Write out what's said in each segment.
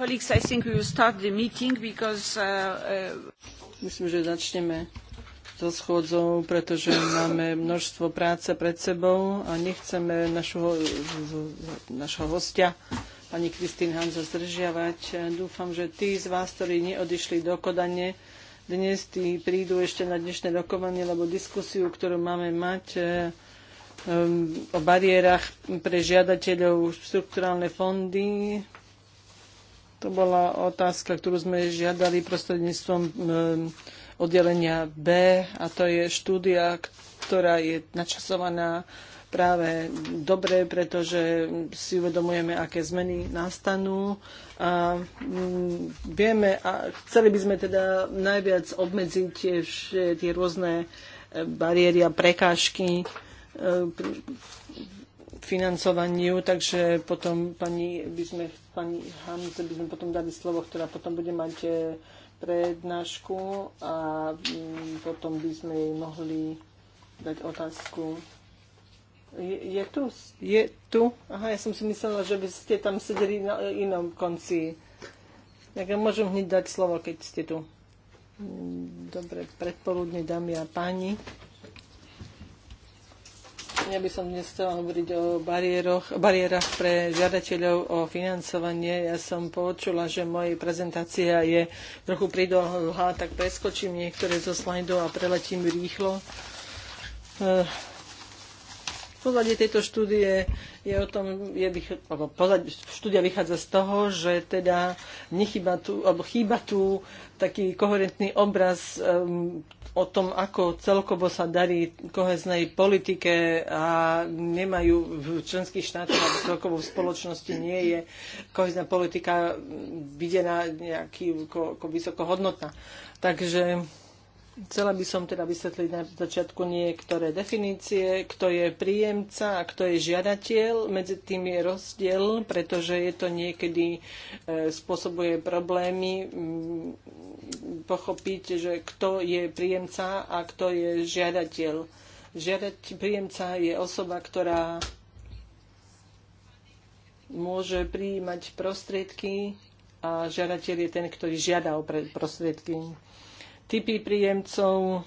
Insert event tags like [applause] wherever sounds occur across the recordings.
Uh, uh, Myslím, že začneme so schôdzou, pretože máme množstvo práce pred sebou a nechceme našho, našho hostia, pani Kristín Hanza, zdržiavať. Dúfam, že tí z vás, ktorí neodišli do Kodane, dnes tí prídu ešte na dnešné rokovanie, lebo diskusiu, ktorú máme mať um, o bariérach pre žiadateľov štruktúrálne fondy, to bola otázka, ktorú sme žiadali prostredníctvom eh, oddelenia B a to je štúdia, ktorá je načasovaná práve dobre, pretože si uvedomujeme, aké zmeny nastanú. A mm, vieme a chceli by sme teda najviac obmedziť tie, tie rôzne eh, bariéry a prekážky eh, financovaniu, takže potom pani, by sme, pani Hamze by sme potom dali slovo, ktorá potom bude mať e, prednášku a mm, potom by sme jej mohli dať otázku. Je, je tu? Je tu? Aha, ja som si myslela, že by ste tam sedeli na inom konci. Tak ja môžem hneď dať slovo, keď ste tu. Mm, dobre, predpoludne, dámy a páni. Ja by som dnes chcela hovoriť o bariéroch, bariérach pre žiadateľov o financovanie. Ja som počula, že moja prezentácia je trochu pridlhá, tak preskočím niektoré zo slajdov a preletím rýchlo. E Pozadie tejto štúdie je o tom, je, pozadie, štúdia vychádza z toho, že teda nechýba tu, alebo chýba tu taký koherentný obraz um, o tom, ako celkovo sa darí koheznej politike a nemajú v členských štátoch alebo celkovo v spoločnosti nie je kohezná politika videná nejaký ako, ako vysokohodnotná. Takže Chcela by som teda vysvetliť na začiatku niektoré definície, kto je príjemca a kto je žiadateľ. Medzi tým je rozdiel, pretože je to niekedy e, spôsobuje problémy pochopiť, že kto je príjemca a kto je žiadateľ. Žiadať príjemca je osoba, ktorá môže prijímať prostriedky a žiadateľ je ten, ktorý žiada o prostriedky typy príjemcov.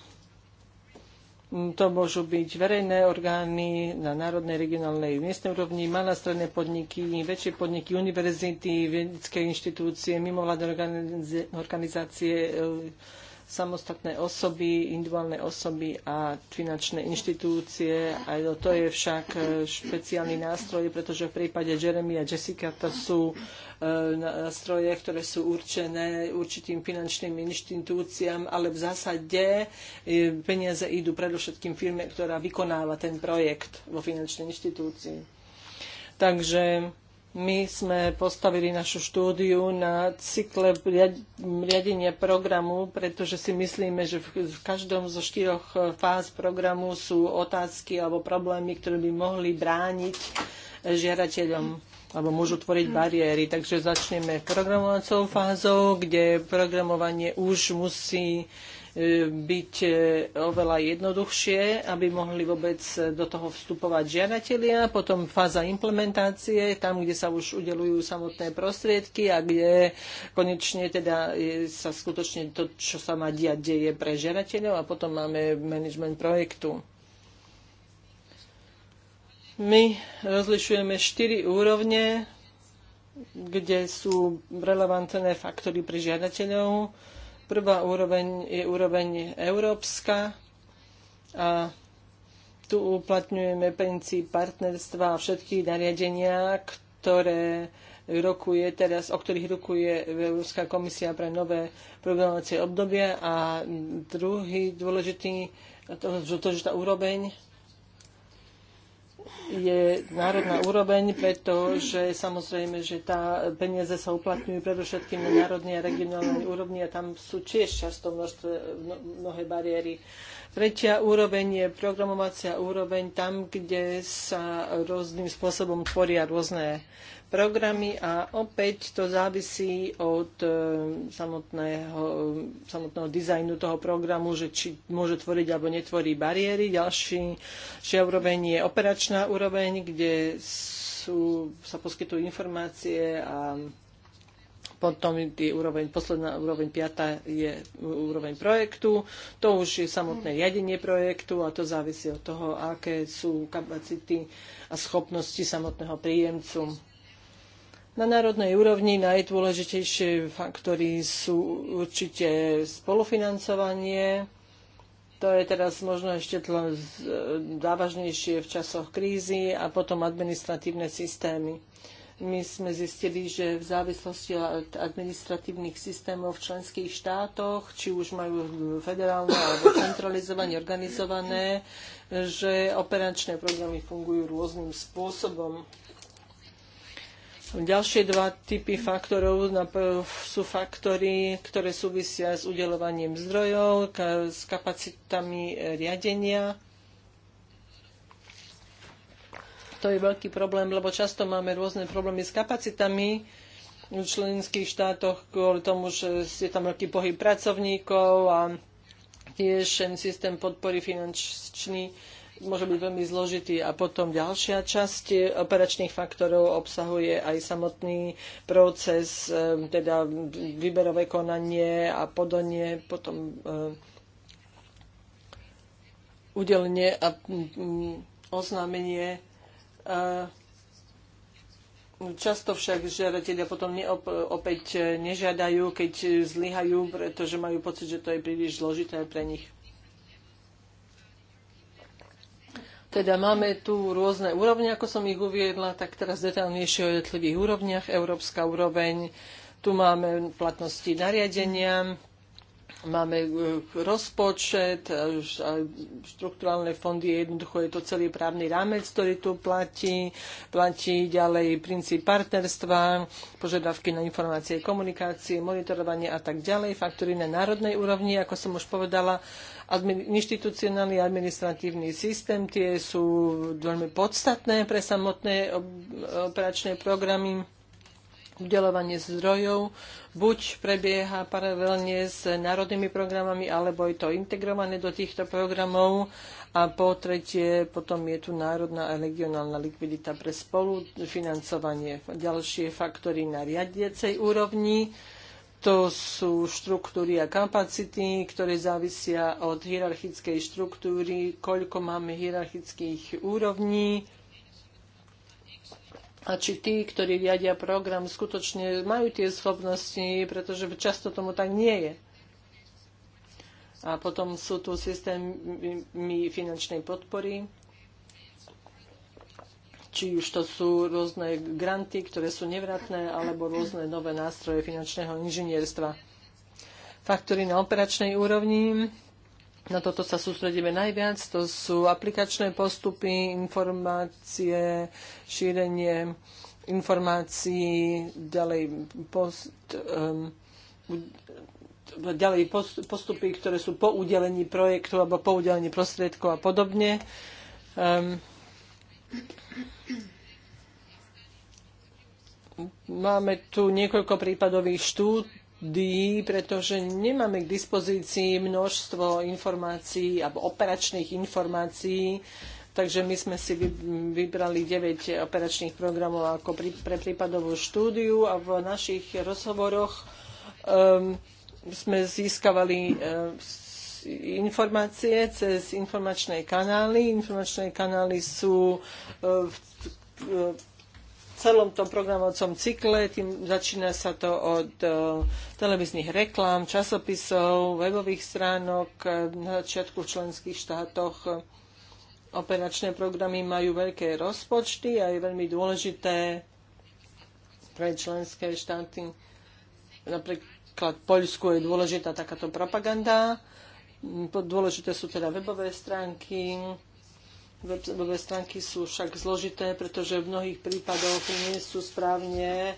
To môžu byť verejné orgány na národnej, regionálnej, miestnej úrovni, malé stredné podniky, väčšie podniky, univerzity, vedecké inštitúcie, mimovládne organizácie, organizácie samostatné osoby, individuálne osoby a finančné inštitúcie. Aj to je však e, špeciálny nástroj, pretože v prípade Jeremy a Jessica to sú e, nástroje, ktoré sú určené určitým finančným inštitúciám, ale v zásade e, peniaze idú predovšetkým firme, ktorá vykonáva ten projekt vo finančnej inštitúcii. Takže my sme postavili našu štúdiu na cykle riadenia programu, pretože si myslíme, že v každom zo štyroch e, fáz programu sú otázky alebo problémy, ktoré by mohli brániť e, žiadateľom alebo môžu tvoriť bariéry. Takže začneme programovacou fázou, kde programovanie už musí byť e, oveľa jednoduchšie, aby mohli vôbec do toho vstupovať žiadatelia. Potom fáza implementácie, tam, kde sa už udelujú samotné prostriedky a kde konečne teda sa skutočne to, čo sa má diať, deje pre žiadateľov a potom máme management projektu. My rozlišujeme štyri úrovne, kde sú relevantné faktory pre žiadateľov Prvá úroveň je úroveň európska a tu uplatňujeme princíp partnerstva a všetky nariadenia, ktoré rokuje teraz, o ktorých rokuje Európska komisia pre nové programovacie obdobie a druhý dôležitý, to, že tá úroveň je národná úroveň, pretože samozrejme, že tá peniaze sa uplatňujú predovšetkým na národnej a regionálnej úrovni a tam sú tiež často množstvo, mnohé bariéry. Tretia úroveň je programovacia úroveň tam, kde sa rôznym spôsobom tvoria rôzne programy a opäť to závisí od e, samotného, samotného dizajnu toho programu, že či môže tvoriť alebo netvorí bariéry. Ďalší, úroveň je operačná úroveň, kde sú, sa poskytujú informácie a potom je úroveň, posledná úroveň piata je úroveň projektu. To už je samotné riadenie projektu a to závisí od toho, aké sú kapacity a schopnosti samotného príjemcu. Na národnej úrovni najdôležitejšie faktory sú určite spolufinancovanie, to je teraz možno ešte e, závažnejšie v časoch krízy a potom administratívne systémy. My sme zistili, že v závislosti od administratívnych systémov v členských štátoch, či už majú federálne alebo centralizované organizované, že operačné programy fungujú rôznym spôsobom. Ďalšie dva typy faktorov sú faktory, ktoré súvisia s udelovaním zdrojov, s kapacitami e, riadenia. To je veľký problém, lebo často máme rôzne problémy s kapacitami v členských štátoch kvôli tomu, že je tam veľký pohyb pracovníkov a tiež systém podpory finančný môže byť veľmi zložitý. A potom ďalšia časť operačných faktorov obsahuje aj samotný proces, teda výberové konanie a podanie, potom udelenie a oznámenie. Často však žiadatelia potom neop- opäť nežiadajú, keď zlyhajú, pretože majú pocit, že to je príliš zložité pre nich. Teda máme tu rôzne úrovne, ako som ich uviedla, tak teraz detaľnejšie o jednotlivých úrovniach. Európska úroveň, tu máme platnosti nariadenia, máme e, rozpočet, e, štruktúralne fondy, jednoducho je to celý právny rámec, ktorý tu platí, platí ďalej princíp partnerstva, požiadavky na informácie, komunikácie, monitorovanie a tak ďalej, faktory na národnej úrovni, ako som už povedala, inštitucionálny administratívny systém, tie sú veľmi podstatné pre samotné operačné programy udelovanie zdrojov buď prebieha paralelne s národnými programami, alebo je to integrované do týchto programov. A po tretie, potom je tu národná a regionálna likvidita pre spolufinancovanie. Ďalšie faktory na riadiacej úrovni. To sú štruktúry a kapacity, ktoré závisia od hierarchickej štruktúry, koľko máme hierarchických úrovní a či tí, ktorí riadia program, skutočne majú tie schopnosti, pretože často tomu tak nie je. A potom sú tu systémy finančnej podpory, či už to sú rôzne granty, ktoré sú nevratné, alebo rôzne nové nástroje finančného inžinierstva. Faktory na operačnej úrovni na toto sa sústredíme najviac. To sú aplikačné postupy, informácie, šírenie informácií, ďalej, post, um, ďalej post, postupy, ktoré sú po udelení projektu alebo po udelení prostriedkov a podobne. Um, máme tu niekoľko prípadových štúd dí, pretože nemáme k dispozícii množstvo informácií alebo operačných informácií, takže my sme si vybrali 9 operačných programov ako pri, pre prípadovú štúdiu a v našich rozhovoroch um, sme získavali uh, informácie cez informačné kanály. Informačné kanály sú um, celom tom programovacom cykle, tým začína sa to od e, televíznych reklám, časopisov, webových stránok, e, na začiatku v členských štátoch operačné programy majú veľké rozpočty a je veľmi dôležité pre členské štáty. Napríklad Poľsku je dôležitá takáto propaganda. Dôležité sú teda webové stránky, Webové stránky sú však zložité, pretože v mnohých prípadoch nie sú správne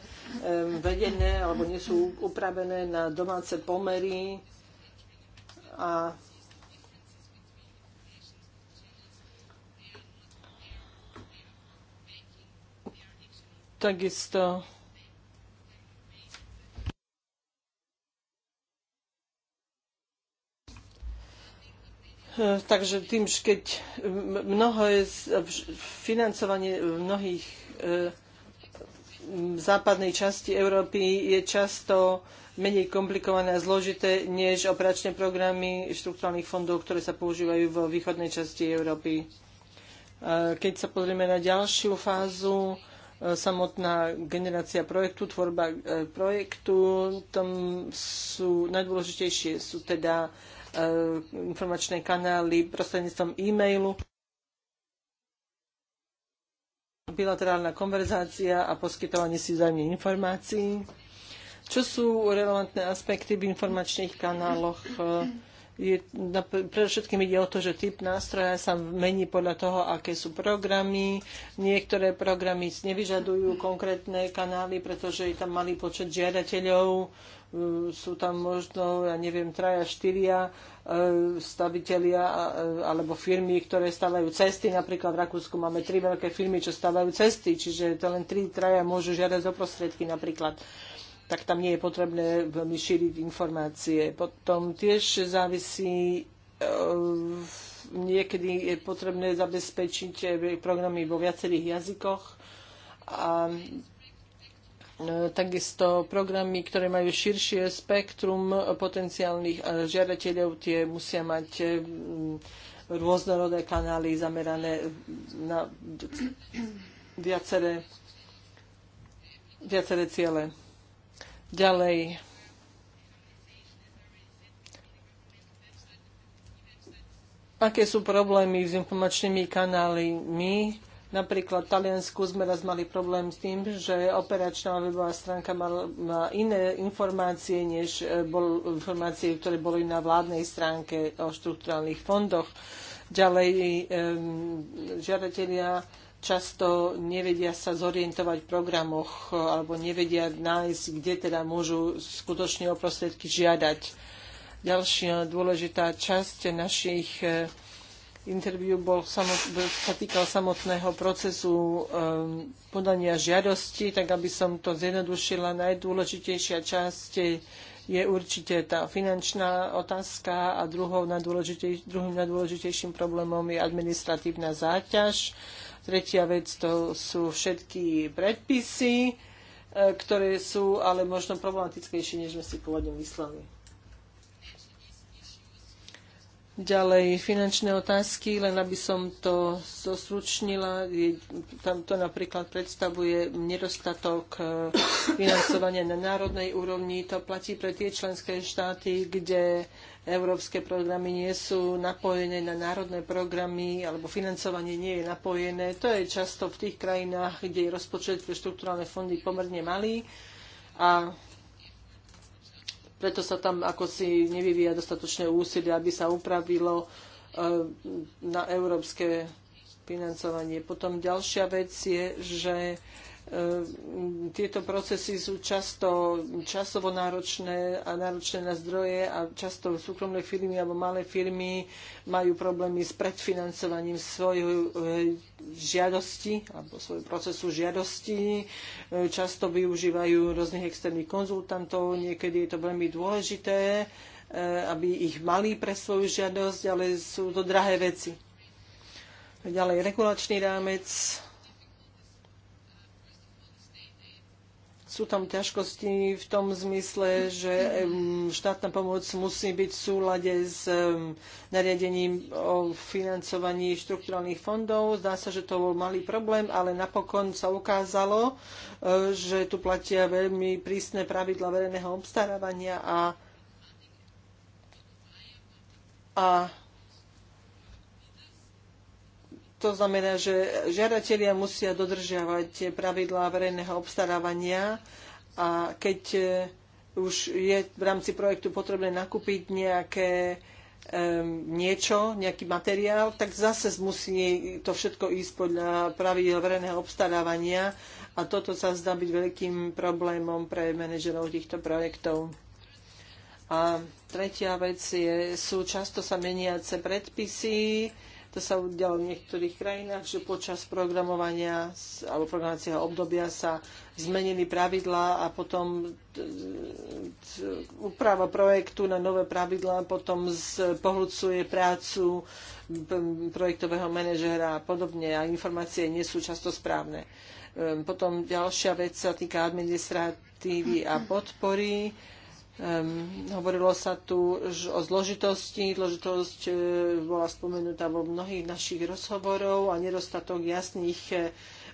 vedené alebo nie sú upravené na domáce pomery a takisto E, takže tým, keď mnoho je e, financovanie e, mnohých západnej časti Európy je často menej komplikované a zložité než operačné programy štrukturálnych fondov, ktoré sa používajú vo východnej časti Európy. Keď sa pozrieme na ďalšiu fázu, samotná generácia projektu, tvorba projektu, tam sú najdôležitejšie sú teda Eh, informačné kanály prostredníctvom e-mailu bilaterálna konverzácia a poskytovanie si vzájomných informácií. Čo sú relevantné aspekty v informačných kanáloch? Eh, je, na, pre všetkým ide o to, že typ nástroja sa mení podľa toho, aké sú programy. Niektoré programy nevyžadujú konkrétne kanály, pretože je tam malý počet žiadateľov Ehm, sú tam možno, ja neviem, traja, štyria ehm, stavitelia ehm, alebo firmy, ktoré stavajú cesty. Napríklad v Rakúsku máme tri veľké firmy, čo stavajú cesty, čiže to len tri traja môžu žiadať o prostriedky napríklad tak tam nie je potrebné veľmi šíriť informácie. Potom tiež závisí niekedy je potrebné zabezpečiť eh, programy vo viacerých jazykoch a E, takisto programy, ktoré majú širšie spektrum potenciálnych e, žiadateľov, tie musia mať e, rôznorodé kanály zamerané na viaceré, viaceré ciele. Ďalej. Aké sú problémy s informačnými kanálmi? Napríklad v Taliansku sme raz mali problém s tým, že operačná webová stránka mala iné informácie, než e, bol, informácie, ktoré boli na vládnej stránke o štruktúrálnych fondoch. Ďalej žiadatelia často nevedia sa zorientovať v programoch e, alebo nevedia nájsť, kde teda môžu skutočne o prostriedky žiadať. Ďalšia dôležitá časť našich e, interviu bol samot, sa týkal samotného procesu um, podania žiadosti, tak aby som to zjednodušila, najdôležitejšia časť je určite tá finančná otázka a druhou najdôležitej, druhým najdôležitejším problémom je administratívna záťaž. Tretia vec to sú všetky predpisy, eh, ktoré sú ale možno problematickejšie, než sme si pôvodne mysleli. Ďalej finančné otázky, len aby som to zosručnila. Tam to napríklad predstavuje nedostatok eh, financovania na národnej úrovni. To platí pre tie členské štáty, kde európske programy nie sú napojené na národné programy alebo financovanie nie je napojené. To je často v tých krajinách, kde je rozpočet pre štruktúrálne fondy pomerne malý a preto sa tam ako si nevyvíja dostatočné úsilie, aby sa upravilo e, na európske financovanie. Potom ďalšia vec je, že Ehm, tieto procesy sú často časovo náročné a náročné na zdroje a často súkromné firmy alebo malé firmy majú problémy s predfinancovaním svojho eh, žiadosti alebo svojho procesu žiadosti. Ehm, často využívajú rôznych externých konzultantov, niekedy je to veľmi dôležité, eh, aby ich mali pre svoju žiadosť, ale sú to drahé veci. Ďalej regulačný rámec, sú tam ťažkosti v tom zmysle, že štátna pomoc musí byť v súlade s nariadením o financovaní štrukturálnych fondov. Zdá sa, že to bol malý problém, ale napokon sa ukázalo, e, že tu platia veľmi prísne pravidla verejného obstarávania a, a to znamená, že žiadatelia musia dodržiavať pravidlá verejného obstarávania a keď e, už je v rámci projektu potrebné nakúpiť nejaké niečo, nejaký materiál, tak zase musí to všetko ísť podľa pravidel verejného obstarávania a toto sa zdá byť veľkým problémom pre manažerov týchto projektov. A tretia vec je, sú často sa meniace predpisy, to sa udialo v niektorých krajinách, že počas programovania alebo programovacieho obdobia sa zmenili pravidlá a potom úprava projektu na nové pravidlá potom pohľucuje prácu projektového manažera a podobne a informácie nie sú často správne. Ehm, potom ďalšia vec sa týka administratívy a podpory Um, hovorilo sa tu o zložitosti. Zložitosť e, bola spomenutá vo mnohých našich rozhovorov a nedostatok jasných e,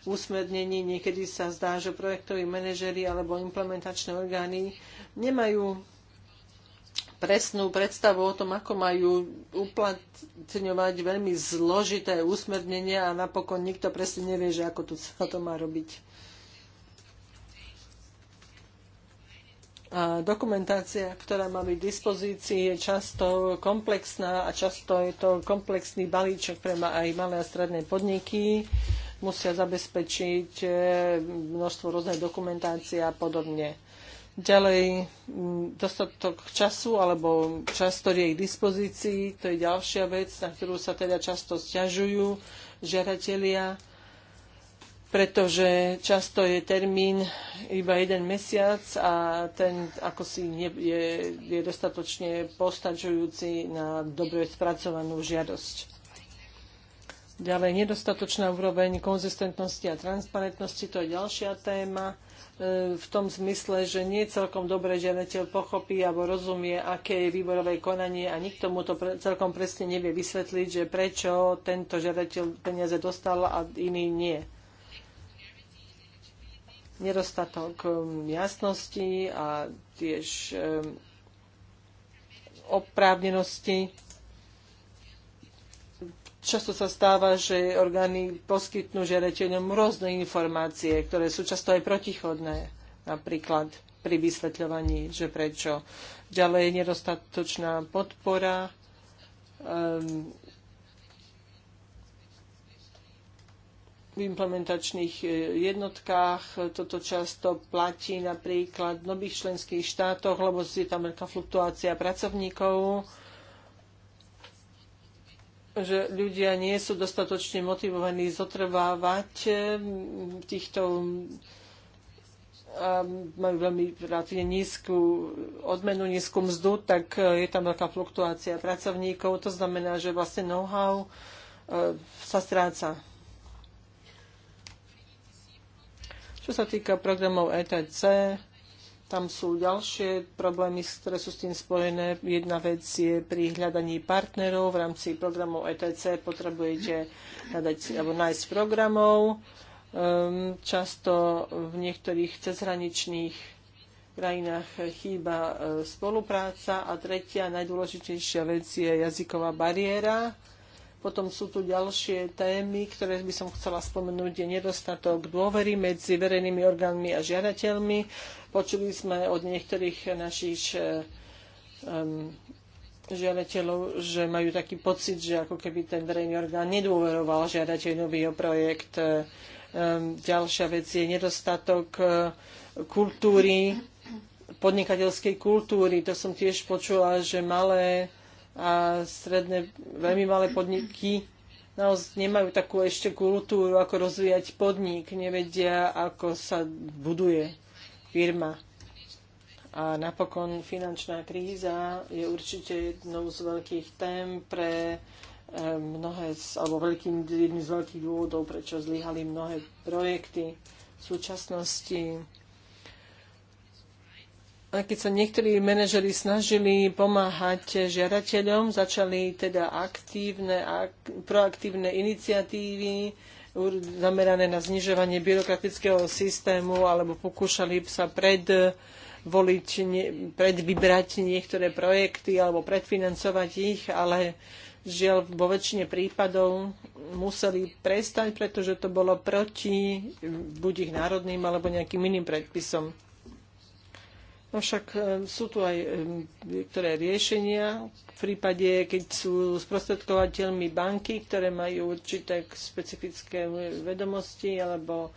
usmernení. Niekedy sa zdá, že projektoví manažery alebo implementačné orgány nemajú presnú predstavu o tom, ako majú uplatňovať veľmi zložité usmernenia a napokon nikto presne nevie, že ako to sa to má robiť. A dokumentácia, ktorá má byť v dispozícii, je často komplexná a často je to komplexný balíček pre aj malé a stredné podniky. Musia zabezpečiť e, množstvo rôznej dokumentácie a podobne. Ďalej dostatok času alebo čas, ktorý je k dispozícii, to je ďalšia vec, na ktorú sa teda často stiažujú žiadatelia pretože často je termín iba jeden mesiac a ten ako si nie, je, je dostatočne postačujúci na dobre spracovanú žiadosť. Ďalej nedostatočná úroveň konzistentnosti a transparentnosti, to je ďalšia téma e, v tom zmysle, že nie celkom dobre žiadateľ pochopí alebo rozumie, aké je výborové konanie a nikto mu to pre, celkom presne nevie vysvetliť, že prečo tento žiadateľ peniaze dostal a iný nie nedostatok um, jasnosti a tiež um, oprávnenosti. Často sa stáva, že orgány poskytnú žiadateľom rôzne informácie, ktoré sú často aj protichodné, napríklad pri vysvetľovaní, že prečo. Ďalej nedostatočná podpora um, V implementačných e, jednotkách. Toto často platí napríklad v nových členských štátoch, lebo je tam veľká fluktuácia pracovníkov že ľudia nie sú dostatočne motivovaní zotrvávať e, v týchto a majú veľmi relatívne nízku odmenu, nízku mzdu, tak e, je tam veľká fluktuácia pracovníkov. To znamená, že vlastne know-how sa stráca. Čo sa týka programov ETC, tam sú ďalšie problémy, ktoré sú s tým spojené. Jedna vec je pri hľadaní partnerov. V rámci programov ETC potrebujete hľadať alebo nájsť programov. Um, často v niektorých cezhraničných krajinách chýba e, spolupráca. A tretia najdôležitejšia vec je jazyková bariéra potom sú tu ďalšie témy, ktoré by som chcela spomenúť, je nedostatok dôvery medzi verejnými orgánmi a žiadateľmi. Počuli sme od niektorých našich um, žiadateľov, že majú taký pocit, že ako keby ten verejný orgán nedôveroval žiadateľový projekt. Um, ďalšia vec je nedostatok uh, kultúry, podnikateľskej kultúry. To som tiež počula, že malé a stredné, veľmi malé podniky naozaj nemajú takú ešte kultúru, ako rozvíjať podnik, nevedia, ako sa buduje firma. A napokon finančná kríza je určite jednou z veľkých tém pre eh, mnohé, alebo veľkým, jedným z veľkých dôvodov, prečo zlyhali mnohé projekty v súčasnosti ale keď sa niektorí manažeri snažili pomáhať žiadateľom, začali teda aktívne, ak, proaktívne iniciatívy, zamerané na znižovanie byrokratického systému alebo pokúšali sa pred voliť, predvybrať niektoré projekty alebo predfinancovať ich, ale žiaľ vo väčšine prípadov museli prestať, pretože to bolo proti buď ich národným alebo nejakým iným predpisom. Avšak e, sú tu aj e, niektoré riešenia v prípade, keď sú sprostredkovateľmi banky, ktoré majú určité specifické vedomosti alebo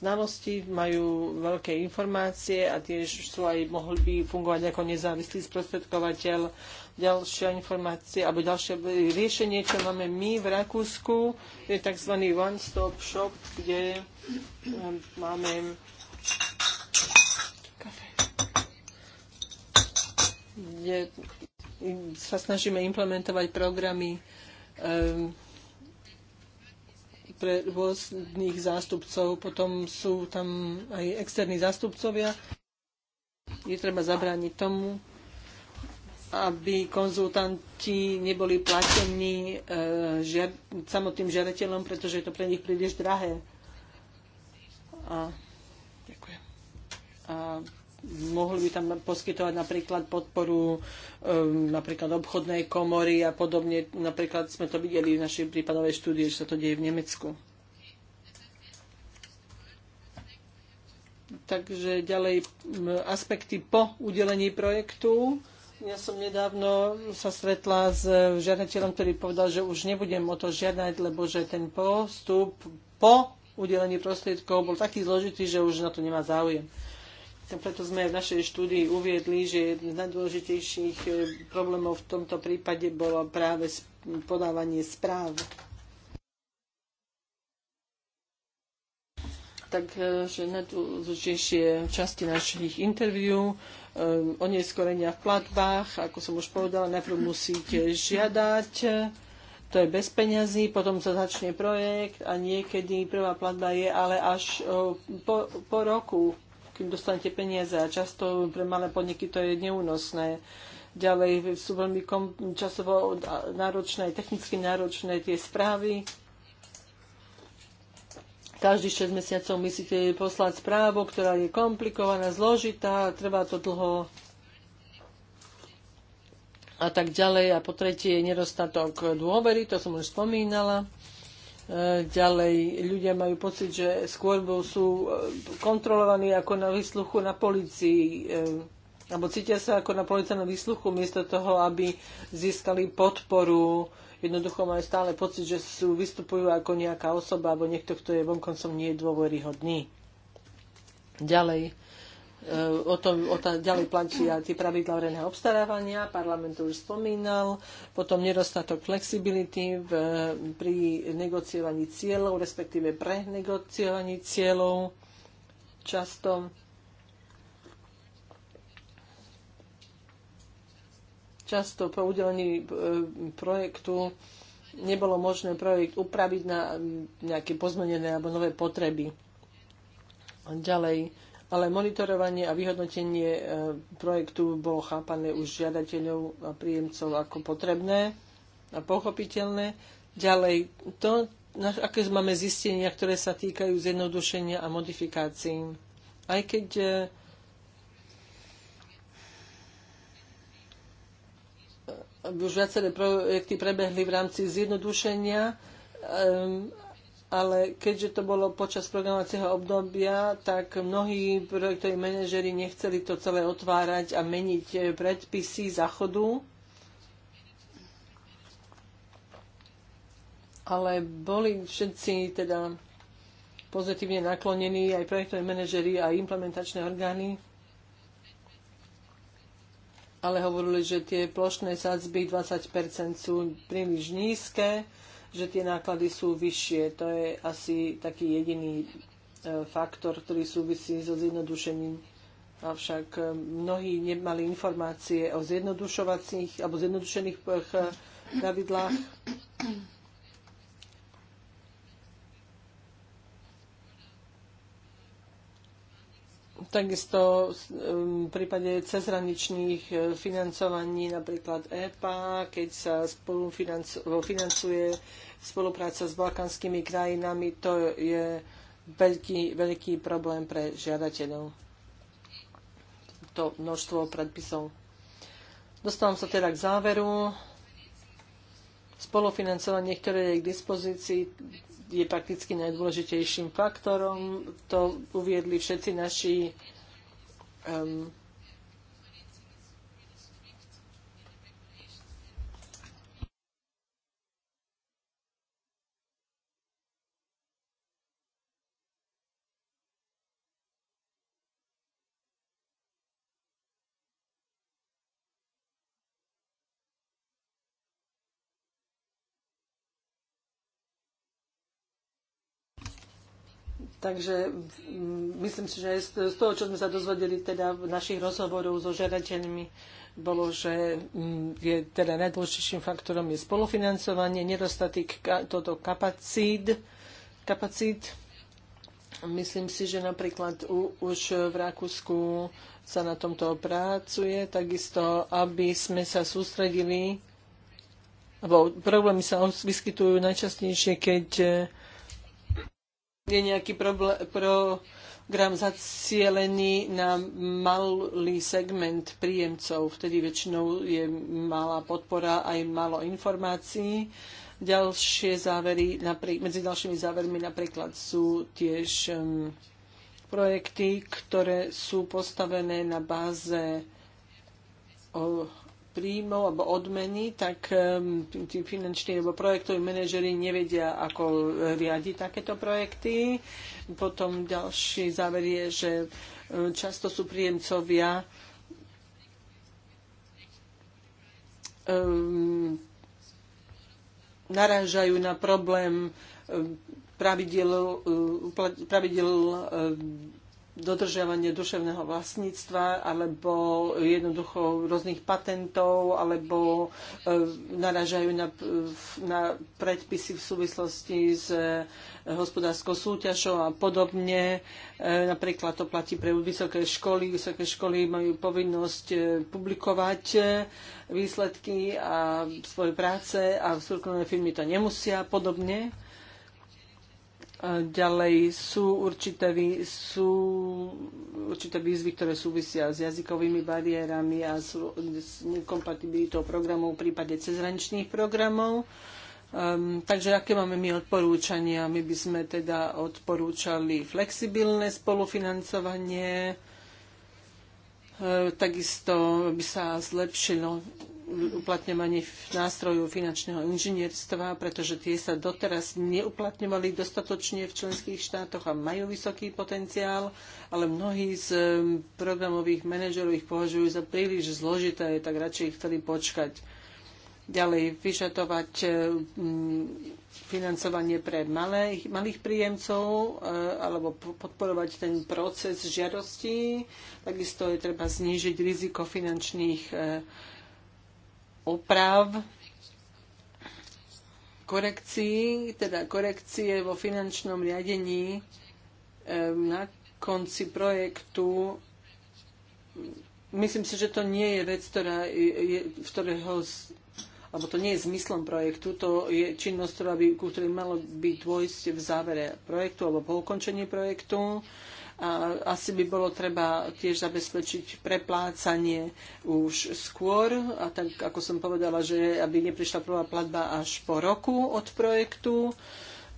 znalosti, majú veľké informácie a tiež sú aj mohli by fungovať ako nezávislý sprostredkovateľ. Ďalšia informácia alebo ďalšie riešenie, čo máme my v Rakúsku, je tzv. one-stop shop, kde e, máme kde sa snažíme implementovať programy ehm, pre rôznych zástupcov, potom sú tam aj externí zástupcovia. Je treba zabrániť tomu, aby konzultanti neboli platení eh, žiad, samotným žiadateľom, pretože je to pre nich príliš drahé. A, ďakujem. A mohli by tam poskytovať napríklad podporu um, napríklad obchodnej komory a podobne. Napríklad sme to videli v našej prípadovej štúdii, že sa to deje v Nemecku. Takže ďalej aspekty po udelení projektu. Ja som nedávno sa stretla s žiadateľom, ktorý povedal, že už nebudem o to žiadať, lebo že ten postup po udelení prostriedkov bol taký zložitý, že už na to nemá záujem. Preto sme v našej štúdii uviedli, že jeden z najdôležitejších e, problémov v tomto prípade bolo práve podávanie správ. takže najdôležitejšie časti našich interviú e, o neskorenia v platbách. Ako som už povedala, najprv musíte žiadať, to je bez peňazí, potom sa začne projekt a niekedy prvá platba je ale až e, po, po roku kým dostanete peniaze a často pre malé podniky to je neúnosné. Ďalej sú veľmi kom, časovo náročné, technicky náročné tie správy. Každých 6 mesiacov musíte poslať správu, ktorá je komplikovaná, zložitá, trvá to dlho a tak ďalej. A po tretie je nedostatok dôvery, to som už spomínala. E, ďalej ľudia majú pocit, že skôr sú e, kontrolovaní ako na výsluchu na policii, e, alebo cítia sa ako na policajnom výsluchu, miesto toho, aby získali podporu. Jednoducho majú stále pocit, že sú, vystupujú ako nejaká osoba, alebo niekto, kto je vonkoncom nie je dôveryhodný. Ďalej E, o tom o tá, ďalej platia tie pravidla verejného obstarávania, parlament to už spomínal, potom nedostatok flexibility v, pri negociovaní cieľov, respektíve pre negociovaní cieľov. Často často po udelení e, projektu nebolo možné projekt upraviť na nejaké pozmenené alebo nové potreby. Ďalej, ale monitorovanie a vyhodnotenie e, projektu bolo chápané už žiadateľov a príjemcov ako potrebné a pochopiteľné. Ďalej, to, aké máme zistenia, ktoré sa týkajú zjednodušenia a modifikácií. Aj keď e, e, už viaceré projekty prebehli v rámci zjednodušenia, ale keďže to bolo počas programovacieho obdobia, tak mnohí projektoví manažeri nechceli to celé otvárať a meniť predpisy záchodu. Ale boli všetci teda pozitívne naklonení aj projektoví manažeri a implementačné orgány. Ale hovorili, že tie plošné sadzby 20% sú príliš nízke, že tie náklady sú vyššie. To je asi taký jediný e, faktor, ktorý súvisí so zjednodušením. Avšak e, mnohí nemali informácie o zjednodušovacích alebo zjednodušených e, pravidlách. Takisto um, v prípade cezhraničných eh, financovaní, napríklad EPA, keď sa financuje spolupráca s balkanskými krajinami, to je veľký, veľký problém pre žiadateľov. To množstvo predpisov. Dostávam sa teda k záveru. Spolufinancovanie, ktoré je k dispozícii je prakticky najdôležitejším faktorom. To uviedli všetci naši um, Takže mm, myslím si, že z toho, čo sme sa dozvedeli teda v našich rozhovorov so žiadateľmi, bolo, že mm, je teda najdôležitejším faktorom je spolufinancovanie, nedostatek toto kapacít, kapacít. Myslím si, že napríklad u, už v Rakúsku sa na tomto pracuje, takisto, aby sme sa sústredili, alebo problémy sa vyskytujú najčastejšie, keď je nejaký program zacielený na malý segment príjemcov. Vtedy väčšinou je malá podpora aj málo informácií. Ďalšie závery, medzi ďalšími závermi napríklad sú tiež um, projekty, ktoré sú postavené na báze príjmov alebo odmeny, tak ehm, tí finanční alebo projektoví manažery nevedia, ako eh, riadiť takéto projekty. Potom ďalší záver je, že eh, často sú príjemcovia ehm, narážajú na problém ehm, pravidel, eh, pravidel dodržiavanie duševného vlastníctva alebo jednoducho rôznych patentov alebo e, naražajú na, na predpisy v súvislosti s e, hospodárskou súťažou a podobne. E, napríklad to platí pre vysoké školy. Vysoké školy majú povinnosť publikovať výsledky a svoje práce a súkromné firmy to nemusia podobne. Ďalej sú určité, sú určité výzvy, ktoré súvisia s jazykovými bariérami a s, s nekompatibilitou programov v prípade cezraničných programov. Um, takže aké máme my odporúčania? My by sme teda odporúčali flexibilné spolufinancovanie, e, takisto by sa zlepšilo uplatňovanie nástrojov finančného inžinierstva, pretože tie sa doteraz neuplatňovali dostatočne v členských štátoch a majú vysoký potenciál, ale mnohí z programových manažerov ich považujú za príliš zložité, tak radšej chceli počkať ďalej vyžadovať financovanie pre malých, malých príjemcov e, alebo podporovať ten proces žiadosti. Takisto je treba znížiť riziko finančných e, oprav korekcií, teda korekcie vo finančnom riadení na konci projektu. Myslím si, že to nie je vec, ktorá je, v ktorého alebo to nie je zmyslom projektu, to je činnosť, ktorá by, ku ktorej malo byť dôjsť v závere projektu alebo po ukončení projektu. A asi by bolo treba tiež zabezpečiť preplácanie už skôr, a tak ako som povedala, že aby neprišla prvá platba až po roku od projektu.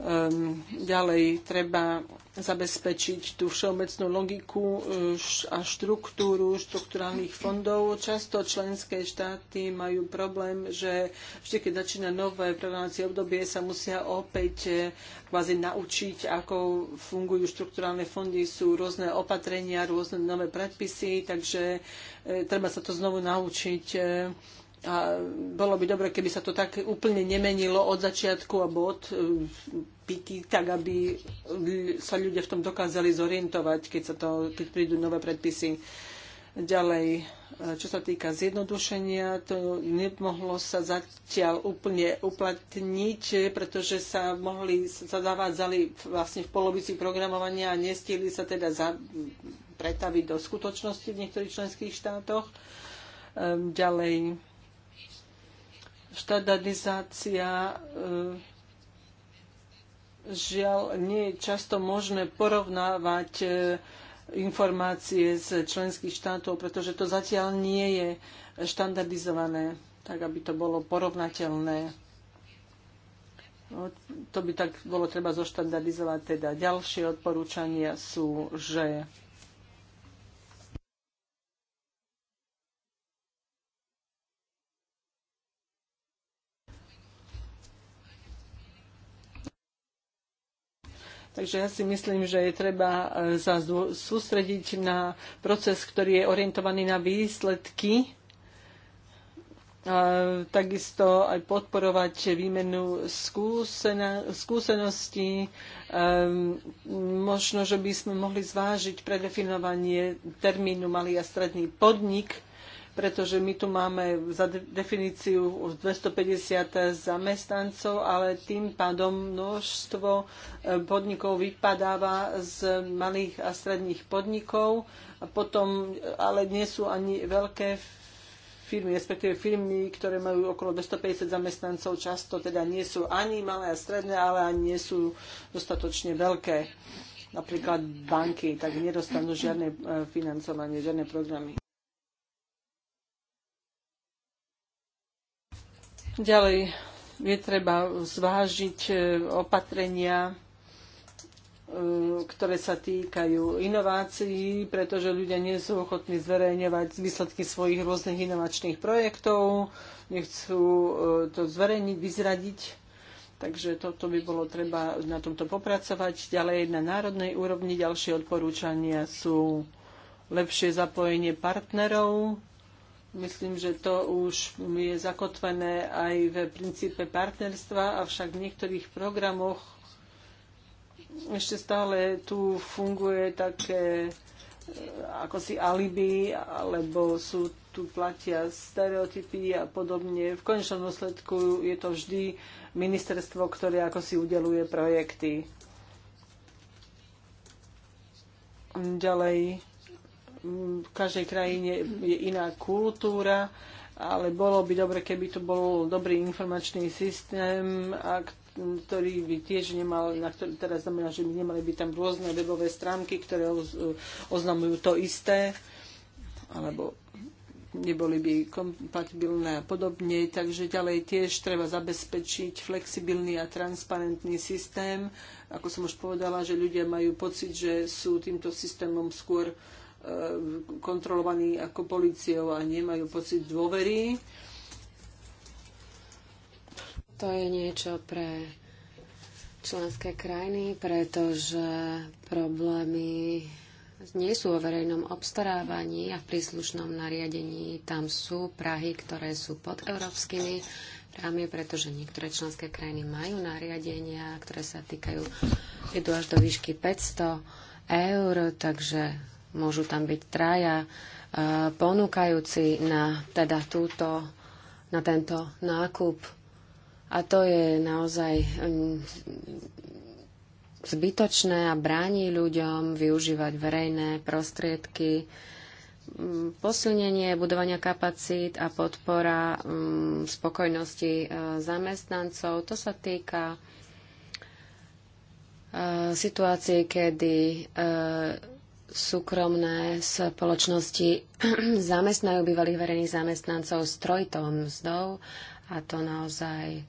Ehm, ďalej treba zabezpečiť tú všeobecnú logiku eh, a štruktúru štruktúrálnych fondov. Často členské štáty majú problém, že vždy, keď začína nové programovacie obdobie, sa musia opäť eh, kvázi naučiť, ako fungujú štruktúrálne fondy. Sú rôzne opatrenia, rôzne nové predpisy, takže eh, treba sa to znovu naučiť a bolo by dobre, keby sa to tak úplne nemenilo od začiatku alebo od e, pití, tak aby sa ľudia v tom dokázali zorientovať, keď, sa to, keď prídu nové predpisy. Ďalej, e, čo sa týka zjednodušenia, to nemohlo sa zatiaľ úplne uplatniť, pretože sa, mohli, sa zavádzali vlastne v polovici programovania a nestihli sa teda za, pretaviť do skutočnosti v niektorých členských štátoch. Ehm, ďalej, štandardizácia e, žiaľ nie je často možné porovnávať e, informácie z členských štátov, pretože to zatiaľ nie je štandardizované, tak aby to bolo porovnateľné. No, to by tak bolo treba zoštandardizovať. Teda ďalšie odporúčania sú, že Takže ja si myslím, že je treba eh, sa sústrediť na proces, ktorý je orientovaný na výsledky a takisto aj podporovať výmenu skúsena, skúseností. Ehm, možno, že by sme mohli zvážiť predefinovanie termínu malý a stredný podnik, pretože my tu máme za definíciu 250 zamestnancov, ale tým pádom množstvo e, podnikov vypadáva z malých a stredných podnikov, a potom, ale nie sú ani veľké firmy, respektíve firmy, ktoré majú okolo 250 zamestnancov, často teda nie sú ani malé a stredné, ale ani nie sú dostatočne veľké. Napríklad banky, tak nedostanú žiadne e, financovanie, žiadne programy. Ďalej je treba zvážiť e, opatrenia, e, ktoré sa týkajú inovácií, pretože ľudia nie sú ochotní zverejňovať výsledky svojich rôznych inovačných projektov, nechcú e, to zverejniť, vyzradiť. Takže toto by bolo treba na tomto popracovať. Ďalej na národnej úrovni ďalšie odporúčania sú lepšie zapojenie partnerov Myslím, že to už je zakotvené aj v princípe partnerstva, avšak v niektorých programoch ešte stále tu funguje také eh, ako si alibi, alebo sú tu platia stereotypy a podobne. V konečnom dôsledku je to vždy ministerstvo, ktoré ako si udeluje projekty. Ďalej Mm, v každej krajine je iná kultúra, ale bolo by dobre, keby to bol dobrý informačný systém, a ktorý by tiež nemal, na ktorý teraz znamená, že by nemali by tam rôzne webové stránky, ktoré oznamujú to isté, alebo neboli by kompatibilné a podobne. Takže ďalej tiež treba zabezpečiť flexibilný a transparentný systém. Ako som už povedala, že ľudia majú pocit, že sú týmto systémom skôr uh, E, kontrolovaní ako policiou a nemajú pocit dôvery. To je niečo pre členské krajiny, pretože problémy nie sú o verejnom obstarávaní a v príslušnom nariadení tam sú Prahy, ktoré sú pod európskymi rámy, pretože niektoré členské krajiny majú nariadenia, ktoré sa týkajú, idú až do výšky 500 eur, takže Môžu tam byť traja e, ponúkajúci na teda túto, na tento nákup. A to je naozaj mm, zbytočné a bráni ľuďom využívať verejné prostriedky. Mm, posilnenie budovania kapacít a podpora mm, spokojnosti e, zamestnancov, to sa týka e, situácie, kedy súkromné spoločnosti [clears throat] zamestnajú bývalých verejných zamestnancov s trojitou mzdou a to naozaj e,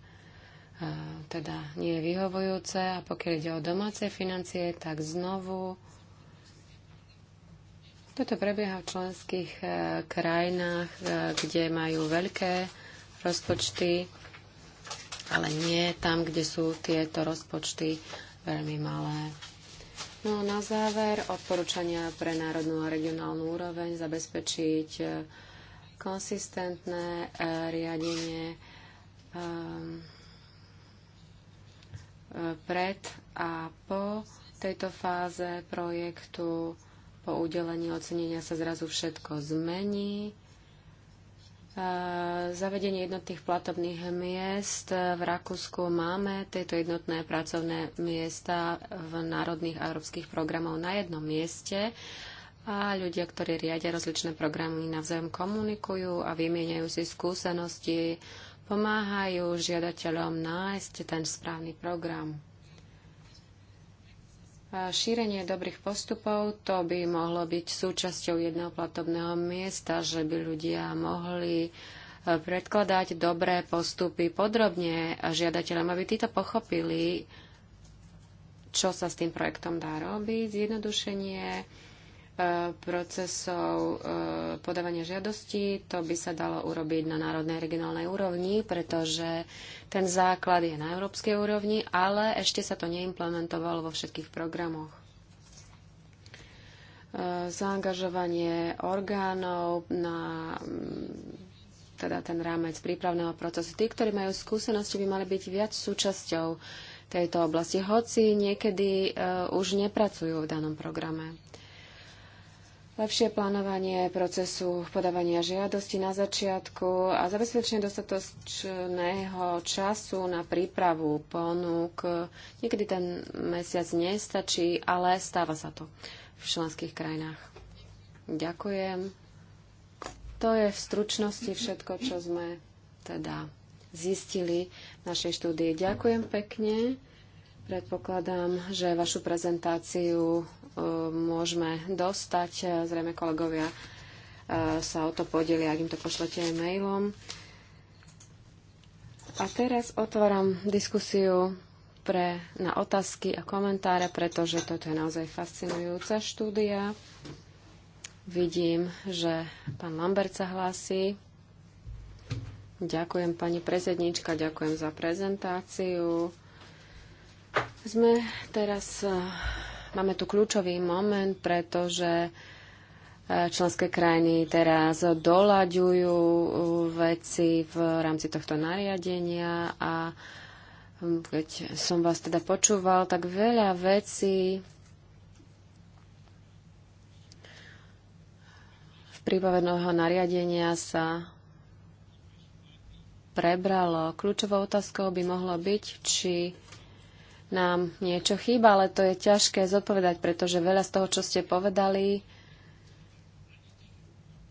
teda nie je vyhovujúce. A pokiaľ ide o domáce financie, tak znovu toto prebieha v členských e, krajinách, e, kde majú veľké rozpočty, ale nie tam, kde sú tieto rozpočty veľmi malé. No a na záver odporúčania pre národnú a regionálnu úroveň zabezpečiť e, konsistentné e, riadenie e, pred a po tejto fáze projektu po udelení ocenenia sa zrazu všetko zmení. Zavedenie jednotných platobných miest v Rakúsku máme tieto jednotné pracovné miesta v národných a európskych programov na jednom mieste a ľudia, ktorí riadia rozličné programy, navzájom komunikujú a vymieňajú si skúsenosti, pomáhajú žiadateľom nájsť ten správny program. Šírenie dobrých postupov, to by mohlo byť súčasťou jedného platobného miesta, že by ľudia mohli e, predkladať dobré postupy podrobne žiadateľom, aby títo pochopili, čo sa s tým projektom dá robiť. Zjednodušenie procesov e, podávania žiadostí. To by sa dalo urobiť na národnej regionálnej úrovni, pretože ten základ je na európskej úrovni, ale ešte sa to neimplementovalo vo všetkých programoch. E, zaangažovanie orgánov na mm, teda ten rámec prípravného procesu. Tí, ktorí majú skúsenosti, by mali byť viac súčasťou tejto oblasti, hoci niekedy uh, už nepracujú v danom programe lepšie plánovanie procesu podávania žiadosti na začiatku a zabezpečenie dostatočného času na prípravu ponúk. Niekedy ten mesiac nestačí, ale stáva sa to v členských krajinách. Ďakujem. To je v stručnosti všetko, čo sme teda zistili v našej štúdii. Ďakujem pekne. Predpokladám, že vašu prezentáciu e, môžeme dostať. E, zrejme kolegovia e, sa o to podelia, ak im to pošlete mailom. A teraz otváram diskusiu pre, na otázky a komentáre, pretože toto je naozaj fascinujúca štúdia. Vidím, že pán Lambert sa hlási. Ďakujem pani prezednička, ďakujem za prezentáciu. Sme teraz, eh, máme tu kľúčový moment, pretože eh, členské krajiny teraz doľaďujú eh, veci v rámci tohto nariadenia a hm, keď som vás teda počúval, tak veľa vecí v prípade nového nariadenia sa prebralo. Kľúčovou otázkou by mohlo byť, či nám niečo chýba, ale to je ťažké zodpovedať, pretože veľa z toho, čo ste povedali,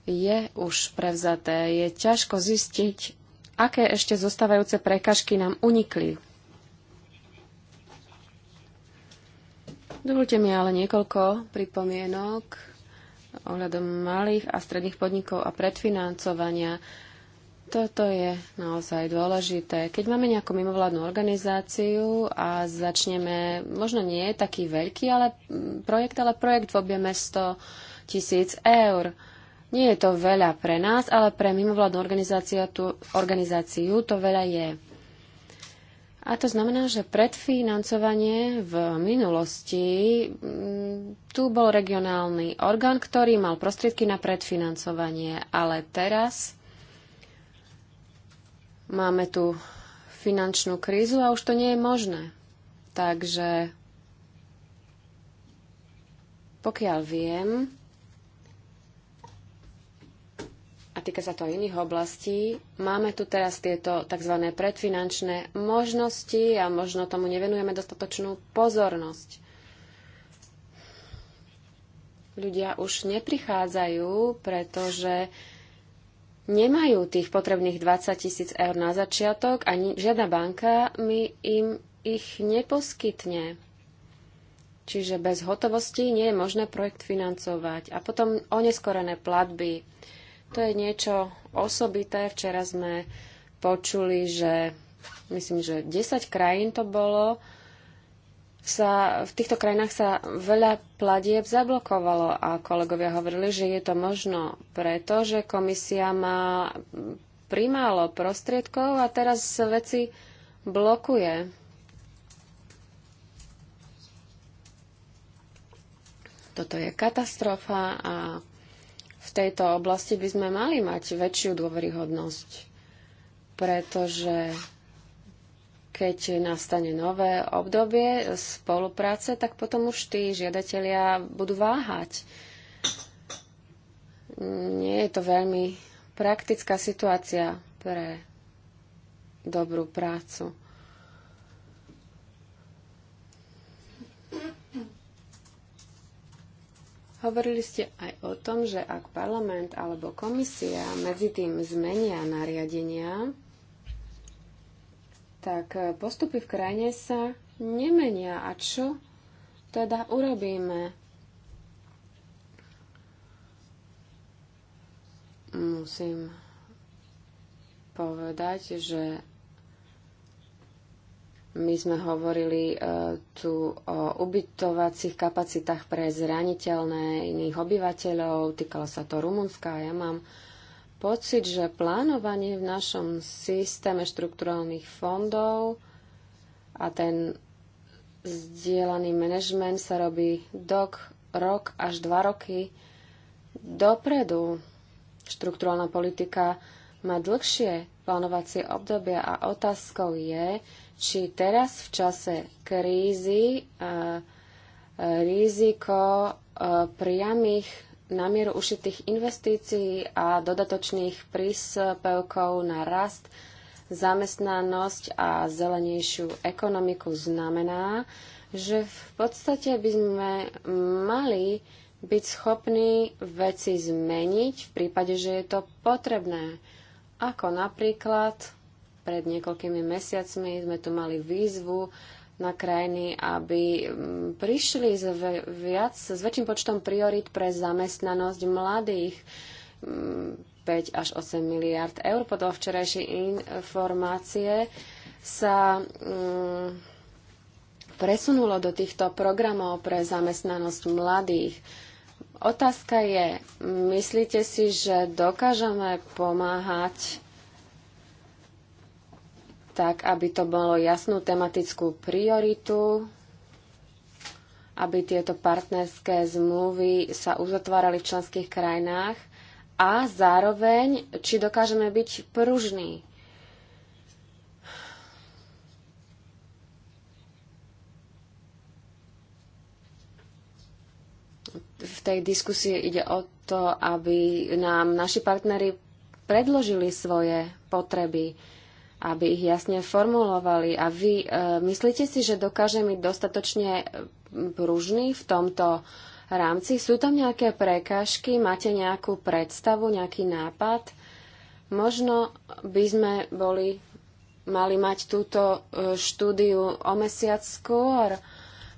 je už prevzaté. Je ťažko zistiť, aké ešte zostávajúce prekažky nám unikli. Dovolte mi ale niekoľko pripomienok ohľadom malých a stredných podnikov a predfinancovania. Toto je naozaj dôležité. Keď máme nejakú mimovládnu organizáciu a začneme, možno nie je taký veľký ale, mm, projekt, ale projekt v objeme 100 tisíc eur. Nie je to veľa pre nás, ale pre mimovládnu organizáciu, tú organizáciu to veľa je. A to znamená, že predfinancovanie v minulosti, mm, tu bol regionálny orgán, ktorý mal prostriedky na predfinancovanie, ale teraz Máme tu finančnú krízu a už to nie je možné. Takže pokiaľ viem, a týka sa to aj iných oblastí, máme tu teraz tieto tzv. predfinančné možnosti a možno tomu nevenujeme dostatočnú pozornosť. Ľudia už neprichádzajú, pretože nemajú tých potrebných 20 tisíc eur na začiatok a žiadna banka mi im ich neposkytne. Čiže bez hotovosti nie je možné projekt financovať. A potom oneskorené platby. To je niečo osobité. Včera sme počuli, že myslím, že 10 krajín to bolo, sa v týchto krajinách sa veľa platieb zablokovalo a kolegovia hovorili, že je to možno preto, že komisia má primálo prostriedkov a teraz veci blokuje. Toto je katastrofa a v tejto oblasti by sme mali mať väčšiu dôveryhodnosť, pretože keď nastane nové obdobie spolupráce, tak potom už tí žiadatelia budú váhať. Nie je to veľmi praktická situácia pre dobrú prácu. Hovorili ste aj o tom, že ak parlament alebo komisia medzi tým zmenia nariadenia, tak e, postupy v krajine sa nemenia. A čo teda urobíme? Musím povedať, že my sme hovorili e, tu o ubytovacích kapacitách pre zraniteľné iných obyvateľov. Týkalo sa to Rumunska a ja mám pocit, že plánovanie v našom systéme štrukturálnych fondov a ten zdieľaný manažment sa robí dok, rok až dva roky dopredu. Štrukturálna politika má dlhšie plánovacie obdobia a otázkou je, či teraz v čase krízy a riziko e, priamých na mieru ušitých investícií a dodatočných príspevkov na rast, zamestnanosť a zelenejšiu ekonomiku znamená, že v podstate by sme mali byť schopní veci zmeniť v prípade, že je to potrebné. Ako napríklad pred niekoľkými mesiacmi sme tu mali výzvu na krajiny, aby mm, prišli s, viac, s väčším počtom priorit pre zamestnanosť mladých. 5 mm, až 8 miliard eur. Podľa včerajšej informácie sa mm, presunulo do týchto programov pre zamestnanosť mladých. Otázka je, myslíte si, že dokážeme pomáhať tak aby to bolo jasnú tematickú prioritu, aby tieto partnerské zmluvy sa uzatvárali v členských krajinách a zároveň, či dokážeme byť pružní. V tej diskusii ide o to, aby nám naši partnery predložili svoje potreby aby ich jasne formulovali. A vy e, myslíte si, že dokáže byť dostatočne e, pružný v tomto rámci? Sú tam nejaké prekážky? Máte nejakú predstavu, nejaký nápad? Možno by sme boli, mali mať túto e, štúdiu o mesiac skôr,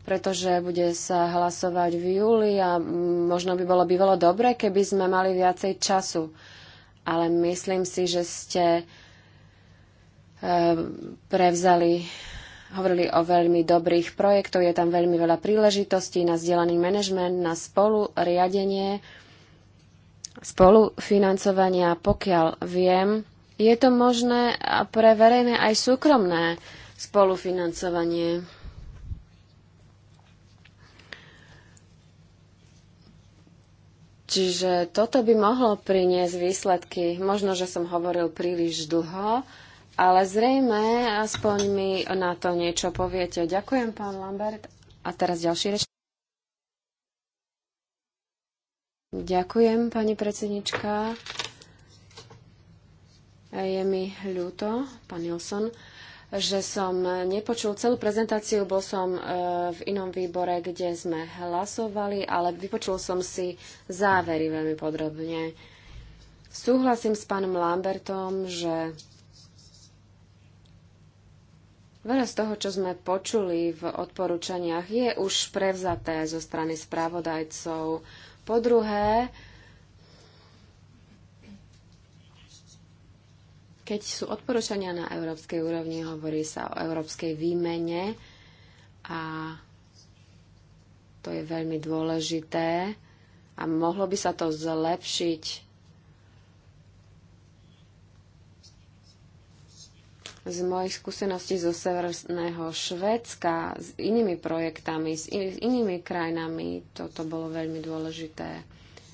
pretože bude sa hlasovať v júli a možno by bolo bývalo dobre, keby sme mali viacej času. Ale myslím si, že ste Eh, prevzali, hovorili o veľmi dobrých projektoch, je tam veľmi veľa príležitostí na zdieľaný manažment, na spoluriadenie, spolufinancovania, pokiaľ viem. Je to možné pre verejné aj súkromné spolufinancovanie. Čiže toto by mohlo priniesť výsledky. Možno, že som hovoril príliš dlho ale zrejme aspoň mi na to niečo poviete. Ďakujem, pán Lambert. A teraz ďalší reč. Ďakujem, pani predsednička. Je mi ľúto, pán Nilsson, že som nepočul celú prezentáciu. Bol som e, v inom výbore, kde sme hlasovali, ale vypočul som si závery veľmi podrobne. Súhlasím s pánom Lambertom, že Veľa z toho, čo sme počuli v odporúčaniach, je už prevzaté zo strany správodajcov. Po druhé, keď sú odporúčania na európskej úrovni, hovorí sa o európskej výmene a to je veľmi dôležité a mohlo by sa to zlepšiť z mojich skúseností zo Severného Švédska s inými projektami, s, s inými krajinami, toto bolo veľmi dôležité.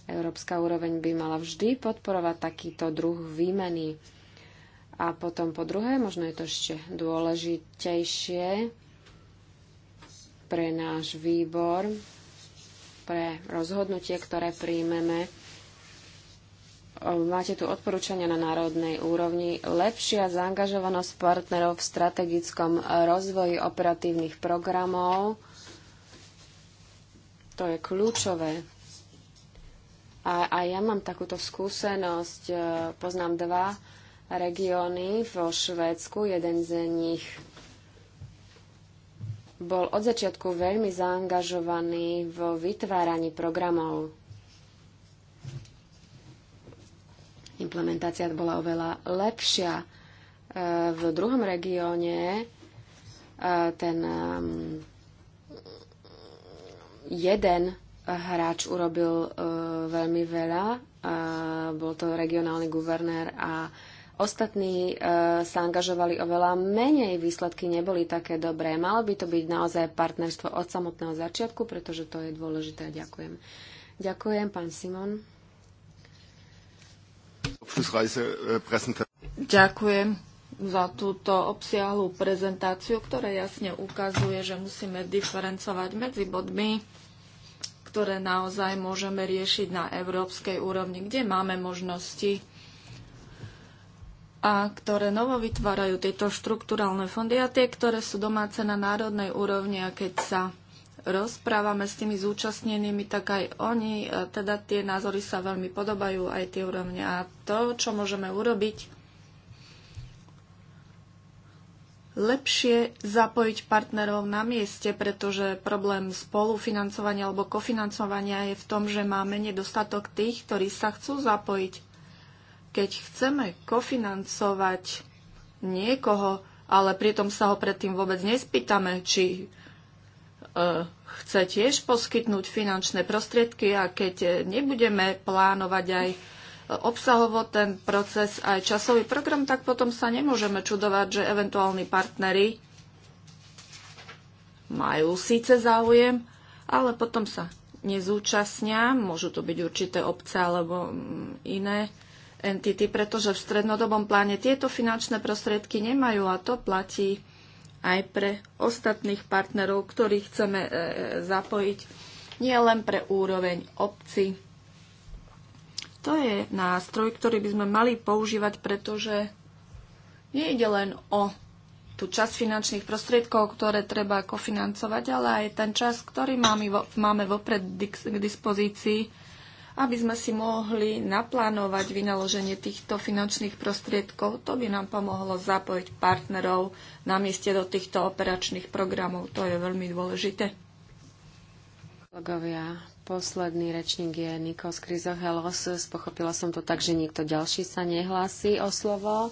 Európska úroveň by mala vždy podporovať takýto druh výmeny. A potom po druhé, možno je to ešte dôležitejšie pre náš výbor, pre rozhodnutie, ktoré príjmeme, Máte tu odporúčania na národnej úrovni, lepšia zaangažovanosť partnerov v strategickom rozvoji operatívnych programov. To je kľúčové. A, a ja mám takúto skúsenosť. E, poznám dva regióny vo Švédsku. Jeden z nich bol od začiatku veľmi zaangažovaný vo vytváraní programov implementácia bola oveľa lepšia. E, v druhom regióne e, ten e, jeden hráč urobil veľmi veľa. Bol to regionálny guvernér a Ostatní e, sa angažovali oveľa menej, výsledky neboli také dobré. Malo by to byť naozaj partnerstvo od samotného začiatku, pretože to je dôležité. Ďakujem. Ďakujem, pán Simon. Äh, Ďakujem za túto obsiahlu prezentáciu, ktorá jasne ukazuje, že musíme diferencovať medzi bodmi, ktoré naozaj môžeme riešiť na európskej úrovni, kde máme možnosti a ktoré novo vytvárajú tieto štruktúralne fondy a tie, ktoré sú domáce na národnej úrovni a keď sa rozprávame s tými zúčastnenými, tak aj oni, e, teda tie názory sa veľmi podobajú, aj tie úrovne. A to, čo môžeme urobiť, lepšie zapojiť partnerov na mieste, pretože problém spolufinancovania alebo kofinancovania je v tom, že máme nedostatok tých, ktorí sa chcú zapojiť. Keď chceme kofinancovať niekoho, ale pritom sa ho predtým vôbec nespýtame, či E, chce tiež poskytnúť finančné prostriedky a keď nebudeme plánovať aj obsahovo ten proces, aj časový program, tak potom sa nemôžeme čudovať, že eventuálni partnery majú síce záujem, ale potom sa nezúčastnia. Môžu to byť určité obce alebo mm, iné entity, pretože v strednodobom pláne tieto finančné prostriedky nemajú a to platí aj pre ostatných partnerov, ktorých chceme e, e, zapojiť, nie len pre úroveň obci. To je nástroj, ktorý by sme mali používať, pretože nie ide len o tú časť finančných prostriedkov, ktoré treba kofinancovať, ale aj ten čas, ktorý máme, máme vopred k dispozícii aby sme si mohli naplánovať vynaloženie týchto finančných prostriedkov. To by nám pomohlo zapojiť partnerov na mieste do týchto operačných programov. To je veľmi dôležité. Kolegovia, posledný rečník je Nikos Kryzohelos. Pochopila som to tak, že nikto ďalší sa nehlási o slovo.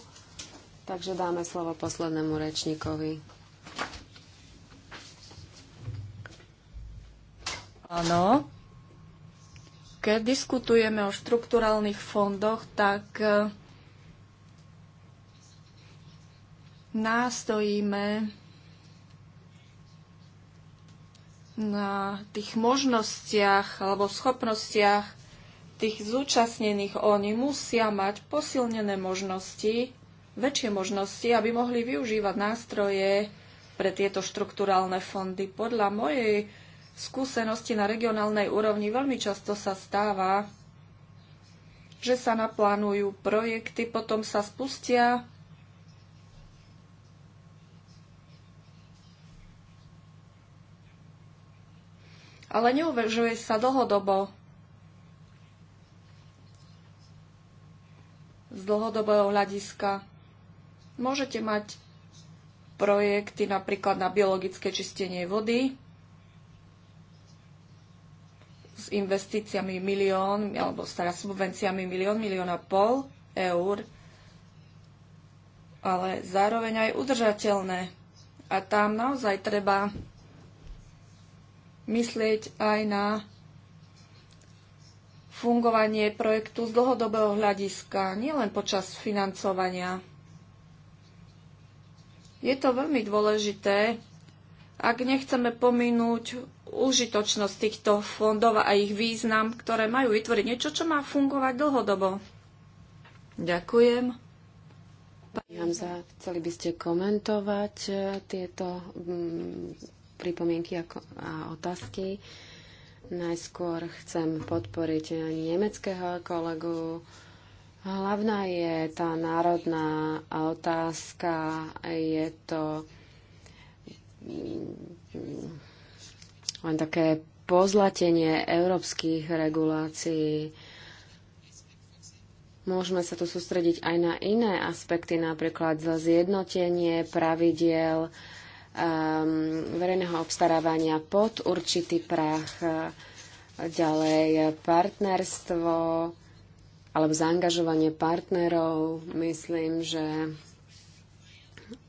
Takže dáme slovo poslednému rečníkovi. Áno, keď diskutujeme o štrukturálnych fondoch, tak e, nástojíme na tých možnostiach alebo schopnostiach tých zúčastnených. Oni musia mať posilnené možnosti, väčšie možnosti, aby mohli využívať nástroje pre tieto štrukturálne fondy. Podľa mojej skúsenosti na regionálnej úrovni veľmi často sa stáva, že sa naplánujú projekty, potom sa spustia ale neuvažuje sa dlhodobo. Z dlhodobého hľadiska môžete mať projekty napríklad na biologické čistenie vody, s investíciami milión, alebo s teda subvenciami milión, milión a pol eur, ale zároveň aj udržateľné. A tam naozaj treba myslieť aj na fungovanie projektu z dlhodobého hľadiska, nielen počas financovania. Je to veľmi dôležité ak nechceme pominúť užitočnosť týchto fondov a ich význam, ktoré majú vytvoriť niečo, čo má fungovať dlhodobo. Ďakujem. Pani Hamza, chceli by ste komentovať e, tieto pripomienky a otázky? Najskôr chcem podporiť nemeckého kolegu. Hlavná je tá národná otázka. Je to len také pozlatenie európskych regulácií. Môžeme sa tu sústrediť aj na iné aspekty, napríklad za zjednotenie pravidiel um, verejného obstarávania pod určitý prach, uh, ďalej partnerstvo alebo zaangažovanie partnerov. Myslím, že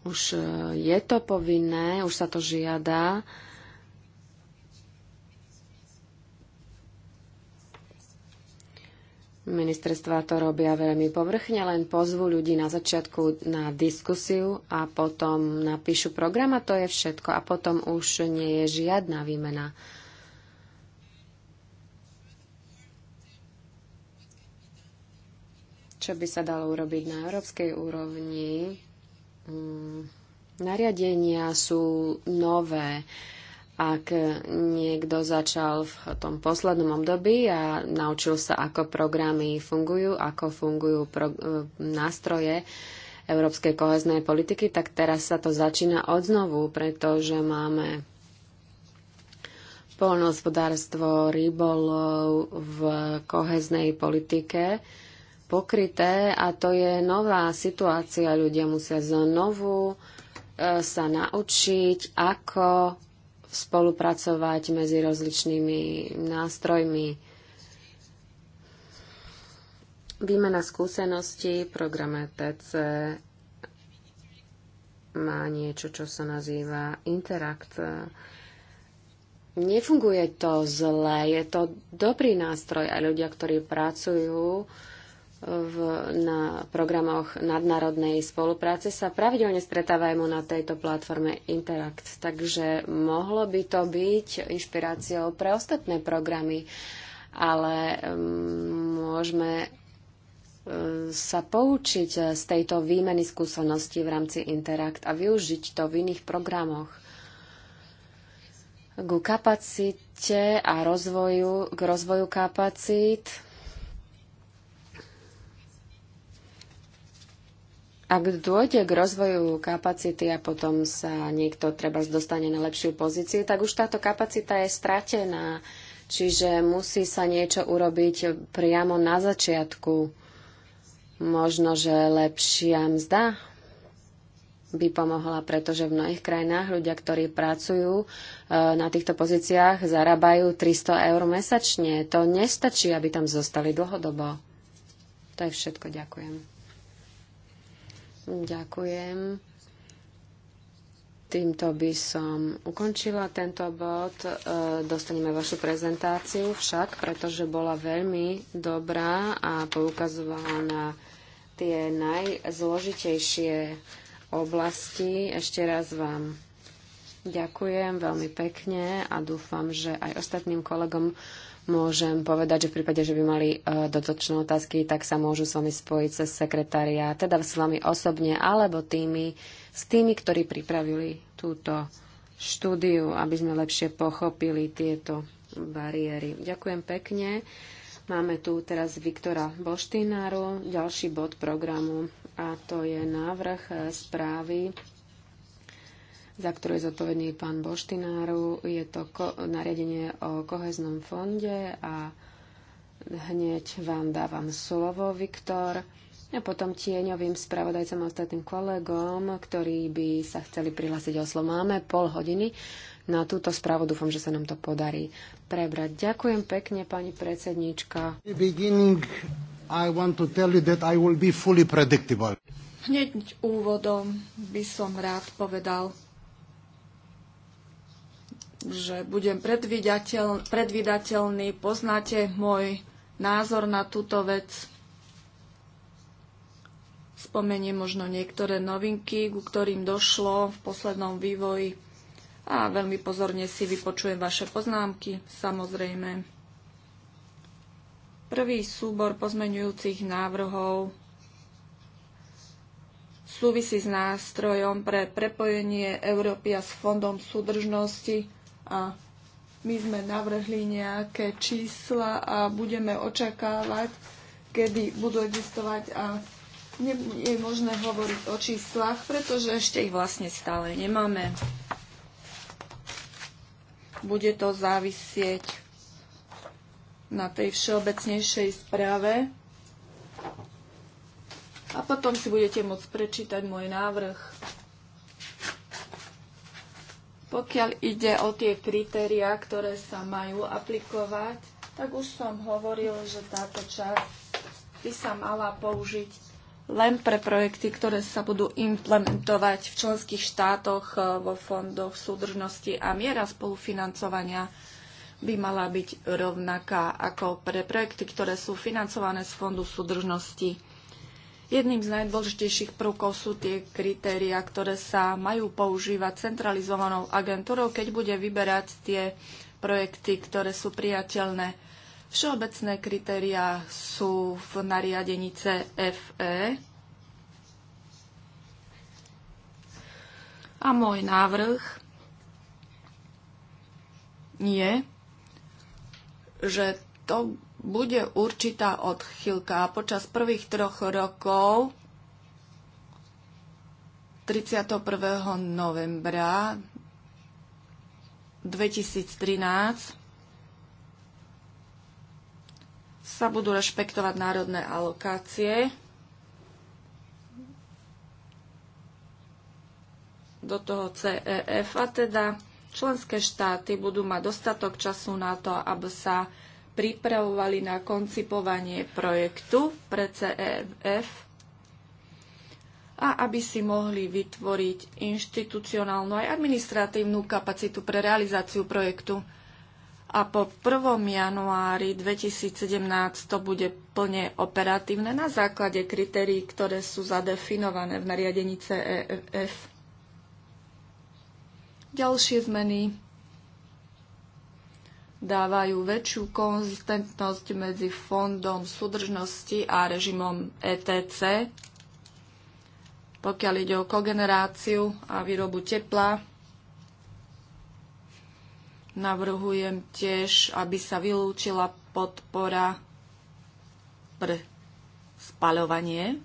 už e, je to povinné, už sa to žiada. Ministerstva to robia veľmi povrchne, len pozvu ľudí na začiatku na diskusiu a potom napíšu program a to je všetko. A potom už nie je žiadna výmena. Čo by sa dalo urobiť na európskej úrovni? Mm, nariadenia sú nové. Ak niekto začal v tom poslednom období a naučil sa, ako programy fungujú, ako fungujú pro, e, nástroje európskej koheznej politiky, tak teraz sa to začína odznovu, pretože máme polnohospodárstvo, rybolov v koheznej politike pokryté a to je nová situácia. Ľudia musia znovu e, sa naučiť, ako spolupracovať medzi rozličnými nástrojmi. Výmena skúseností, program ETC má niečo, čo sa nazýva Interact. Nefunguje to zle, je to dobrý nástroj a ľudia, ktorí pracujú v, na programoch nadnárodnej spolupráce sa pravidelne stretávajú na tejto platforme Interact. Takže mohlo by to byť inšpiráciou pre ostatné programy, ale mm, môžeme e, sa poučiť z tejto výmeny skúseností v rámci Interact a využiť to v iných programoch ku kapacite a rozvoju, k rozvoju kapacít Ak dôjde k rozvoju kapacity a potom sa niekto treba dostane na lepšiu pozíciu, tak už táto kapacita je stratená. Čiže musí sa niečo urobiť priamo na začiatku. Možno, že lepšia mzda by pomohla, pretože v mnohých krajinách ľudia, ktorí pracujú e, na týchto pozíciách, zarábajú 300 eur mesačne. To nestačí, aby tam zostali dlhodobo. To je všetko. Ďakujem. Ďakujem. Týmto by som ukončila tento bod. E, dostaneme vašu prezentáciu však, pretože bola veľmi dobrá a poukazovala na tie najzložitejšie oblasti. Ešte raz vám ďakujem veľmi pekne a dúfam, že aj ostatným kolegom Môžem povedať, že v prípade, že by mali e, dotočné otázky, tak sa môžu s vami spojiť cez sekretária, teda s vami osobne alebo tými, s tými, ktorí pripravili túto štúdiu, aby sme lepšie pochopili tieto bariéry. Ďakujem pekne. Máme tu teraz Viktora Boštináru, ďalší bod programu a to je návrh e, správy za ktorú je zodpovedný pán Boštináru. Je to nariadenie o koheznom fonde a hneď vám dávam slovo, Viktor, a potom tieňovým spravodajcom a ostatným kolegom, ktorí by sa chceli prihlásiť o slovo. Máme pol hodiny na túto správu. Dúfam, že sa nám to podarí prebrať. Ďakujem pekne, pani predsednička. Hneď úvodom by som rád povedal, že budem predvídateľ, predvídateľný. Poznáte môj názor na túto vec. Spomeniem možno niektoré novinky, ku ktorým došlo v poslednom vývoji a veľmi pozorne si vypočujem vaše poznámky, samozrejme. Prvý súbor pozmenujúcich návrhov súvisí s nástrojom pre prepojenie Európy a s Fondom súdržnosti a my sme navrhli nejaké čísla a budeme očakávať, kedy budú existovať a nie je možné hovoriť o číslach, pretože ešte ich vlastne stále nemáme. Bude to závisieť na tej všeobecnejšej správe. A potom si budete môcť prečítať môj návrh. Pokiaľ ide o tie kritériá, ktoré sa majú aplikovať, tak už som hovoril, že táto časť by sa mala použiť len pre projekty, ktoré sa budú implementovať v členských štátoch e, vo fondoch súdržnosti a miera spolufinancovania by mala byť rovnaká ako pre projekty, ktoré sú financované z fondu súdržnosti. Jedným z najdôležitejších prvkov sú tie kritéria, ktoré sa majú používať centralizovanou agentúrou, keď bude vyberať tie projekty, ktoré sú priateľné. Všeobecné kritéria sú v nariadení CFE. A môj návrh je, že to bude určitá odchylka a počas prvých troch rokov 31. novembra 2013 sa budú rešpektovať národné alokácie. do toho CEF a teda členské štáty budú mať dostatok času na to, aby sa pripravovali na koncipovanie projektu pre CEF a aby si mohli vytvoriť inštitucionálnu aj administratívnu kapacitu pre realizáciu projektu. A po 1. januári 2017 to bude plne operatívne na základe kritérií, ktoré sú zadefinované v nariadení CEF. Ďalšie zmeny dávajú väčšiu konzistentnosť medzi fondom súdržnosti a režimom ETC, pokiaľ ide o kogeneráciu a výrobu tepla. Navrhujem tiež, aby sa vylúčila podpora pre spaľovanie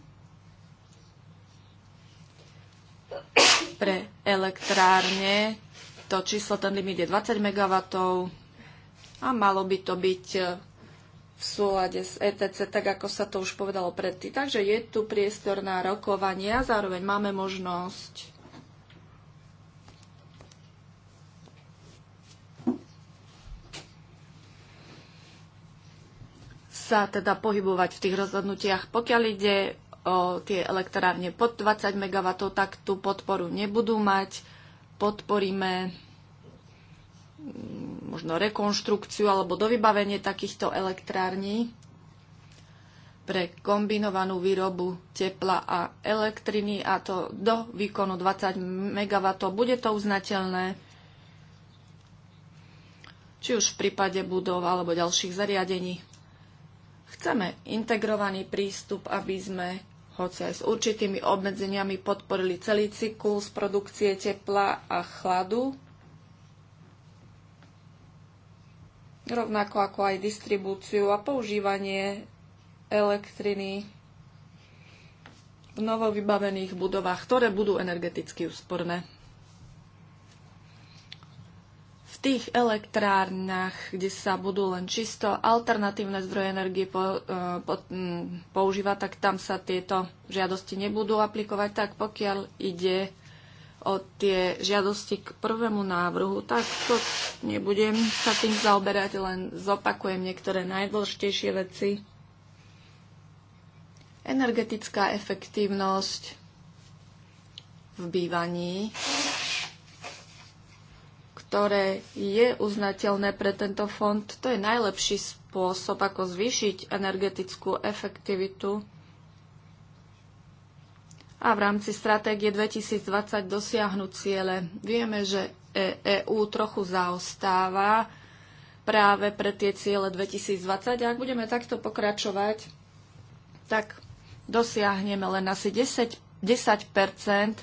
pre elektrárne. To číslo, ten limit je 20 MW, a malo by to byť e, v súlade s ETC, tak ako sa to už povedalo predtým. Takže je tu priestor na rokovanie a zároveň máme možnosť sa teda pohybovať v tých rozhodnutiach. Pokiaľ ide o tie elektrárne pod 20 MW, tak tú podporu nebudú mať. Podporíme možno rekonštrukciu alebo dovybavenie takýchto elektrární pre kombinovanú výrobu tepla a elektriny a to do výkonu 20 MW. Bude to uznateľné či už v prípade budov alebo ďalších zariadení. Chceme integrovaný prístup, aby sme, hoci aj s určitými obmedzeniami, podporili celý cyklus produkcie tepla a chladu rovnako ako aj distribúciu a používanie elektriny v novo vybavených budovách, ktoré budú energeticky úsporné. V tých elektrárnach, kde sa budú len čisto alternatívne zdroje energie po, e, po, používať, tak tam sa tieto žiadosti nebudú aplikovať. Tak pokiaľ ide o tie žiadosti k prvému návrhu, tak to nebudem sa tým zaoberať, len zopakujem niektoré najdôležitejšie veci. Energetická efektívnosť v bývaní, ktoré je uznateľné pre tento fond, to je najlepší spôsob, ako zvýšiť energetickú efektivitu a v rámci stratégie 2020 dosiahnu ciele. Vieme, že EÚ e trochu zaostáva práve pre tie ciele 2020 a ak budeme takto pokračovať, tak dosiahneme len asi 10, 10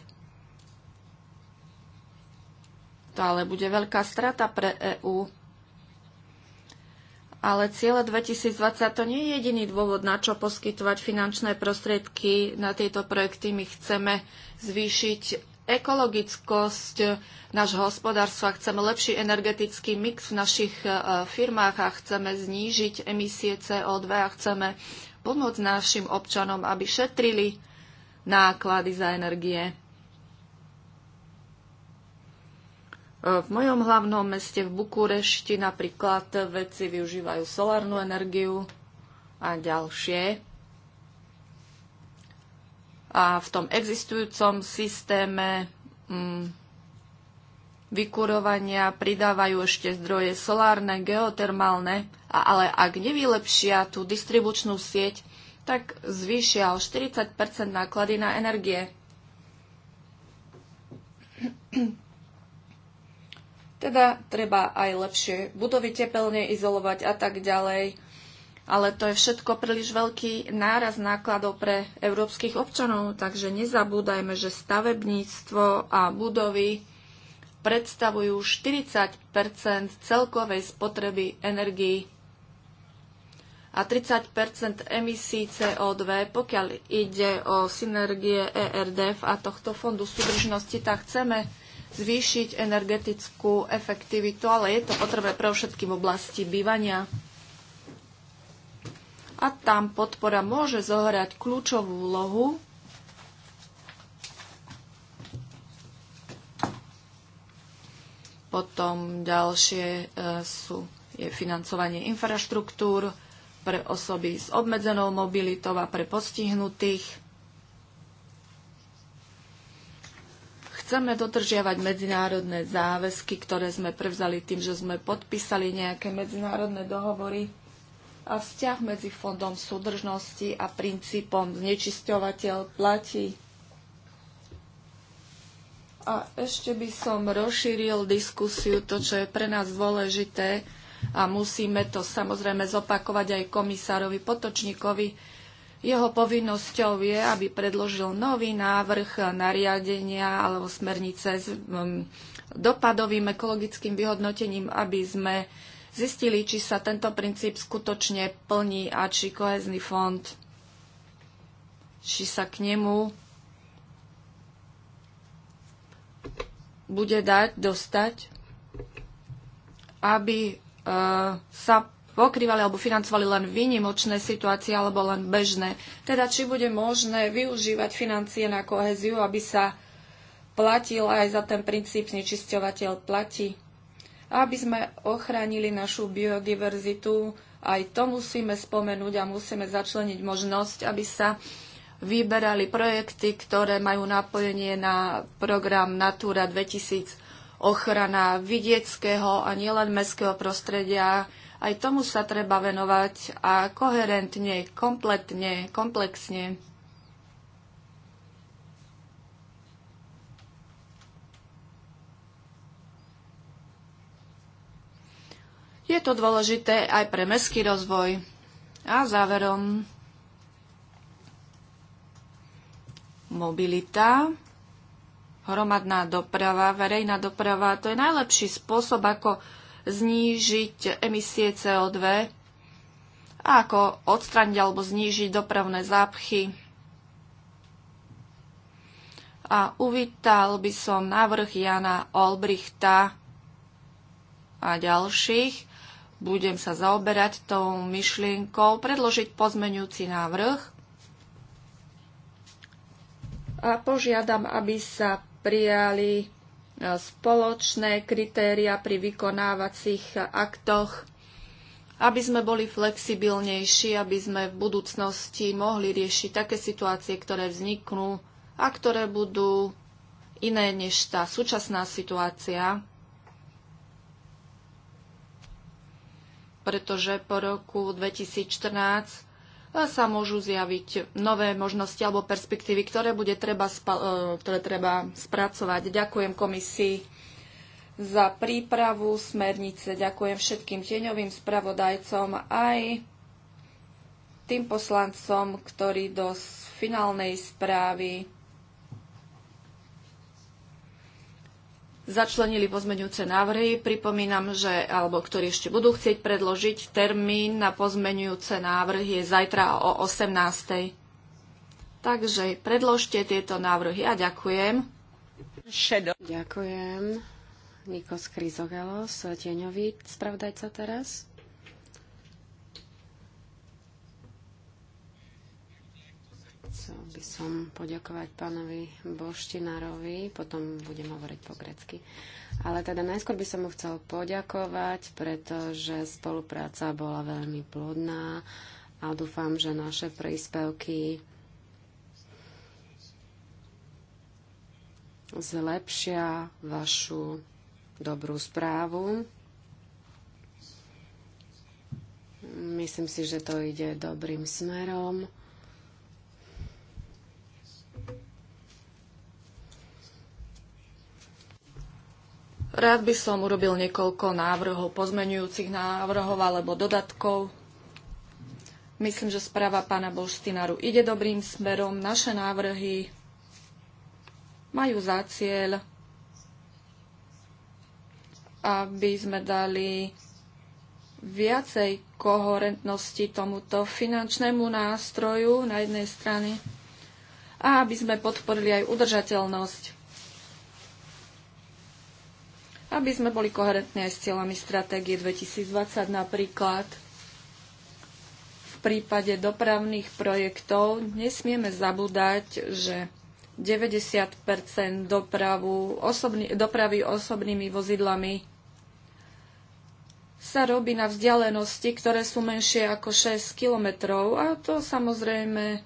To ale bude veľká strata pre EÚ. Ale ciele 2020 to nie je jediný dôvod, na čo poskytovať finančné prostriedky na tieto projekty. My chceme zvýšiť ekologickosť nášho hospodárstva, chceme lepší energetický mix v našich e, firmách a chceme znížiť emisie CO2 a chceme pomôcť našim občanom, aby šetrili náklady za energie. V mojom hlavnom meste v Bukurešti napríklad vedci využívajú solárnu energiu a ďalšie. A v tom existujúcom systéme mm, vykurovania pridávajú ešte zdroje solárne, geotermálne, a, ale ak nevylepšia tú distribučnú sieť, tak zvýšia o 40 náklady na energie teda treba aj lepšie budovy tepelne izolovať a tak ďalej. Ale to je všetko príliš veľký náraz nákladov pre európskych občanov, takže nezabúdajme, že stavebníctvo a budovy predstavujú 40 celkovej spotreby energii a 30 emisí CO2. Pokiaľ ide o synergie ERDF a tohto fondu súdržnosti, tak chceme zvýšiť energetickú efektivitu, ale je to potrebné pre všetky v oblasti bývania. A tam podpora môže zohrať kľúčovú úlohu Potom ďalšie e, sú, je financovanie infraštruktúr pre osoby s obmedzenou mobilitou a pre postihnutých. chceme dodržiavať medzinárodné záväzky, ktoré sme prevzali tým, že sme podpísali nejaké medzinárodné dohovory a vzťah medzi Fondom súdržnosti a princípom znečisťovateľ platí. A ešte by som rozšíril diskusiu, to, čo je pre nás dôležité, a musíme to samozrejme zopakovať aj komisárovi Potočníkovi, jeho povinnosťou je, aby predložil nový návrh nariadenia alebo smernice s um, dopadovým ekologickým vyhodnotením, aby sme zistili, či sa tento princíp skutočne plní a či kohezný fond, či sa k nemu bude dať dostať, aby uh, sa pokrývali alebo financovali len výnimočné situácie alebo len bežné. Teda či bude možné využívať financie na koheziu, aby sa platil aj za ten princíp znečisťovateľ platí. Aby sme ochránili našu biodiverzitu, aj to musíme spomenúť a musíme začleniť možnosť, aby sa vyberali projekty, ktoré majú napojenie na program Natura 2000 ochrana vidieckého a nielen mestského prostredia, aj tomu sa treba venovať a koherentne, kompletne, komplexne. Je to dôležité aj pre mestský rozvoj. A záverom mobilita, hromadná doprava, verejná doprava, to je najlepší spôsob, ako znížiť emisie CO2 a ako odstrániť alebo znížiť dopravné zápchy. A uvítal by som návrh Jana Olbrichta a ďalších. Budem sa zaoberať tou myšlienkou, predložiť pozmenujúci návrh a požiadam, aby sa prijali spoločné kritéria pri vykonávacích aktoch, aby sme boli flexibilnejší, aby sme v budúcnosti mohli riešiť také situácie, ktoré vzniknú a ktoré budú iné než tá súčasná situácia. Pretože po roku 2014 sa môžu zjaviť nové možnosti alebo perspektívy, ktoré, bude treba, e, ktoré treba spracovať. Ďakujem komisii za prípravu smernice, ďakujem všetkým tieňovým spravodajcom aj tým poslancom, ktorí do finálnej správy začlenili pozmeňujúce návrhy. Pripomínam, že, alebo ktorí ešte budú chcieť predložiť, termín na pozmeňujúce návrhy je zajtra o 18. Takže predložte tieto návrhy a ďakujem. Ďakujem. Nikos Kryzogalos, tieňový spravdajca teraz. Chcel by som poďakovať pánovi Boštinárovi, potom budem hovoriť po grecky. Ale teda najskôr by som mu chcel poďakovať, pretože spolupráca bola veľmi plodná a dúfam, že naše príspevky zlepšia vašu dobrú správu. Myslím si, že to ide dobrým smerom Rád by som urobil niekoľko návrhov, pozmenujúcich návrhov alebo dodatkov. Myslím, že správa pána Božstinaru ide dobrým smerom. Naše návrhy majú za cieľ, aby sme dali viacej koherentnosti tomuto finančnému nástroju na jednej strane a aby sme podporili aj udržateľnosť aby sme boli koherentní aj s cieľami stratégie 2020 napríklad. V prípade dopravných projektov nesmieme zabúdať, že 90 dopravu, osobný, dopravy osobnými vozidlami sa robí na vzdialenosti, ktoré sú menšie ako 6 kilometrov a to samozrejme e,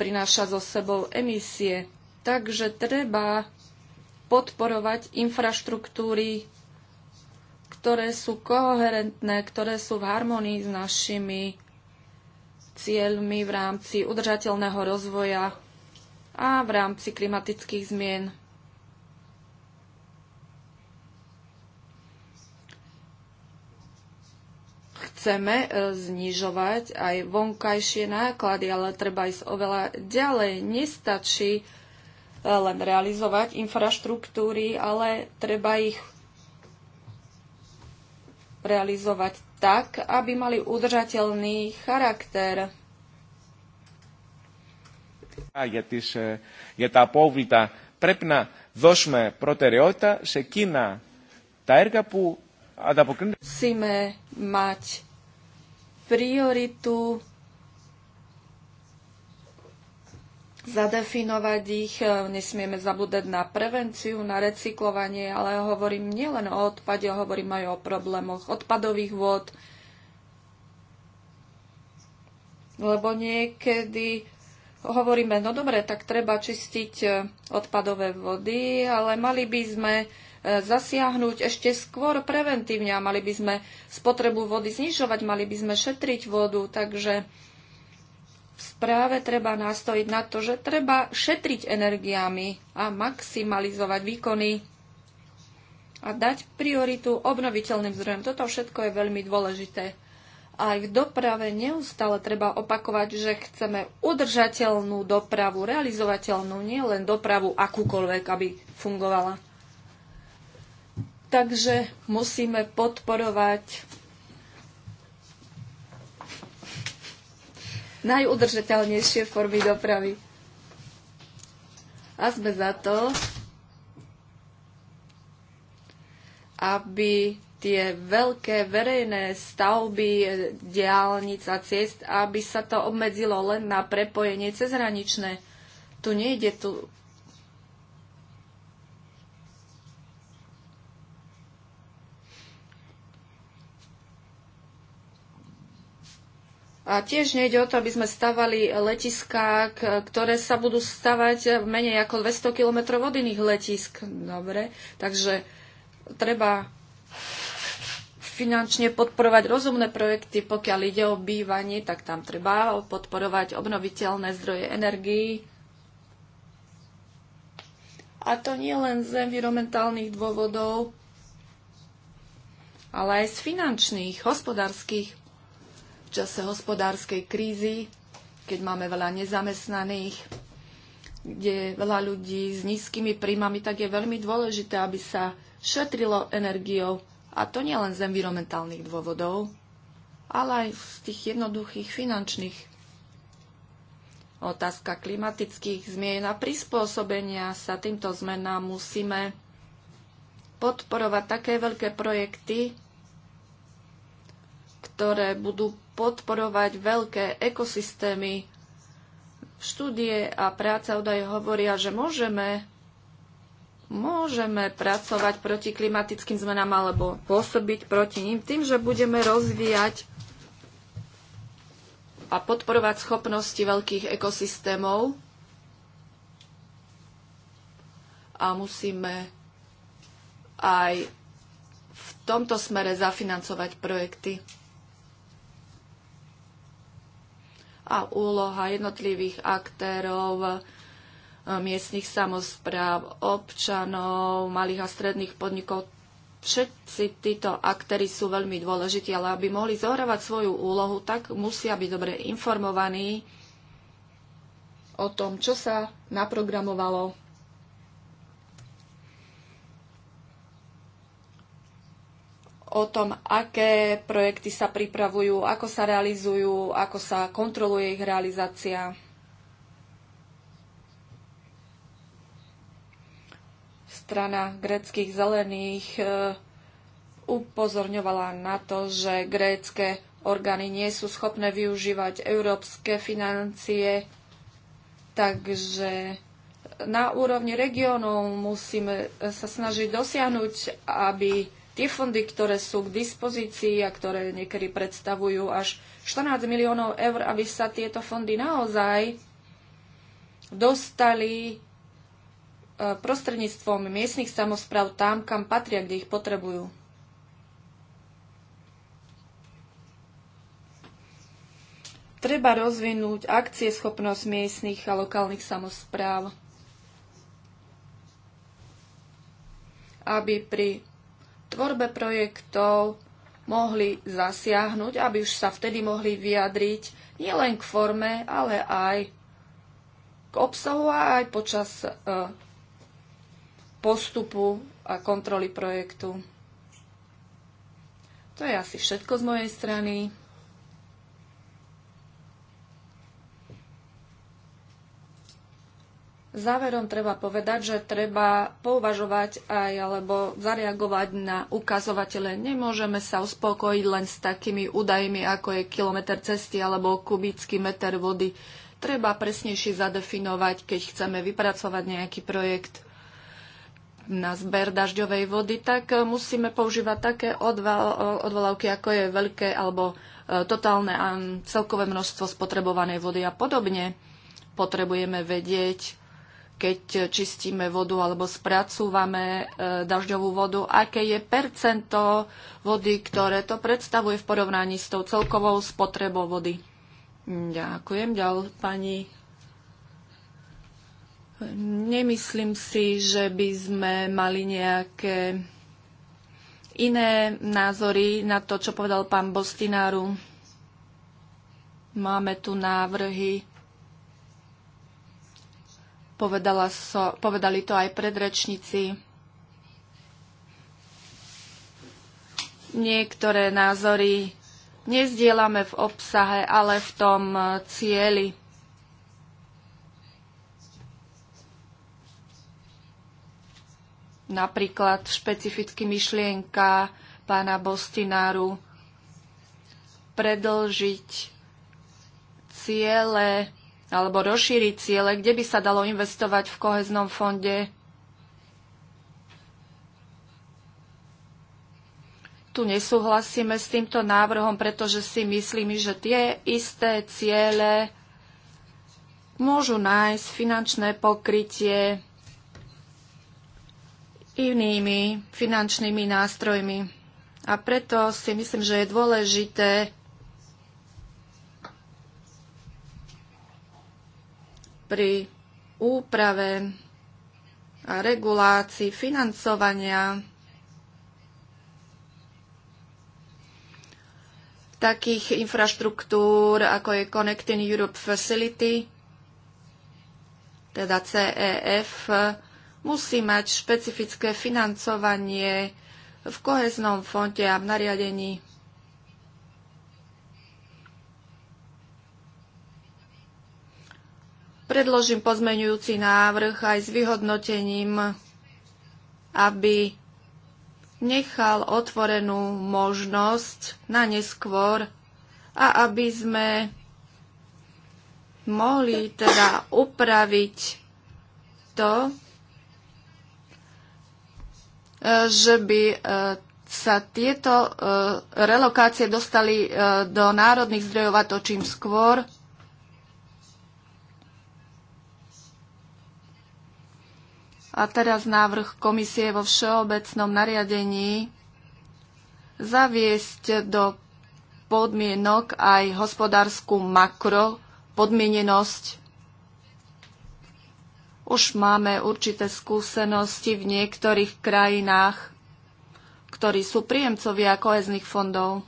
prináša so sebou emisie. Takže treba podporovať infraštruktúry, ktoré sú koherentné, ktoré sú v harmonii s našimi cieľmi v rámci udržateľného rozvoja a v rámci klimatických zmien. Chceme e, znižovať aj vonkajšie náklady, ale treba ísť oveľa ďalej. Nestačí len realizovať infraštruktúry, ale treba ich realizovať tak, aby mali udržateľný charakter. Για, τις, για τα απόβλητα πρέπει να δώσουμε προτεραιότητα σε εκείνα τα έργα που ανταποκρίνονται. Musíme mať prioritu zadefinovať ich. E, nesmieme zabúdať na prevenciu, na recyklovanie, ale hovorím nielen o odpade, hovorím aj o problémoch odpadových vôd, lebo niekedy hovoríme, no dobre, tak treba čistiť e, odpadové vody, ale mali by sme e, zasiahnuť ešte skôr preventívne a mali by sme spotrebu vody znižovať, mali by sme šetriť vodu, takže v správe treba nastojiť na to, že treba šetriť energiami a maximalizovať výkony a dať prioritu obnoviteľným zdrojom. Toto všetko je veľmi dôležité. Aj v doprave neustále treba opakovať, že chceme udržateľnú dopravu, realizovateľnú, nie len dopravu akúkoľvek, aby fungovala. Takže musíme podporovať najudržateľnejšie formy dopravy. A sme za to, aby tie veľké verejné stavby diálnic a ciest, aby sa to obmedzilo len na prepojenie cezhraničné. Tu nejde tu A tiež nejde o to, aby sme stavali letiská, ktoré sa budú stavať menej ako 200 km od iných letisk. Dobre, takže treba finančne podporovať rozumné projekty, pokiaľ ide o bývanie, tak tam treba podporovať obnoviteľné zdroje energií. A to nie len z environmentálnych dôvodov, ale aj z finančných, hospodárskych v čase hospodárskej krízy, keď máme veľa nezamestnaných, kde je veľa ľudí s nízkymi príjmami, tak je veľmi dôležité, aby sa šetrilo energiou. A to nie len z environmentálnych dôvodov, ale aj z tých jednoduchých finančných. Otázka klimatických zmien a prispôsobenia sa týmto zmenám musíme podporovať také veľké projekty, ktoré budú podporovať veľké ekosystémy. Štúdie a práca údaje hovoria, že môžeme, môžeme pracovať proti klimatickým zmenám alebo pôsobiť proti ním tým, že budeme rozvíjať a podporovať schopnosti veľkých ekosystémov a musíme aj v tomto smere zafinancovať projekty. a úloha jednotlivých aktérov, e, miestnych samozpráv, občanov, malých a stredných podnikov. Všetci títo aktéry sú veľmi dôležití, ale aby mohli zohrávať svoju úlohu, tak musia byť dobre informovaní o tom, čo sa naprogramovalo o tom, aké projekty sa pripravujú, ako sa realizujú, ako sa kontroluje ich realizácia. Strana greckých zelených e, upozorňovala na to, že grécké orgány nie sú schopné využívať európske financie, takže na úrovni regionov musíme sa snažiť dosiahnuť, aby Tie fondy, ktoré sú k dispozícii a ktoré niekedy predstavujú až 14 miliónov eur, aby sa tieto fondy naozaj dostali e, prostredníctvom miestnych samozpráv tam, kam patria, kde ich potrebujú. Treba rozvinúť akcie schopnosť miestnych a lokálnych samozpráv, aby pri tvorbe projektov mohli zasiahnuť, aby už sa vtedy mohli vyjadriť nielen k forme, ale aj k obsahu a aj počas e, postupu a kontroly projektu. To je asi všetko z mojej strany. Záverom treba povedať, že treba pouvažovať aj alebo zareagovať na ukazovatele. Nemôžeme sa uspokojiť len s takými údajmi, ako je kilometr cesty alebo kubický meter vody. Treba presnejšie zadefinovať, keď chceme vypracovať nejaký projekt na zber dažďovej vody, tak e, musíme používať také odvolávky, ako je veľké alebo e, totálne a celkové množstvo spotrebovanej vody a podobne. Potrebujeme vedieť, keď čistíme vodu alebo spracúvame e, dažďovú vodu, aké je percento vody, ktoré to predstavuje v porovnaní s tou celkovou spotrebou vody. Ďakujem. Ďal, pani. Nemyslím si, že by sme mali nejaké iné názory na to, čo povedal pán Bostináru. Máme tu návrhy Povedala so, povedali to aj predrečníci. Niektoré názory nezdielame v obsahe, ale v tom eh, cieli. Napríklad špecificky myšlienka pána Bostináru predlžiť ciele alebo rozšíriť ciele, kde by sa dalo investovať v koheznom fonde. Tu nesúhlasíme s týmto návrhom, pretože si myslíme, že tie isté ciele môžu nájsť finančné pokrytie inými finančnými nástrojmi. A preto si myslím, že je dôležité pri úprave a regulácii financovania takých infraštruktúr, ako je Connecting Europe Facility, teda CEF, musí mať špecifické financovanie v koheznom fonde a v nariadení. Predložím pozmeňujúci návrh aj s vyhodnotením, aby nechal otvorenú možnosť na neskôr a aby sme mohli teda upraviť to, e, že by e, sa tieto e, relokácie dostali do národných zdrojov a to čím skôr, A teraz návrh komisie vo všeobecnom nariadení zaviesť do podmienok aj hospodárskú makro podmienenosť. Už máme určité skúsenosti v niektorých krajinách, ktorí sú príjemcovia kohezných fondov.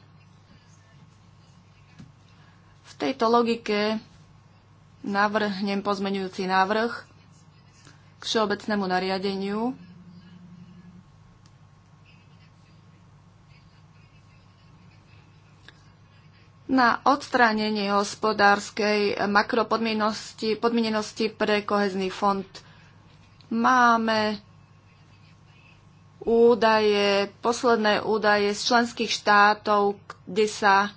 V tejto logike navrhnem pozmenujúci návrh, k všeobecnému nariadeniu na odstránenie hospodárskej makropodmienenosti pre kohezný fond. Máme údaje, posledné údaje z členských štátov, kde sa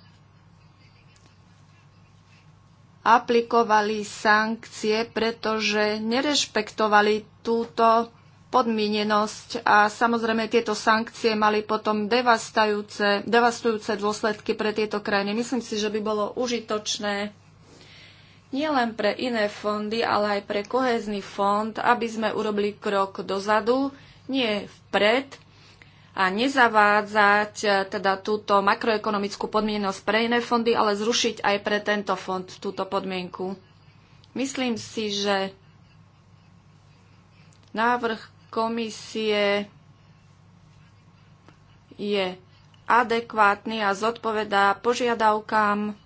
aplikovali sankcie, pretože nerešpektovali túto podmienenosť a samozrejme tieto sankcie mali potom devastujúce, devastujúce dôsledky pre tieto krajiny. Myslím si, že by bolo užitočné nielen pre iné fondy, ale aj pre kohezný fond, aby sme urobili krok dozadu, nie vpred, a nezavádzať e, teda túto makroekonomickú podmienosť pre iné fondy, ale zrušiť aj pre tento fond túto podmienku. Myslím si, že návrh komisie je adekvátny a zodpovedá požiadavkám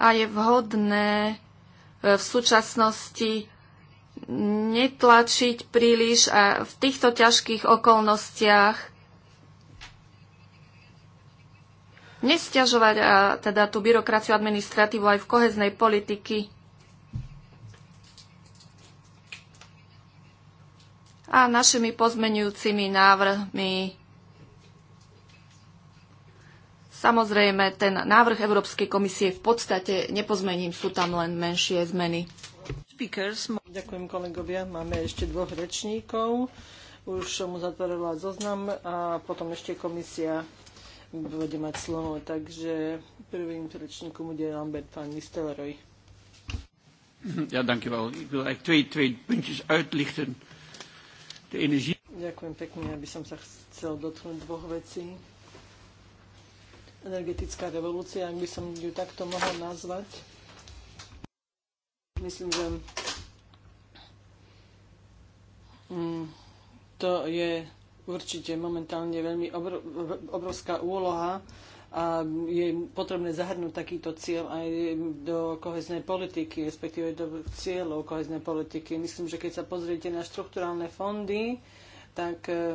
a je vhodné e, v súčasnosti netlačiť príliš a v týchto ťažkých okolnostiach nestiažovať a teda tú byrokraciu administratívu aj v koheznej politiky. A našimi pozmenujúcimi návrhmi Samozrejme, ten návrh Európskej komisie v podstate nepozmením, sú tam len menšie zmeny. Ďakujem kolegovia. Máme ešte dvoch rečníkov. Už mu zatvorila zoznam a potom ešte komisia bude mať slovo. Takže prvým rečníkom bude Lambert pán Nistelrooy. Ja, dankjewel. Ik wil eigenlijk twee, twee puntjes uitlichten. De energie... Ďakujem pekne, aby som sa chcel dotknúť dvoch vecí. Energetická revolúcia, ak by som ju takto mohol nazvať Myslím, že mm, to je určite momentálne veľmi obrovská úloha a je potrebné zahrnúť takýto cieľ aj do koheznej politiky, respektíve do cieľov koheznej politiky. Myslím, že keď sa pozriete na štrukturálne fondy, tak eh,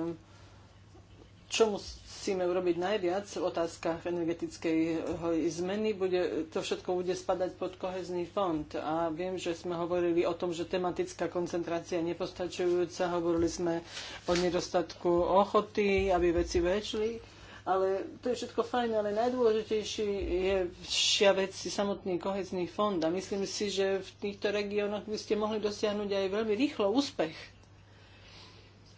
čo musíme urobiť najviac v otázkach energetickej zmeny, bude, to všetko bude spadať pod kohezný fond. A viem, že sme hovorili o tom, že tematická koncentrácia je nepostačujúca, hovorili sme o nedostatku ochoty, aby veci väčšili. Ale to je všetko fajn, ale najdôležitejší je šia vec samotný kohezný fond. A myslím si, že v týchto regiónoch by ste mohli dosiahnuť aj veľmi rýchlo úspech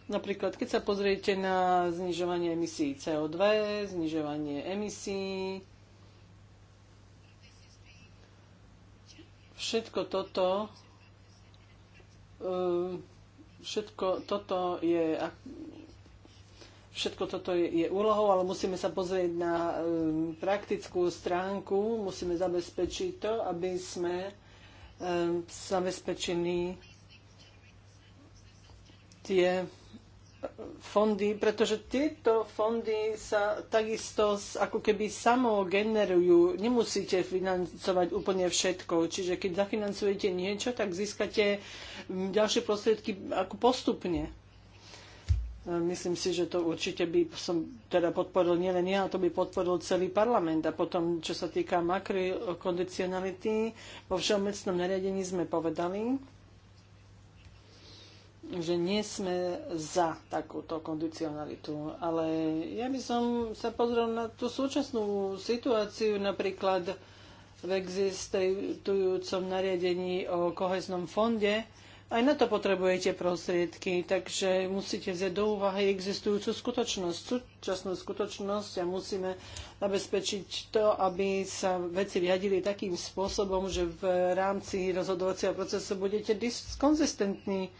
Napríklad, keď sa pozriete na znižovanie emisí CO2, znižovanie emisí, všetko toto e, všetko toto je všetko toto je, je úlohou, ale musíme sa pozrieť na um, praktickú stránku, musíme zabezpečiť to, aby sme um, zabezpečili tie fondy, pretože tieto fondy sa takisto ako keby samo generujú. Nemusíte financovať úplne všetko. Čiže keď zafinancujete niečo, tak získate mm, ďalšie prostriedky ako postupne. Myslím si, že to určite by som teda podporil nielen ja, to by podporil celý parlament. A potom, čo sa týka makrokondicionality, vo všeobecnom nariadení sme povedali, že nie sme za takúto kondicionalitu, ale ja by som sa pozrel na tú súčasnú situáciu, napríklad v existujúcom nariadení o koheznom fonde. Aj na to potrebujete prostriedky, takže musíte vziať do úvahy existujúcu skutočnosť, súčasnú skutočnosť a musíme zabezpečiť to, aby sa veci riadili takým spôsobom, že v rámci rozhodovacieho procesu budete konzistentní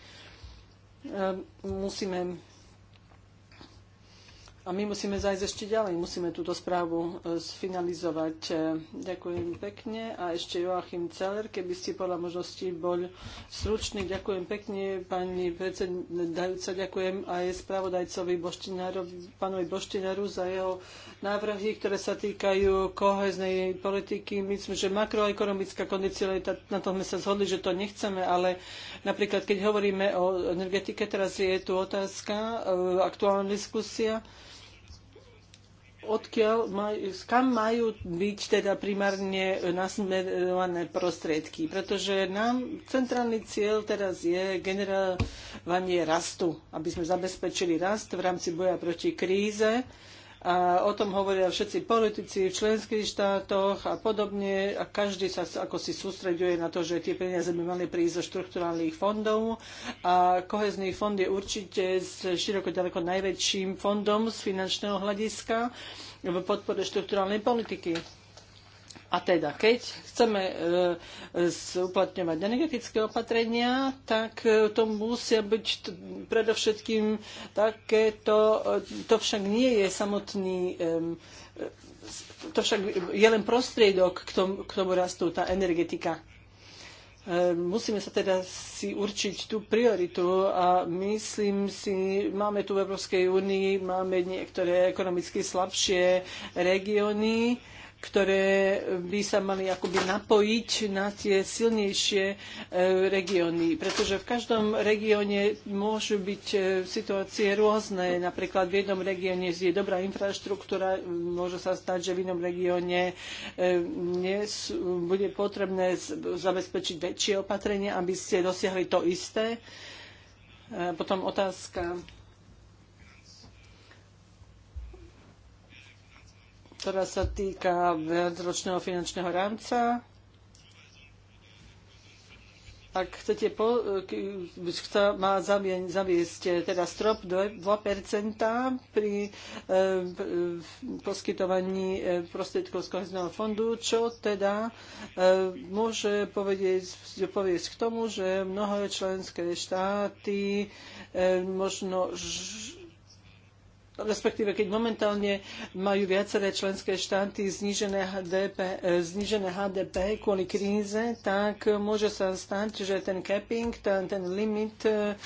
Ehm, musíme a my musíme zajsť ešte ďalej, musíme túto správu e, sfinalizovať. E, ďakujem pekne. A ešte Joachim Celer, keby ste podľa možností bol stručný. Ďakujem pekne, pani predsedajúca. Ďakujem aj spravodajcovi Boštinárovi, pánovi Boštinaru za jeho návrhy, ktoré sa týkajú koheznej politiky. Myslím, že makroekonomická kondicionalita, na to sme sa zhodli, že to nechceme, ale napríklad, keď hovoríme o energetike, teraz je tu otázka, e, aktuálna diskusia, odkiaľ maj, kam majú byť teda primárne nasmerované prostriedky. Pretože nám centrálny cieľ teraz je generovanie rastu, aby sme zabezpečili rast v rámci boja proti kríze a o tom hovoria všetci politici v členských štátoch a podobne a každý sa ako si sústreďuje na to, že tie peniaze by mali prísť zo štrukturálnych fondov a kohezný fond je určite široko ďaleko najväčším fondom z finančného hľadiska v podpore štrukturálnej politiky. A teda, keď chceme e, e, uplatňovať energetické opatrenia, tak e, to musia byť predovšetkým takéto, to však nie je samotný to však je len prostriedok k tomu, k tomu rastú tá energetika. Musíme sa teda si určiť tú prioritu a myslím si, máme tu v Európskej únii, máme niektoré ekonomicky slabšie regióny, ktoré by sa mali akoby napojiť na tie silnejšie e, regióny. Pretože v každom regióne môžu byť e, situácie rôzne. Napríklad v jednom regióne je dobrá infraštruktúra, môže sa stať, že v inom regióne e, bude potrebné zabezpečiť väčšie opatrenie, aby ste dosiahli to isté. Potom otázka ktorá sa týka viacročného finančného rámca. Ak chcete, po, kto má zaviesť eh, teda strop 2% pri eh, poskytovaní eh, prostriedkov z kohezného fondu, čo teda môže povedieť, povedieť k tomu, že mnohé členské štáty možno ž, respektíve keď momentálne majú viaceré členské štáty znížené HDP, e, HDP kvôli kríze, tak môže sa stať, že ten capping, ten, ten limit e, e,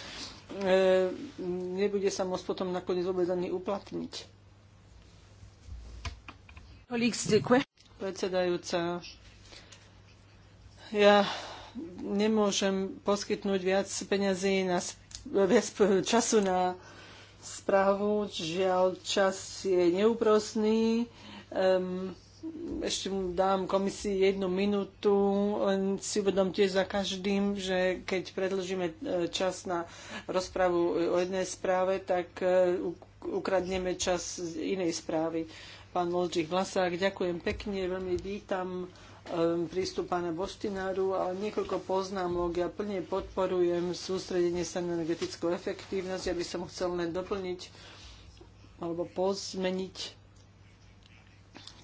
nebude sa môcť potom nakoniec vôbec ani uplatniť. Predsedajúca, ja nemôžem poskytnúť viac peňazí na viac [laughs] času na správu. Žiaľ, čas je neúprosný. Um, ešte mu dám komisii jednu minútu, len si uvedomte za každým, že keď predlžíme e, čas na rozpravu e, o jednej správe, tak e, ukradneme čas z inej správy. Pán Lodžich Vlasák, ďakujem pekne, veľmi vítam Um, prístup pána Boštináru, ale niekoľko poznámok. Ja plne podporujem sústredenie sa na energetickú efektívnosť. Ja by som chcel len doplniť alebo pozmeniť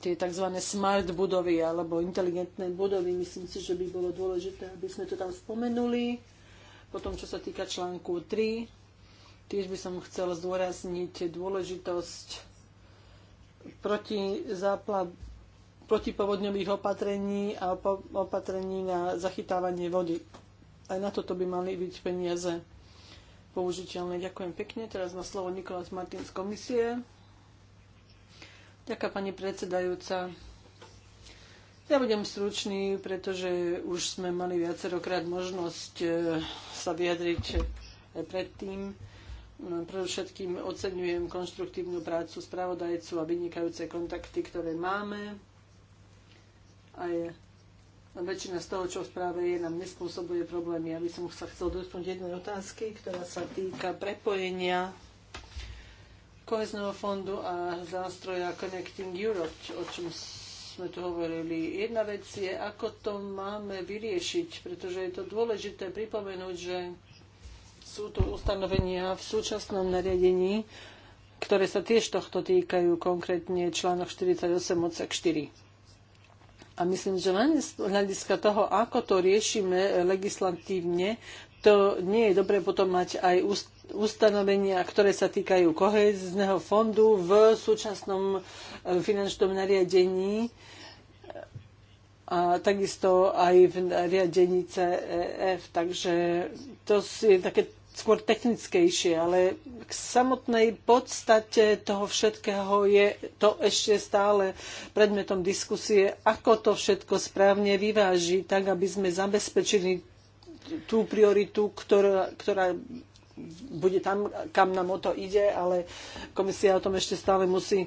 tie tzv. smart budovy alebo inteligentné budovy. Myslím si, že by bolo dôležité, aby sme to tam spomenuli. Potom, čo sa týka článku 3, tiež by som chcel zdôrazniť dôležitosť proti protipovodňových opatrení a opatrení na zachytávanie vody. Aj na toto by mali byť peniaze použiteľné. Ďakujem pekne. Teraz má slovo Nikolás Martin z komisie. Ďakujem pani predsedajúca. Ja budem stručný, pretože už sme mali viacerokrát možnosť e, sa vyjadriť predtým. No, predovšetkým oceňujem konštruktívnu prácu spravodajcu a vynikajúce kontakty, ktoré máme a väčšina z toho, čo v správe je, nám nespôsobuje problémy. Ja by som sa chcel dotknúť jednej otázky, ktorá sa týka prepojenia kohezného fondu a zástroja Connecting Europe, o čom sme tu hovorili. Jedna vec je, ako to máme vyriešiť, pretože je to dôležité pripomenúť, že sú tu ustanovenia v súčasnom nariadení, ktoré sa tiež tohto týkajú, konkrétne článok 48 odsek 4 a myslím, že len z hľadiska toho, ako to riešime legislatívne, to nie je dobre potom mať aj ustanovenia, ktoré sa týkajú kohezného fondu v súčasnom eh, finančnom nariadení a takisto aj v nariadení CEF. Takže to je také skôr technickejšie, ale k samotnej podstate toho všetkého je to ešte stále predmetom diskusie, ako to všetko správne vyváži, tak aby sme zabezpečili tú prioritu, ktorá, ktorá bude tam, kam nám o to ide, ale komisia o tom ešte stále musí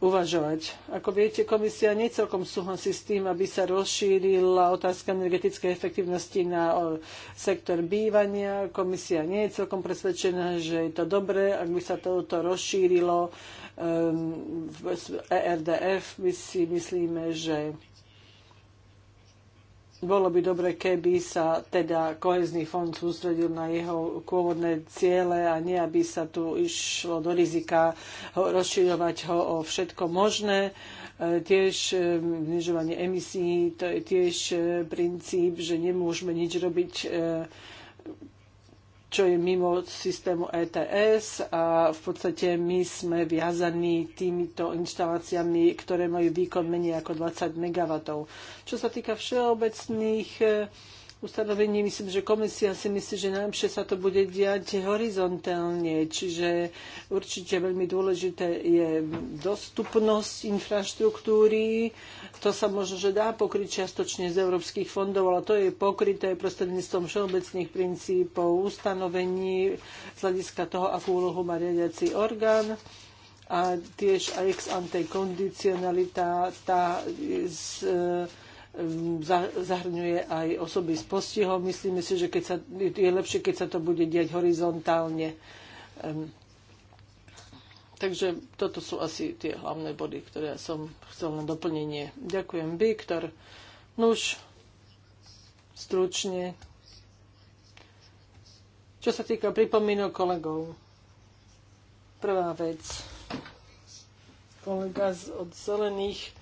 uvažovať. Ako viete, komisia necelkom súhlasí s tým, aby sa rozšírila otázka energetickej efektivnosti na sektor bývania. Komisia nie je celkom presvedčená, že je to dobré, ak by sa toto rozšírilo. Um, v ERDF my si myslíme, že bolo by dobre, keby sa teda kohezný fond sústredil na jeho pôvodné ciele a nie, aby sa tu išlo do rizika rozširovať ho o všetko možné. E, tiež e, znižovanie emisí, to je tiež e, princíp, že nemôžeme nič robiť čo je mimo systému ETS a v podstate my sme viazaní týmito inštaláciami, ktoré majú výkon menej ako 20 MW. Čo sa týka všeobecných ustanovení. Myslím, že komisia si myslí, že najlepšie sa to bude diať horizontálne, čiže určite veľmi dôležité je dostupnosť infraštruktúry. To sa možno, že dá pokryť čiastočne z európskych fondov, ale to je pokryté prostredníctvom všeobecných princípov ustanovení z hľadiska toho, akú úlohu má riadiaci orgán a tiež aj ex ante kondicionalita tá z, e, Mm, zahrňuje aj osoby s postihom. Myslíme si, že keď sa, je lepšie, keď sa to bude diať horizontálne. Takže toto sú asi tie hlavné body, ktoré som chcel na doplnenie. Ďakujem, Viktor. Nuž, stručne. Čo sa týka pripomínok kolegov. Prvá vec. Kolega z, od zelených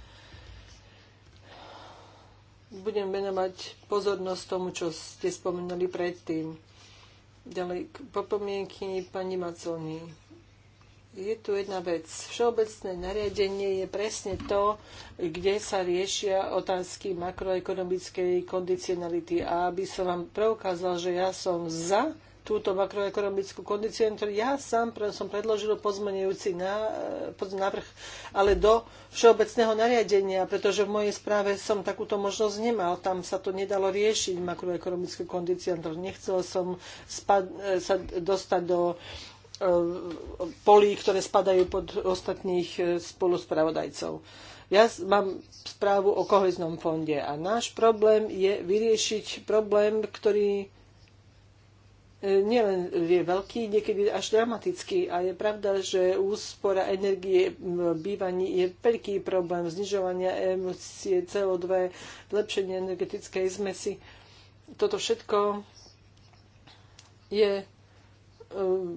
budem venovať pozornosť tomu, čo ste spomenuli predtým. Ďalej, popomienky pani Maconi. Je tu jedna vec. Všeobecné nariadenie je presne to, kde sa riešia otázky makroekonomickej kondicionality. A aby som vám preukázal, že ja som za túto makroekonomickú kondíciu, ja sám som predložil pozmenujúci návrh, ale do všeobecného nariadenia, pretože v mojej správe som takúto možnosť nemal. Tam sa to nedalo riešiť, makroekonomickú kondíciu. Nechcel som spad, sa dostať do e, polí, ktoré spadajú pod ostatných e, spoluspravodajcov. Ja mám správu o koheznom fonde a náš problém je vyriešiť problém, ktorý E, nielen je veľký, niekedy až dramatický. A je pravda, že úspora energie v bývaní je veľký problém znižovania emisie CO2, zlepšenie energetickej zmesi. Toto všetko je e,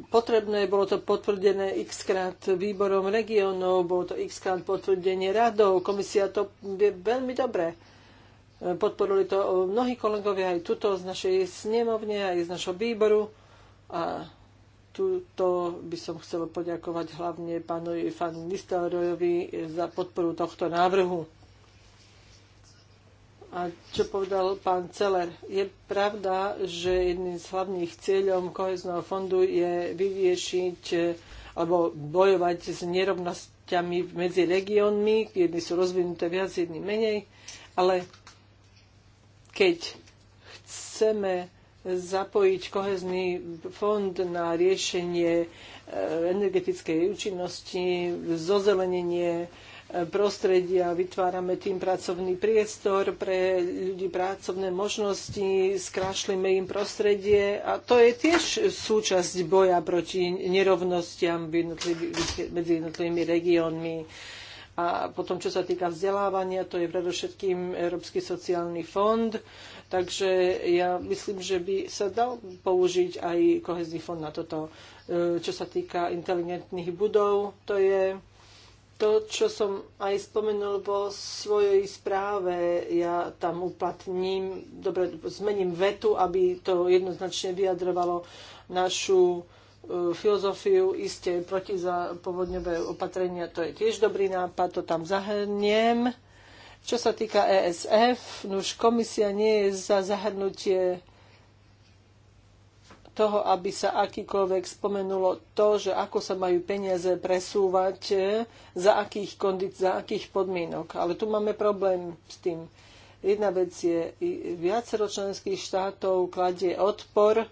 potrebné, bolo to potvrdené x krát výborom regionov, bolo to x krát potvrdenie radov, komisia to vie veľmi dobre. Podporili to mnohí kolegovia aj tuto z našej snemovne, aj z našho výboru. A tuto by som chcel poďakovať hlavne pánovi Fan Nistelrojovi za podporu tohto návrhu. A čo povedal pán Celer, je pravda, že jedným z hlavných cieľom kohezného fondu je vyviešiť e, alebo bojovať s nerovnosťami medzi regiónmi. Jedni sú rozvinuté viac, jedni menej. Ale keď chceme zapojiť kohezný fond na riešenie e, energetickej účinnosti, zozelenenie e, prostredia, vytvárame tým pracovný priestor pre ľudí, pracovné možnosti, skrášlime im prostredie a to je tiež súčasť boja proti nerovnostiam medzi jednotlivými regiónmi. A potom, čo sa týka vzdelávania, to je predovšetkým Európsky sociálny fond. Takže ja myslím, že by sa dal použiť aj kohezný fond na toto. E, čo sa týka inteligentných budov, to je to, čo som aj spomenul vo svojej správe. Ja tam uplatním, dobre, zmením vetu, aby to jednoznačne vyjadrovalo našu filozofiu, iste protizapovodňové opatrenia, to je tiež dobrý nápad, to tam zahrniem. Čo sa týka ESF, už komisia nie je za zahrnutie toho, aby sa akýkoľvek spomenulo to, že ako sa majú peniaze presúvať, za akých, kondic- za akých podmienok. Ale tu máme problém s tým. Jedna vec je, viacero členských štátov kladie odpor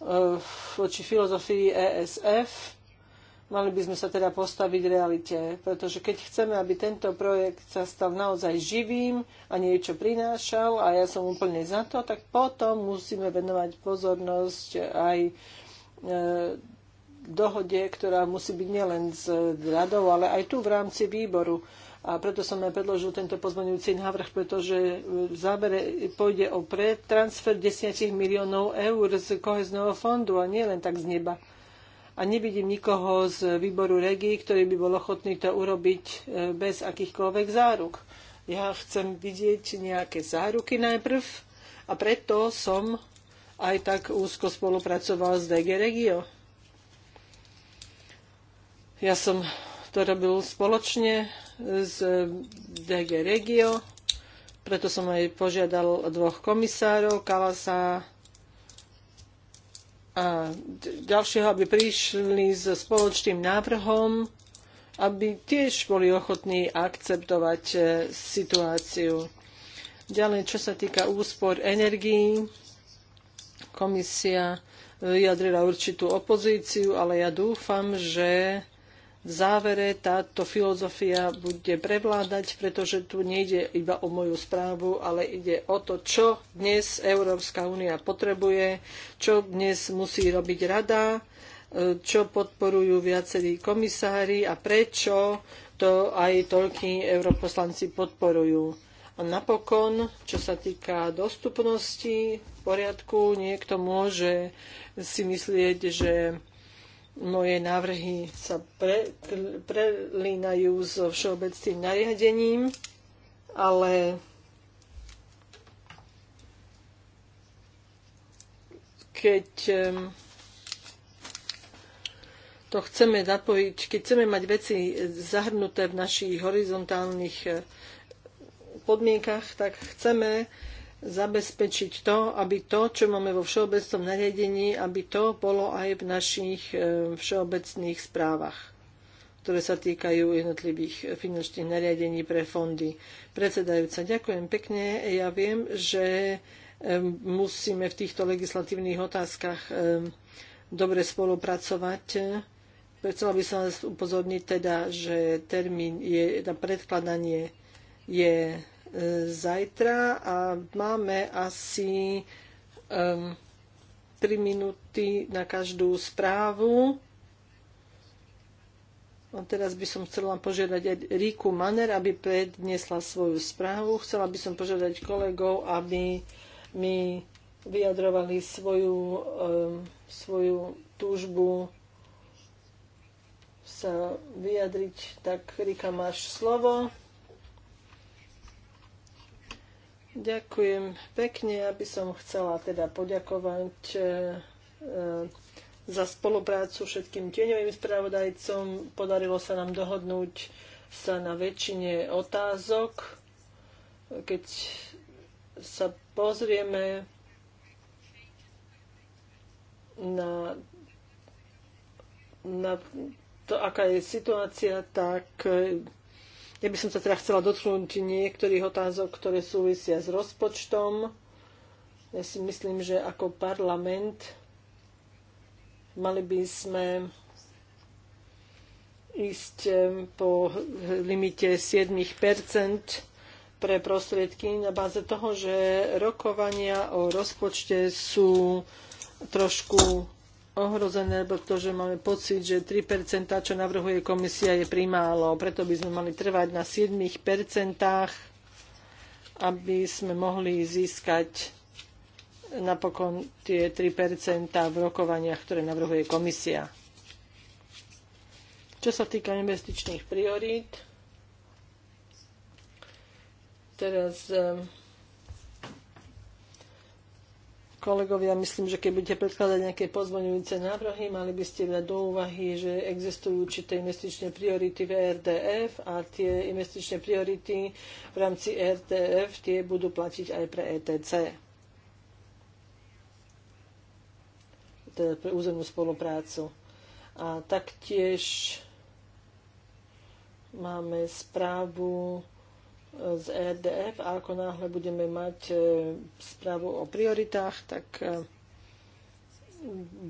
Eh, voči filozofii ESF, mali by sme sa teda postaviť realite, pretože keď chceme, aby tento projekt sa stal naozaj živým a niečo prinášal, a ja som úplne za to, tak potom musíme venovať pozornosť aj e, dohode, ktorá musí byť nielen s radou, ale aj tu v rámci výboru a preto som aj predložil tento pozmeňujúci návrh, pretože v zábere pôjde o pretransfer 10 miliónov eur z kohezného fondu a nie len tak z neba. A nevidím nikoho z výboru regí, ktorý by bol ochotný to urobiť e, bez akýchkoľvek záruk. Ja chcem vidieť nejaké záruky najprv a preto som aj tak úzko spolupracoval s DG Regio. Ja som to robil spoločne s DG Regio, preto som aj požiadal dvoch komisárov, Kalasa a ďalšieho, aby prišli so spoločným návrhom, aby tiež boli ochotní akceptovať e, situáciu. Ďalej, čo sa týka úspor energií, komisia e, vyjadrila určitú opozíciu, ale ja dúfam, že v závere táto filozofia bude prevládať, pretože tu nejde iba o moju správu, ale ide o to, čo dnes Európska únia potrebuje, čo dnes musí robiť rada, čo podporujú viacerí komisári a prečo to aj toľkí europoslanci podporujú. A napokon, čo sa týka dostupnosti v poriadku, niekto môže si myslieť, že moje návrhy sa pre, prelínajú so všeobecným nariadením, ale keď to chceme zapojiť, keď chceme mať veci zahrnuté v našich horizontálnych eh, podmienkach, tak chceme zabezpečiť to, aby to, čo máme vo všeobecnom nariadení, aby to bolo aj v našich e, všeobecných správach ktoré sa týkajú jednotlivých finančných nariadení pre fondy. Predsedajúca, ďakujem pekne. Ja viem, že e, musíme v týchto legislatívnych otázkach e, dobre spolupracovať. Chcela by som vás upozorniť teda, že termín je na predkladanie je zajtra a máme asi um, 3 minúty na každú správu. A teraz by som chcela požiadať Ríku Maner, aby predniesla svoju správu. Chcela by som požiadať kolegov, aby mi vyjadrovali svoju, um, svoju túžbu sa vyjadriť. Tak Rika, máš slovo. Ďakujem pekne. Ja by som chcela teda poďakovať e, e, za spoluprácu všetkým tieňovým spravodajcom. Podarilo sa nám dohodnúť sa na väčšine otázok. Keď sa pozrieme na, na to, aká je situácia, tak ja by som sa teda chcela dotknúť niektorých otázok, ktoré súvisia s rozpočtom. Ja si myslím, že ako parlament mali by sme ísť eh, po limite 7 pre prostriedky na báze toho, že rokovania o rozpočte sú trošku ohrozené, pretože máme pocit, že 3%, čo navrhuje komisia, je primálo. Preto by sme mali trvať na 7%, aby sme mohli získať napokon tie 3% v rokovaniach, ktoré navrhuje komisia. Čo sa týka investičných priorít, teraz ehm, Kolegovia, myslím, že keď budete predkladať nejaké pozvoňujúce návrhy, mali by ste dať do úvahy, že existujú určité investičné priority v e RDF a tie investičné priority v rámci e RDF tie budú platiť aj pre ETC. Teda pre územnú spoluprácu. A taktiež máme správu z EDF a ako náhle budeme mať e, správu o prioritách, tak e,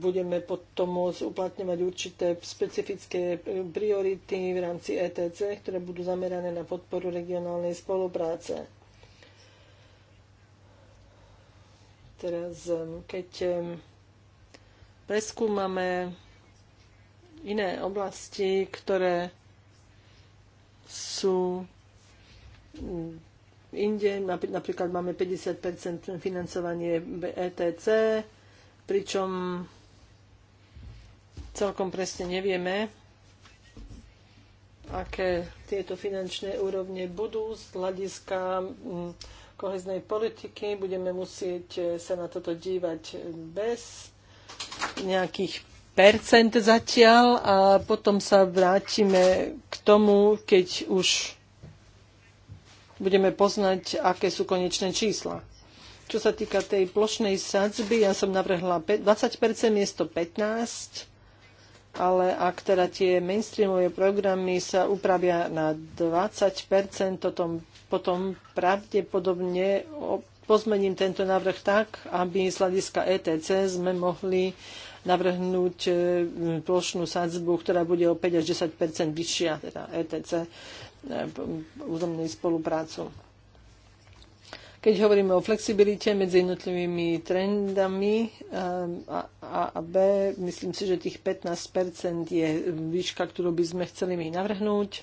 budeme potom môcť uplatňovať určité specifické e, priority v rámci ETC, ktoré budú zamerané na podporu regionálnej spolupráce. Teraz, keď preskúmame iné oblasti, ktoré sú Mm. inde. Napríklad máme 50% financovanie ETC, pričom celkom presne nevieme, aké tieto finančné úrovne budú z hľadiska mm, koheznej politiky. Budeme musieť e, sa na toto dívať e, bez nejakých percent zatiaľ a potom sa vrátime k tomu, keď už budeme poznať, aké sú konečné čísla. Čo sa týka tej plošnej sadzby, ja som navrhla 20% miesto 15%, ale ak teda tie mainstreamové programy sa upravia na 20%, tom, potom pravdepodobne pozmením tento návrh tak, aby z hľadiska ETC sme mohli navrhnúť e, plošnú sadzbu, ktorá bude o 5 až 10 vyššia, teda ETC, Eh, územnej spoluprácu. Keď hovoríme o flexibilite medzi jednotlivými trendami eh, a, a, a B, myslím si, že tých 15 je výška, ktorú by sme chceli my navrhnúť.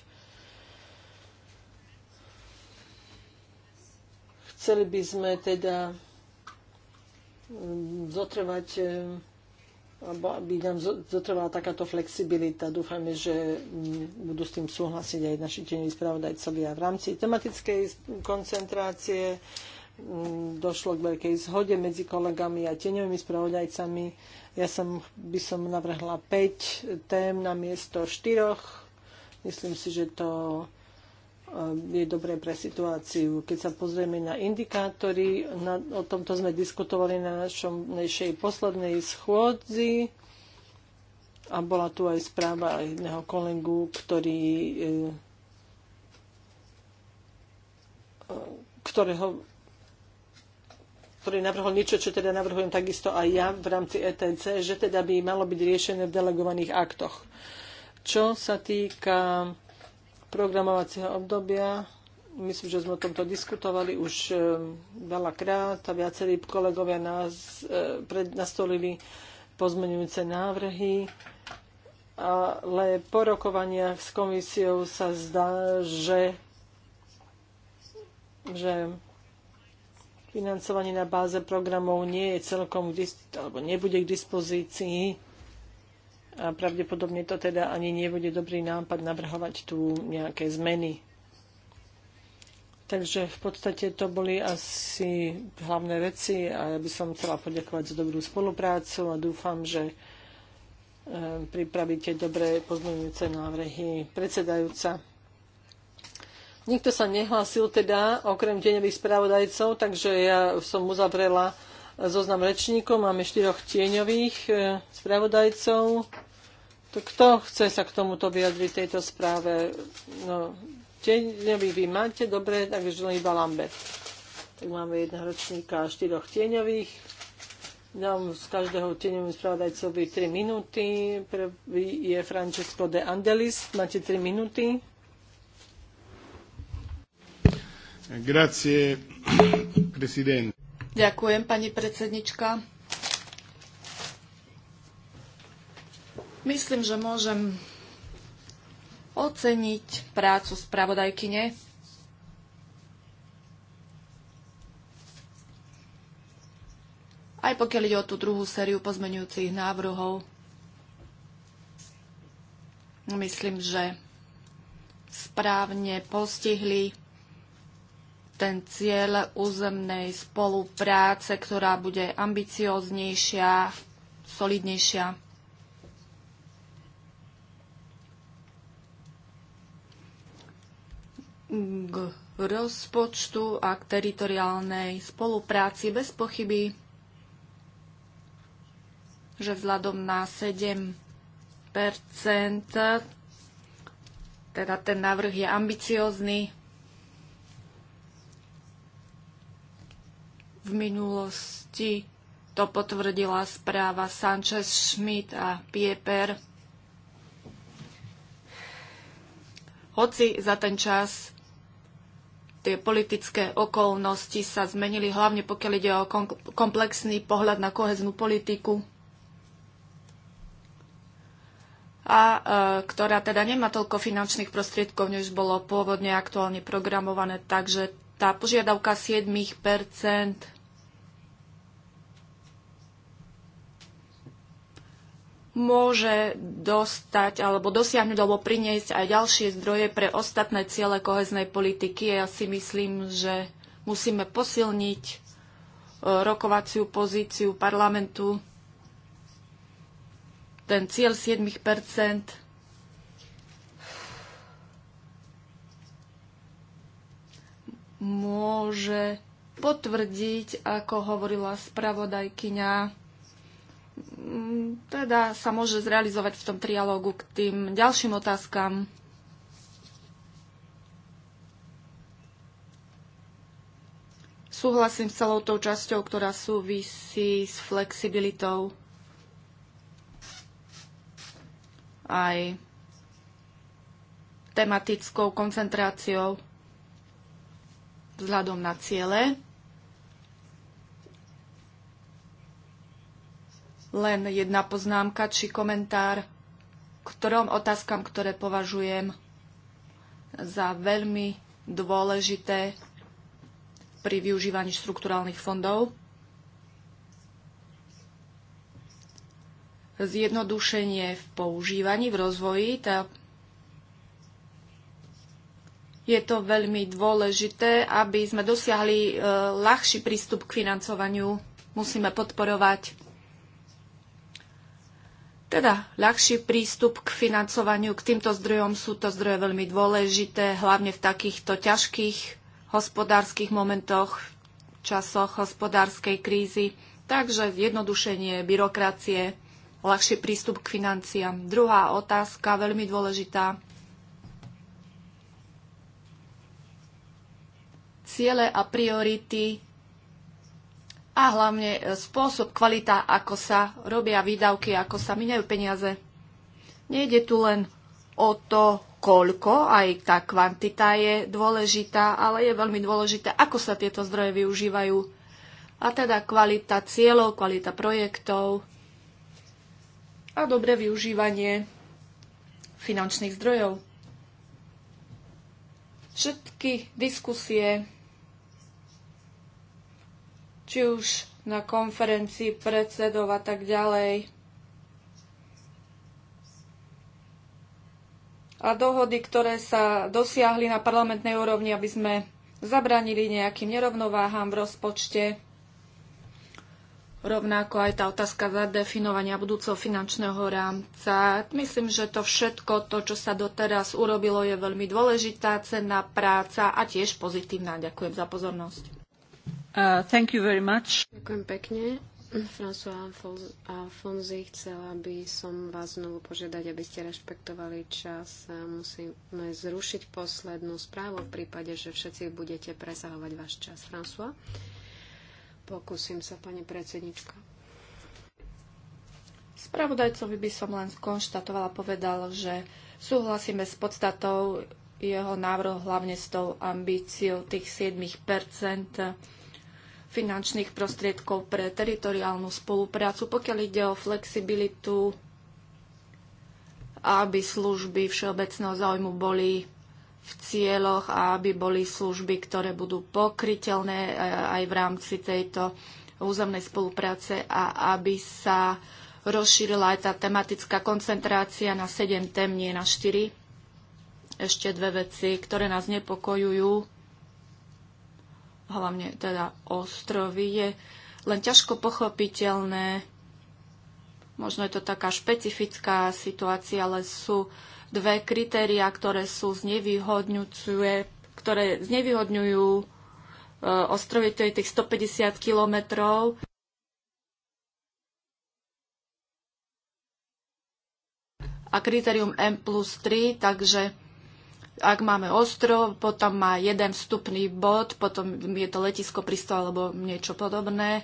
Chceli by sme teda eh, zotrvať aby nám zotrvala takáto flexibilita. Dúfame, že budú s tým súhlasiť aj naši tení spravodajcovia. V rámci tematickej koncentrácie mm, došlo k veľkej zhode medzi kolegami a tieňovými spravodajcami. Ja som, by som navrhla 5 tém na miesto 4. Myslím si, že to Ehm, je dobré pre situáciu. Keď sa pozrieme na indikátory, na, o tomto sme diskutovali na našom našej poslednej schôdzi a bola tu aj správa jedného kolegu, ktorý ehm, ktorého ktorý navrhol niečo, čo teda navrhujem takisto aj ja v rámci ETC, že teda by malo byť riešené v delegovaných aktoch. Čo sa týka programovacieho obdobia. Myslím, že sme o tomto diskutovali už eh, veľakrát a viacerí kolegovia nás eh, nastolili pozmenujúce návrhy ale po rokovaniach s komisiou sa zdá, že, že financovanie na báze programov nie je celkom alebo nebude k dispozícii a pravdepodobne to teda ani nebude dobrý nápad navrhovať tu nejaké zmeny. Takže v podstate to boli asi hlavné veci a ja by som chcela poďakovať za dobrú spoluprácu a dúfam, že e, pripravíte dobré pozmeňujúce návrhy predsedajúca. Nikto sa nehlásil teda, okrem tieňových spravodajcov, takže ja som uzavrela zoznam rečníkov. Máme štyroch tieňových e, spravodajcov. To kto chce sa k tomuto vyjadriť tejto správe? No, tieňový vy máte, dobre, takže len iba Lambert. Tak máme jedného ročníka štyroch tieňových. Dám z každého tieňovým spravodajcovi 3 minúty. Prvý je Francesco de Andelis. Máte 3 minúty. Grazie, president. Ďakujem, pani predsednička. Myslím, že môžem oceniť prácu spravodajkyne. Aj pokiaľ ide o tú druhú sériu pozmenujúcich návrhov, myslím, že správne postihli ten cieľ územnej spolupráce, ktorá bude ambicioznejšia, solidnejšia. k rozpočtu a k teritoriálnej spolupráci bez pochyby, že vzhľadom na 7 teda ten návrh je ambiciózny. V minulosti to potvrdila správa Sanchez, Schmidt a Pieper. Hoci za ten čas tie politické okolnosti sa zmenili, hlavne pokiaľ ide o komplexný pohľad na koheznú politiku, a e, ktorá teda nemá toľko finančných prostriedkov, než bolo pôvodne aktuálne programované. Takže tá požiadavka 7 môže dostať alebo dosiahnuť alebo priniesť aj ďalšie zdroje pre ostatné ciele koheznej politiky. Ja si myslím, že musíme posilniť e, rokovaciu pozíciu parlamentu. Ten cieľ 7 môže potvrdiť, ako hovorila spravodajkyňa, teda sa môže zrealizovať v tom trialógu k tým ďalším otázkam. Súhlasím s celou tou časťou, ktorá súvisí s flexibilitou aj tematickou koncentráciou vzhľadom na ciele. Len jedna poznámka či komentár k trom otázkam, ktoré považujem za veľmi dôležité pri využívaní štrukturálnych fondov. Zjednodušenie v používaní, v rozvoji, tá je to veľmi dôležité, aby sme dosiahli eh, ľahší prístup k financovaniu. Musíme podporovať teda ľahší prístup k financovaniu, k týmto zdrojom sú to zdroje veľmi dôležité, hlavne v takýchto ťažkých hospodárskych momentoch, v časoch hospodárskej krízy. Takže zjednodušenie byrokracie, ľahší prístup k financiám. Druhá otázka, veľmi dôležitá. Ciele a priority a hlavne e, spôsob, kvalita, ako sa robia výdavky, ako sa minajú peniaze. Nejde tu len o to, koľko, aj tá kvantita je dôležitá, ale je veľmi dôležité, ako sa tieto zdroje využívajú. A teda kvalita cieľov, kvalita projektov a dobré využívanie finančných zdrojov. Všetky diskusie či už na konferencii predsedov a tak ďalej. A dohody, ktoré sa dosiahli na parlamentnej úrovni, aby sme zabranili nejakým nerovnováhám v rozpočte. Rovnako aj tá otázka zadefinovania budúceho finančného rámca. Myslím, že to všetko, to, čo sa doteraz urobilo, je veľmi dôležitá cenná práca a tiež pozitívna. Ďakujem za pozornosť. Uh, thank you very much. Ďakujem pekne. François Alfonzi, chcela by som vás znovu požiadať, aby ste rešpektovali čas. Musíme zrušiť poslednú správu v prípade, že všetci budete presahovať váš čas. François, pokúsim sa, pani predsednička. Spravodajcovi by som len skonštatovala, povedal, že súhlasíme s podstatou jeho návrhu, hlavne s tou ambíciou tých 7 finančných prostriedkov pre teritoriálnu spoluprácu, pokiaľ ide o flexibilitu, aby služby všeobecného záujmu boli v cieľoch a aby boli služby, ktoré budú pokryteľné e, aj v rámci tejto územnej spolupráce a aby sa rozšírila aj tá tematická koncentrácia na 7 tém, nie na 4. Ešte dve veci, ktoré nás nepokojujú hlavne teda ostrovy, je len ťažko pochopiteľné. Možno je to taká špecifická situácia, ale sú dve kritériá, ktoré sú znevýhodňujúce, ktoré znevýhodňujú e, ostrovy, to je tých 150 kilometrov. a kritérium M plus 3, takže ak máme ostrov, potom má jeden vstupný bod, potom je to letisko, prístav alebo niečo podobné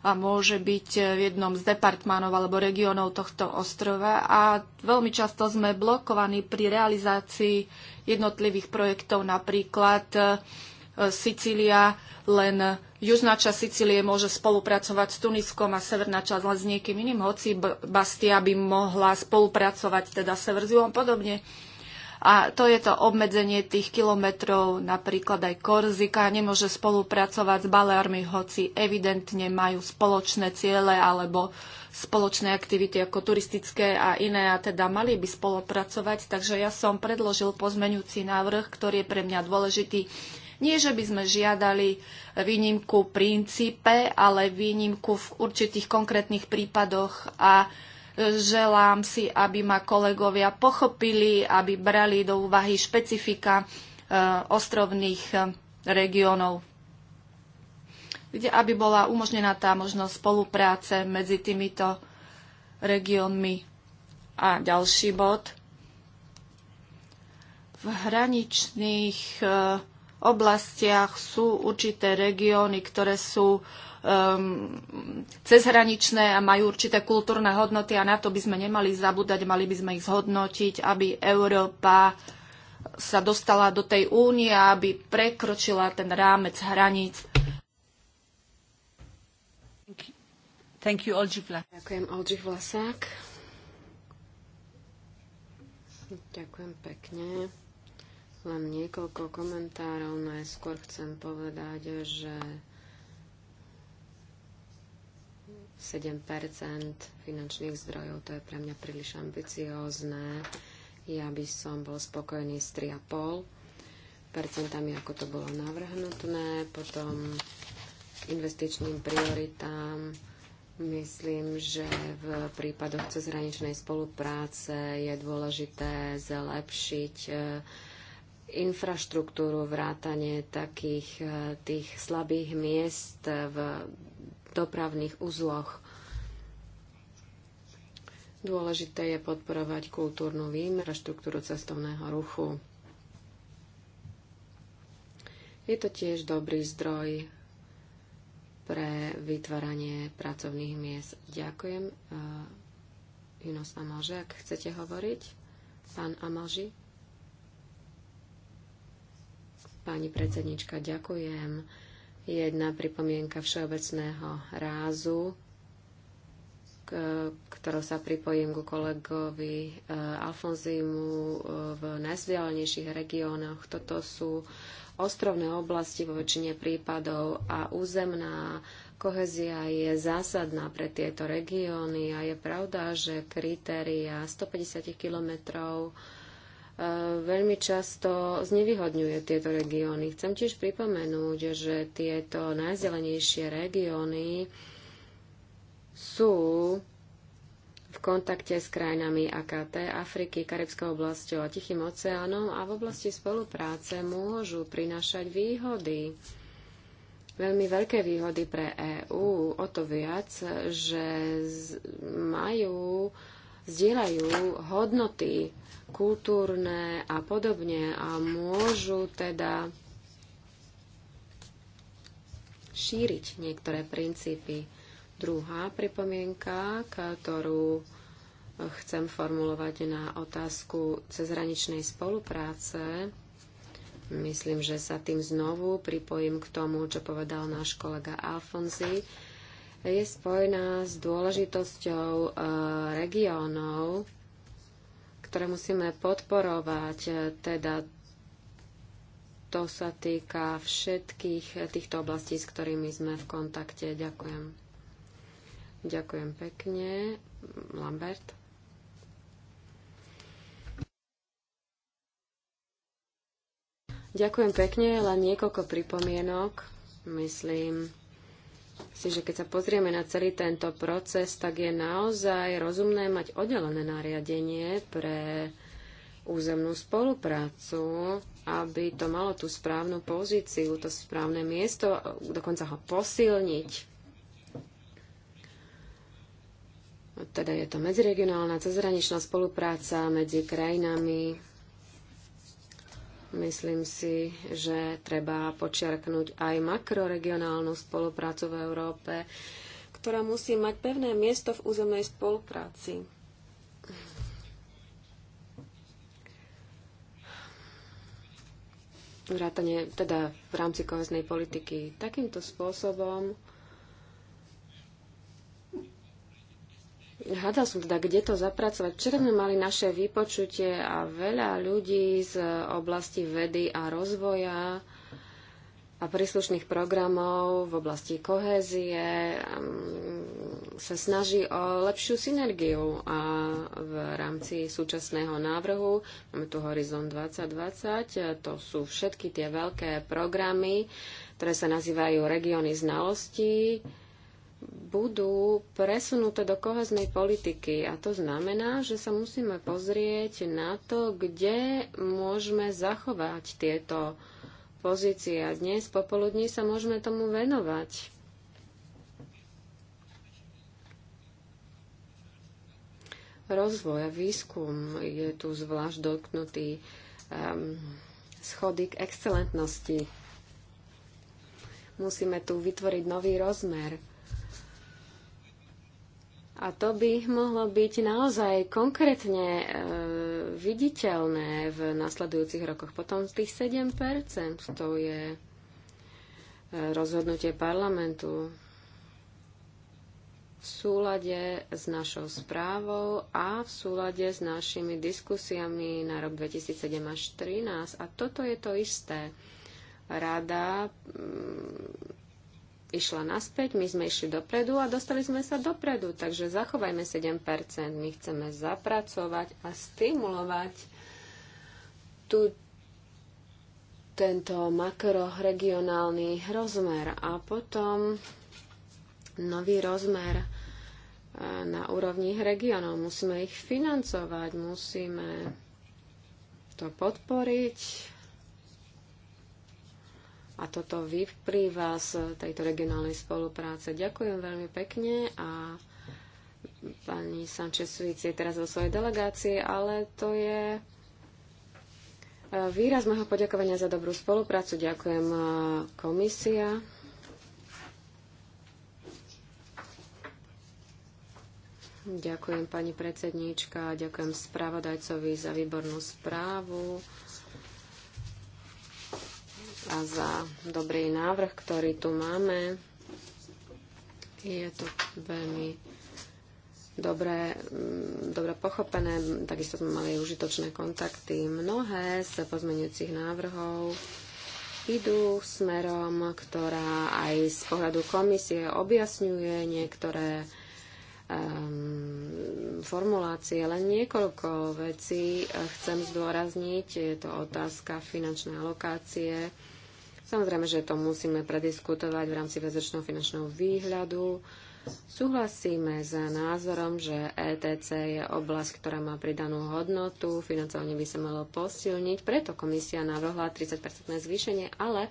a môže byť v jednom z departmánov alebo regiónov tohto ostrova a veľmi často sme blokovaní pri realizácii jednotlivých projektov, napríklad e, Sicília, len južná časť Sicílie môže spolupracovať s Tuniskom a severná časť len s niekým iným, hoci Bastia by mohla spolupracovať teda sever s juhom podobne. A to je to obmedzenie tých kilometrov, napríklad aj Korzika nemôže spolupracovať s Balearmi, hoci evidentne majú spoločné ciele alebo spoločné aktivity ako turistické a iné a teda mali by spolupracovať. Takže ja som predložil pozmeňujúci návrh, ktorý je pre mňa dôležitý. Nie, že by sme žiadali výnimku v princípe, ale výnimku v určitých konkrétnych prípadoch a Želám si, aby ma kolegovia pochopili, aby brali do úvahy špecifika e, ostrovných e, regiónov, kde aby bola umožnená tá možnosť spolupráce medzi týmito regiónmi. A ďalší bod. V hraničných e, oblastiach sú určité regióny, ktoré sú um, cezhraničné a majú určité kultúrne hodnoty a na to by sme nemali zabúdať, mali by sme ich zhodnotiť, aby Európa sa dostala do tej únie, aby prekročila ten rámec hraníc. Thank you, Olži Ďakujem, Olži Vlasák. Ďakujem pekne. Len niekoľko komentárov. Najskôr chcem povedať, že 7 finančných zdrojov, to je pre mňa príliš ambiciózne. Ja by som bol spokojný s 3,5 percentami, ako to bolo navrhnutné. Potom k investičným prioritám myslím, že v prípadoch cezhraničnej spolupráce je dôležité zlepšiť e, infraštruktúru, vrátanie takých e, tých slabých miest v dopravných uzloch. Dôležité je podporovať kultúrnu výmer a štruktúru cestovného ruchu. Je to tiež dobrý zdroj pre vytváranie pracovných miest. Ďakujem. E, Junos Amalže, ak chcete hovoriť. Pán Amalži. Pani predsednička, ďakujem. Jedna pripomienka všeobecného rázu, ktorou sa pripojím ku kolegovi e, Alfonzimu e, v najsvialenejších regiónoch. Toto sú ostrovné oblasti vo väčšine prípadov a územná kohezia je zásadná pre tieto regióny a je pravda, že kritéria 150 kilometrov veľmi často znevýhodňuje tieto regióny. Chcem tiež pripomenúť, že tieto najzelenejšie regióny sú v kontakte s krajinami AKT, Afriky, Karibskou oblasťou a Tichým oceánom a v oblasti spolupráce môžu prinašať výhody. Veľmi veľké výhody pre EÚ, o to viac, že majú uh, zdieľajú hodnoty kultúrne a podobne a môžu teda šíriť niektoré princípy. Druhá pripomienka, ktorú chcem formulovať na otázku cezhraničnej spolupráce, myslím, že sa tým znovu pripojím k tomu, čo povedal náš kolega Alfonzi, je spojená s dôležitosťou eh, regiónov, ktoré musíme podporovať, teda to sa týka všetkých týchto oblastí, s ktorými sme v kontakte. Ďakujem. Ďakujem pekne. Lambert. Ďakujem pekne, len niekoľko pripomienok. Myslím, si, že keď sa pozrieme na celý tento proces, tak je naozaj rozumné mať oddelené nariadenie pre územnú spoluprácu, aby to malo tú správnu pozíciu, to správne miesto, dokonca ho posilniť. Teda je to medziregionálna cezhraničná spolupráca medzi krajinami Myslím si, že treba počiarknúť aj makroregionálnu spoluprácu v Európe, ktorá musí mať pevné miesto v územnej spolupráci. Vrátane, teda v rámci koheznej politiky. Takýmto spôsobom Hľadal som teda, kde to zapracovať. Včera sme mali naše vypočutie a veľa ľudí z oblasti vedy a rozvoja a príslušných programov v oblasti kohézie mm, sa snaží o lepšiu synergiu a v rámci súčasného návrhu máme tu Horizon 2020, to sú všetky tie veľké programy, ktoré sa nazývajú regióny znalostí, budú presunuté do koheznej politiky. A to znamená, že sa musíme pozrieť na to, kde môžeme zachovať tieto pozície. A dnes popoludní sa môžeme tomu venovať. Rozvoj a výskum je tu zvlášť dotknutý um, schody k excelentnosti. Musíme tu vytvoriť nový rozmer a to by mohlo byť naozaj konkrétne e, viditeľné v nasledujúcich rokoch. Potom z tých 7 to je e, rozhodnutie parlamentu v súlade s našou správou a v súlade s našimi diskusiami na rok 2007 až 2013. A toto je to isté. Rada išla naspäť, my sme išli dopredu a dostali sme sa dopredu. Takže zachovajme 7%. My chceme zapracovať a stimulovať tú, tento makroregionálny rozmer a potom nový rozmer e, na úrovni regionov. Musíme ich financovať, musíme to podporiť a toto vyplýva z tejto regionálnej spolupráce. Ďakujem veľmi pekne a pani Sanchez Suic je teraz vo svojej delegácii, ale to je e, výraz môjho poďakovania za dobrú spoluprácu. Ďakujem e, komisia. Ďakujem pani predsedníčka, ďakujem spravodajcovi za výbornú správu a za dobrý návrh, ktorý tu máme. Je to veľmi dobre, mm, dobre pochopené. Takisto sme mali užitočné kontakty. Mnohé z pozmenujúcich návrhov idú smerom, ktorá aj z pohľadu komisie objasňuje niektoré ehm, formulácie, len niekoľko vecí chcem zdôrazniť. Je to otázka finančnej alokácie Samozrejme, že to musíme prediskutovať v rámci väzečného finančného výhľadu. Súhlasíme s názorom, že ETC je oblasť, ktorá má pridanú hodnotu, financovanie by sa malo posilniť, preto komisia navrhla 30-percentné zvýšenie, ale e,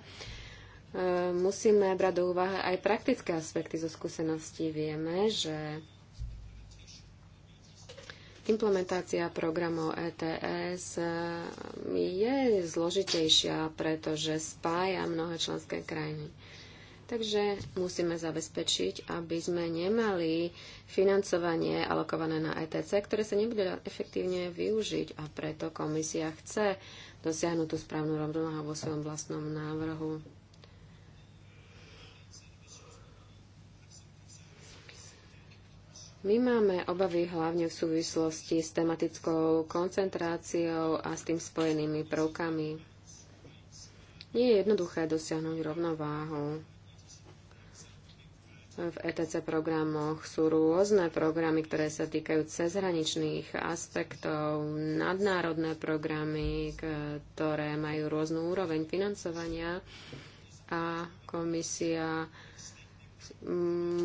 musíme brať do úvahy aj praktické aspekty zo skúseností. Vieme, že Implementácia programov ETS eh, je zložitejšia, pretože spája mnohé členské krajiny. Takže musíme zabezpečiť, aby sme nemali financovanie alokované na ETC, ktoré sa nebude efektívne využiť a preto komisia chce dosiahnuť tú správnu rovnováhu vo svojom vlastnom návrhu. My máme obavy hlavne v súvislosti s tematickou koncentráciou a s tým spojenými prvkami. Nie je jednoduché dosiahnuť rovnováhu. V ETC programoch sú rôzne programy, ktoré sa týkajú cezhraničných aspektov, nadnárodné programy, ktoré majú rôznu úroveň financovania a komisia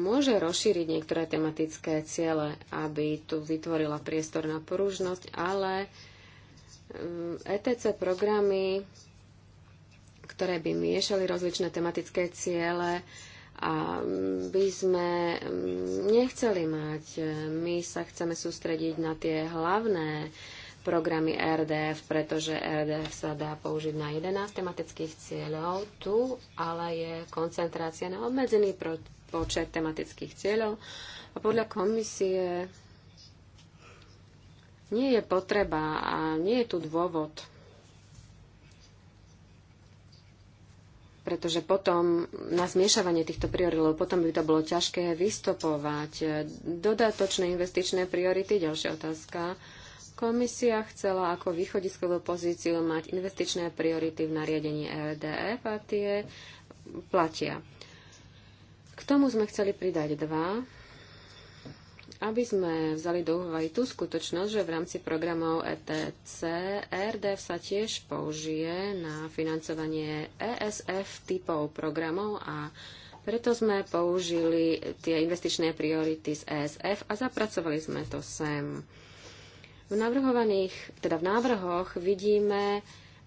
môže rozšíriť niektoré tematické ciele, aby tu vytvorila priestor na porúžnosť, ale ETC eh, e programy, ktoré by miešali rozličné tematické ciele, a mm, by sme mm, nechceli mať. Eh, my sa chceme sústrediť na tie hlavné programy e RDF, pretože e RDF sa dá použiť na 11 tematických cieľov. Tu ale je koncentrácia na obmedzený počet tematických cieľov. A podľa komisie nie je potreba a nie je tu dôvod, pretože potom na zmiešavanie týchto priorilov potom by to bolo ťažké vystopovať. Dodatočné investičné priority, ďalšia otázka. Komisia chcela ako východiskovú pozíciu mať investičné priority v nariadení EDF a tie platia. K tomu sme chceli pridať dva, aby sme vzali do úvahy tú skutočnosť, že v rámci programov ETC RDF sa tiež použije na financovanie ESF typov programov a preto sme použili tie investičné priority z ESF a zapracovali sme to sem. V navrhovaných, teda v návrhoch vidíme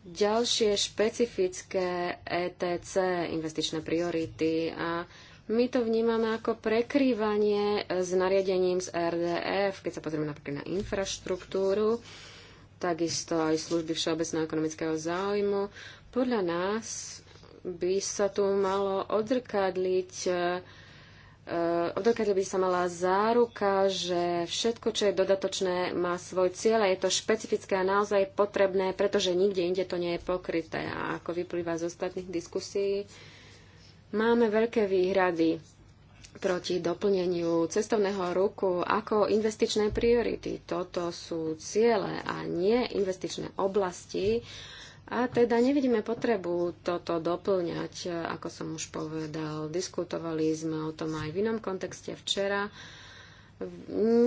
ďalšie špecifické ETC investičné priority a my to vnímame ako prekrývanie s nariadením z RDF, keď sa pozrieme napríklad na infraštruktúru, takisto aj služby všeobecného ekonomického záujmu. Podľa nás by sa tu malo odrkadliť e, odrkadli by sa mala záruka, že všetko, čo je dodatočné, má svoj cieľ a je to špecifické a naozaj potrebné, pretože nikde inde to nie je pokryté. A ako vyplýva z ostatných diskusí, Máme veľké výhrady proti doplneniu cestovného ruku ako investičné priority. Toto sú ciele a nie investičné oblasti. A teda nevidíme potrebu toto doplňať, ako som už povedal. Diskutovali sme o tom aj v inom kontexte včera. Uh,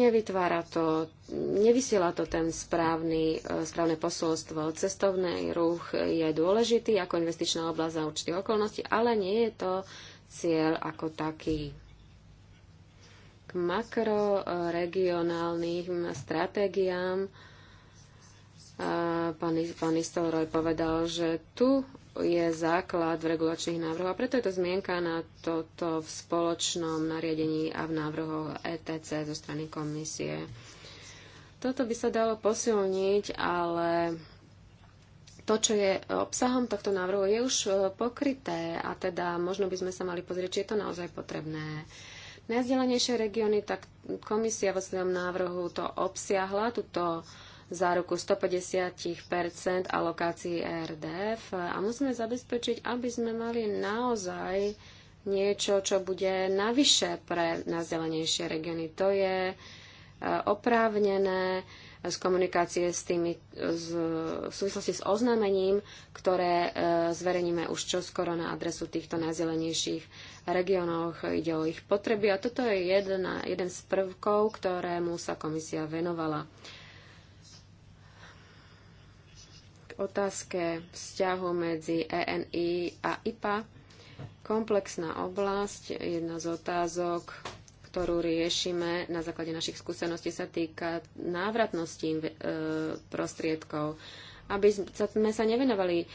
nevytvára to, nevysiela to ten správny, e, správne posolstvo. Cestovný ruch je dôležitý ako investičná oblasť za určitých okolností, ale nie je to cieľ ako taký. K makroregionálnym stratégiám e, pán, pán Istoroj povedal, že tu je základ v regulačných návrhoch a preto je to zmienka na toto v spoločnom nariadení a v návrhoch ETC zo strany komisie. Toto by sa dalo posilniť, ale to, čo je obsahom tohto návrhu, je už e, pokryté a teda možno by sme sa mali pozrieť, či je to naozaj potrebné. Najzdelenejšie regióny, tak komisia vo svojom návrhu to obsiahla, túto záruku 150 alokácií ERDF a musíme zabezpečiť, aby sme mali naozaj niečo, čo bude navyše pre najzelenejšie regióny. To je e, oprávnené z komunikácie s tými, z, v súvislosti s oznámením, ktoré e, zverejníme už čoskoro na adresu týchto najzelenejších regiónoch. Ide o ich potreby a toto je jedna, jeden z prvkov, ktorému sa komisia venovala. otázke vzťahu medzi ENI a IPA. Komplexná oblasť, jedna z otázok, ktorú riešime na základe našich skúseností, sa týka návratnosti e, prostriedkov. Aby sme sa nevenovali e,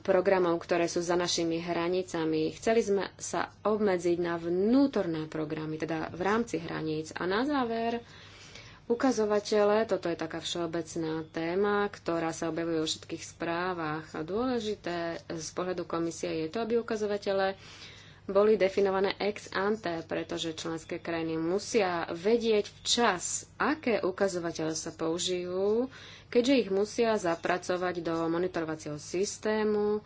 programov, ktoré sú za našimi hranicami. Chceli sme sa obmedziť na vnútorné programy, teda v rámci hraníc. A na záver, ukazovatele. Toto je taká všeobecná téma, ktorá sa objavuje vo všetkých správach. A dôležité z pohľadu komisie je to, aby ukazovatele boli definované ex ante, pretože členské krajiny musia vedieť včas, aké ukazovatele sa použijú, keďže ich musia zapracovať do monitorovacieho systému,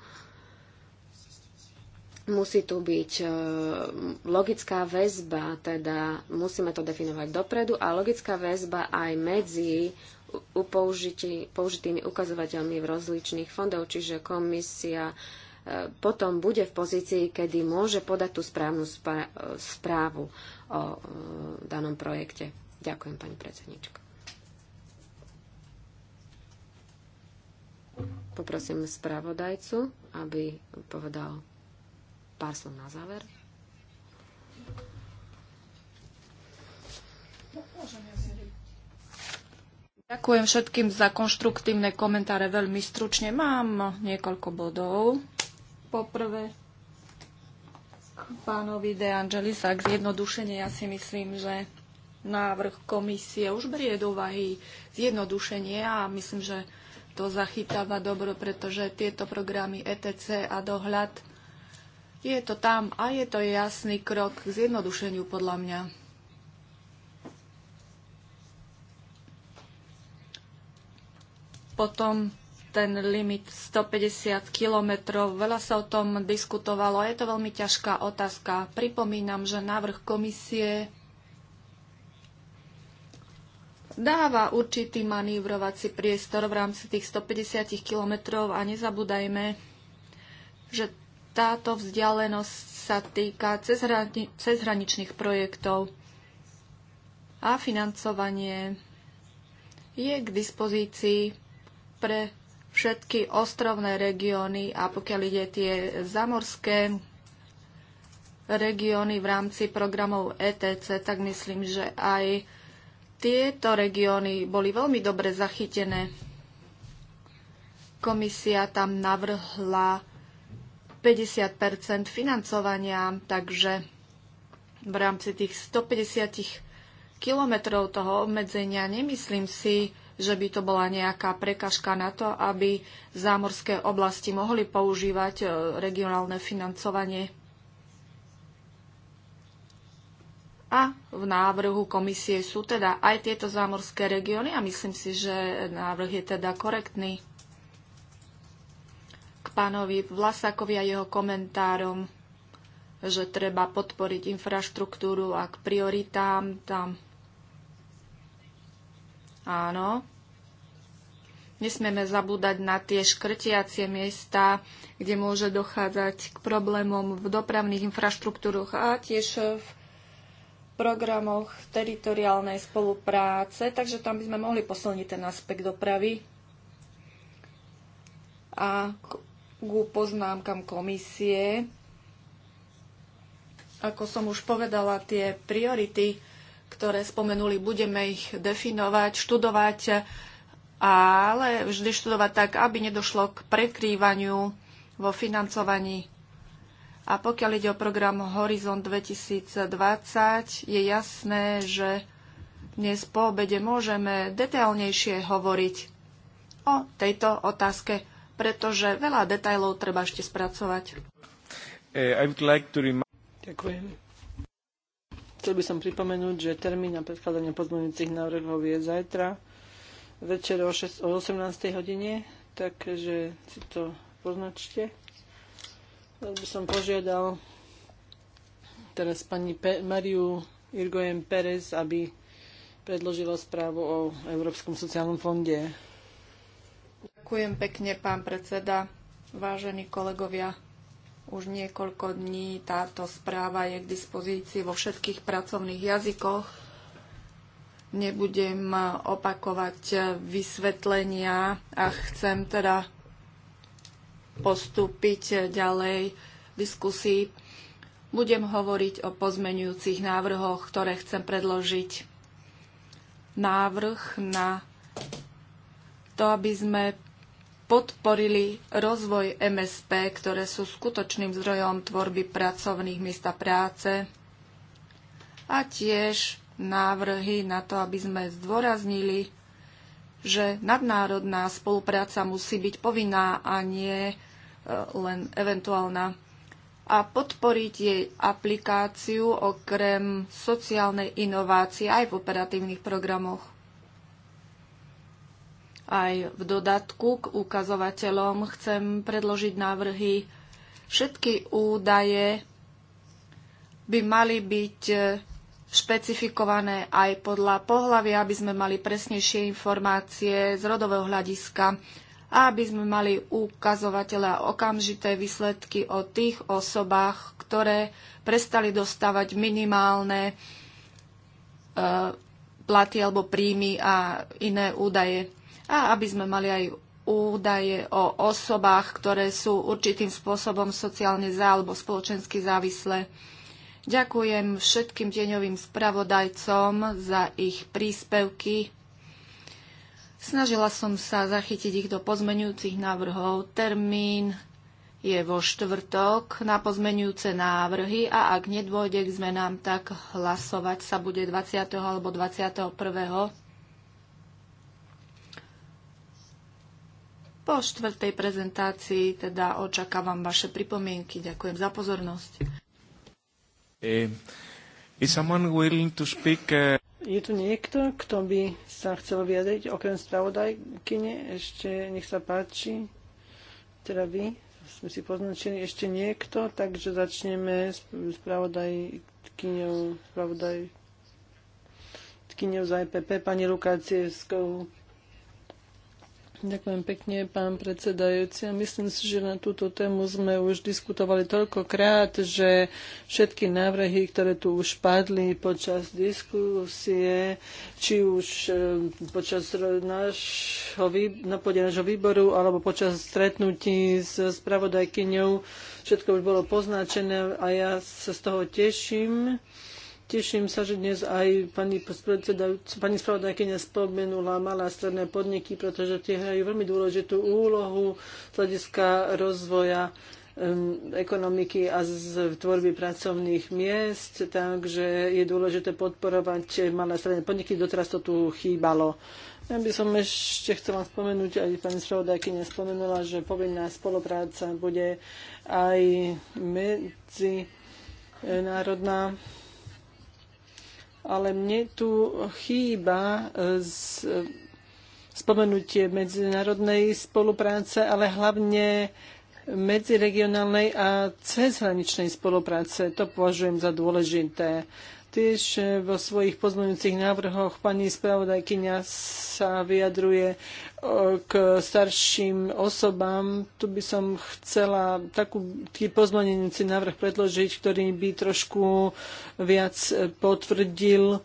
Musí tu byť e, logická väzba, teda musíme to definovať dopredu a logická väzba aj medzi použitými ukazovateľmi v rozličných fondov, čiže komisia e, potom bude v pozícii, kedy môže podať tú správnu e, správu o danom projekte. Ďakujem, pani predsednička. Poprosím spravodajcu, aby povedal pár slov na záver. Ďakujem všetkým za konštruktívne komentáre veľmi stručne. Mám niekoľko bodov. Poprvé k pánovi De Angelis, ak zjednodušenie, ja si myslím, že návrh komisie už berie do úvahy zjednodušenie a myslím, že to zachytáva dobro, pretože tieto programy ETC a dohľad je to tam a je to jasný krok k zjednodušeniu podľa mňa. Potom ten limit 150 kilometrov. Veľa sa o tom diskutovalo. Je to veľmi ťažká otázka. Pripomínam, že návrh komisie dáva určitý manívrovací priestor v rámci tých 150 kilometrov a nezabúdajme, že táto vzdialenosť sa týka cezhraničných projektov a financovanie je k dispozícii pre všetky ostrovné regióny a pokiaľ ide tie zamorské regióny v rámci programov ETC, tak myslím, že aj tieto regióny boli veľmi dobre zachytené. Komisia tam navrhla 50 financovania, takže v rámci tých 150 kilometrov toho obmedzenia nemyslím si, že by to bola nejaká prekažka na to, aby zámorské oblasti mohli používať e, regionálne financovanie. A v návrhu komisie sú teda aj tieto zámorské regióny a myslím si, že návrh je teda korektný pánovi Vlasakovi a jeho komentárom, že treba podporiť infraštruktúru a k prioritám tam. Áno. Nesmieme zabúdať na tie škrtiacie miesta, kde môže dochádzať k problémom v dopravných infraštruktúroch a tiež v programoch teritoriálnej spolupráce, takže tam by sme mohli posilniť ten aspekt dopravy. A ku poznámkam komisie. Ako som už povedala, tie priority, ktoré spomenuli, budeme ich definovať, študovať, ale vždy študovať tak, aby nedošlo k prekrývaniu vo financovaní. A pokiaľ ide o program Horizon 2020, je jasné, že dnes po obede môžeme detailnejšie hovoriť o tejto otázke pretože veľa detajlov treba ešte spracovať. Eh, Ďakujem. Chcel by som pripomenúť, že termín na predkladanie pozmeňujúcich návrhov je zajtra večer o, 6, o 18. hodine, takže si to poznačte. Chcel by som požiadal teraz pani Pe- Mariu Irgojem Perez, aby predložila správu o Európskom sociálnom fonde. Ďakujem pekne, pán predseda. Vážení kolegovia, už niekoľko dní táto správa je k dispozícii vo všetkých pracovných jazykoch. Nebudem opakovať vysvetlenia a chcem teda postúpiť ďalej v diskusii. Budem hovoriť o pozmenujúcich návrhoch, ktoré chcem predložiť. Návrh na to, aby sme podporili rozvoj MSP, ktoré sú skutočným zdrojom tvorby pracovných miest a práce a tiež návrhy na to, aby sme zdôraznili, že nadnárodná spolupráca musí byť povinná a nie e, len eventuálna a podporiť jej aplikáciu okrem sociálnej inovácie aj v operatívnych programoch. Aj v dodatku k ukazovateľom chcem predložiť návrhy. Všetky údaje by mali byť e, špecifikované aj podľa pohľavy, aby sme mali presnejšie informácie z rodového hľadiska a aby sme mali ukazovateľa a okamžité výsledky o tých osobách, ktoré prestali dostávať minimálne e, platy alebo príjmy a iné údaje a aby sme mali aj údaje o osobách, ktoré sú určitým spôsobom sociálne zá alebo spoločensky závislé. Ďakujem všetkým deňovým spravodajcom za ich príspevky. Snažila som sa zachytiť ich do pozmenujúcich návrhov. Termín je vo štvrtok na pozmenujúce návrhy a ak nedôjde k zmenám, tak hlasovať sa bude 20. alebo 21. Po štvrtej prezentácii teda očakávam vaše pripomienky. Ďakujem za pozornosť. Eh, eh? Je tu niekto, kto by sa chcel vyjadriť, okrem spravodajkyne? Ešte nech sa páči. Teda vy sme si poznačili ešte niekto, takže začneme s spravodajkyňou, spravodajkyňou za EPP, pani Lukácievskou. Ďakujem pekne, pán predsedajúci. Myslím si, že na túto tému sme už diskutovali toľkokrát, že všetky návrhy, ktoré tu už padli počas diskusie, či už e, počas nášho, na pôde nášho výboru alebo počas stretnutí s spravodajkyňou, všetko už bolo poznačené a ja sa z toho teším. Teším sa, že dnes aj pani, pani spravodajkynia spomenula malé a stredné podniky, pretože tie hrajú veľmi dôležitú úlohu z hľadiska rozvoja ekonomiky a z tvorby pracovných miest, takže je dôležité podporovať malé stredné podniky, doteraz to tu chýbalo. Ja by som ešte chcela spomenúť, aj pani spravodajkyňa spomenula, že povinná spolupráca bude aj medzinárodná. E, národná ale mne tu chýba e, z, e, spomenutie medzinárodnej spolupráce, ale hlavne medziregionálnej a cezhraničnej spolupráce. To považujem za dôležité. Tiež e, vo svojich pozmeňujúcich návrhoch pani spravodajkyňa sa vyjadruje e, k starším osobám. Tu by som chcela taký pozmeňujúci návrh predložiť, ktorý by trošku viac e, potvrdil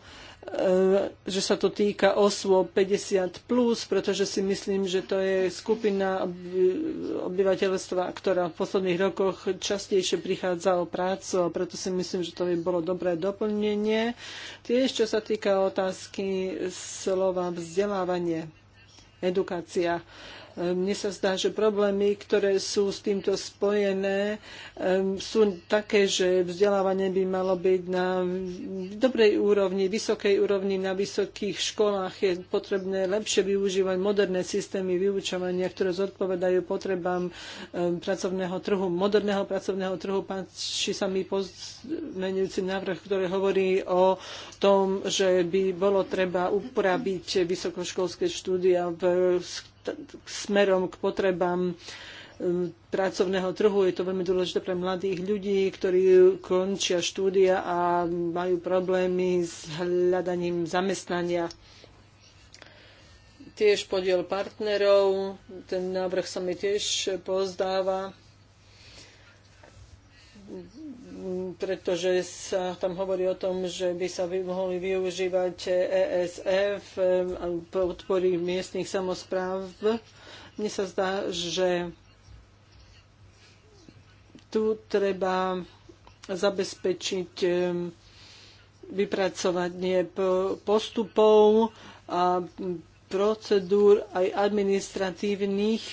E, že sa to týka osôb 50+, plus, pretože si myslím, že to je skupina obyvateľstva, ktorá v posledných rokoch častejšie prichádza o prácu a preto si myslím, že to by bolo dobré doplnenie. Tiež, čo sa týka otázky slova vzdelávanie, edukácia. Mne sa zdá, že problémy, ktoré sú s týmto spojené, sú také, že vzdelávanie by malo byť na dobrej úrovni, vysokej úrovni, na vysokých školách je potrebné lepšie využívať moderné systémy vyučovania, ktoré zodpovedajú potrebám pracovného trhu, moderného pracovného trhu. Páči sa mi pozmenujúci návrh, ktorý hovorí o tom, že by bolo treba upraviť vysokoškolské štúdia v smerom k potrebám e, pracovného trhu. Je to veľmi dôležité pre mladých ľudí, ktorí končia štúdia a majú problémy s hľadaním zamestnania. Tiež podiel partnerov, ten návrh sa mi tiež pozdáva pretože sa tam hovorí o tom, že by sa mohli využívať ESF e, a podpory miestnych samozpráv. Mne sa zdá, že tu treba zabezpečiť e, vypracovanie postupov a procedúr aj administratívnych,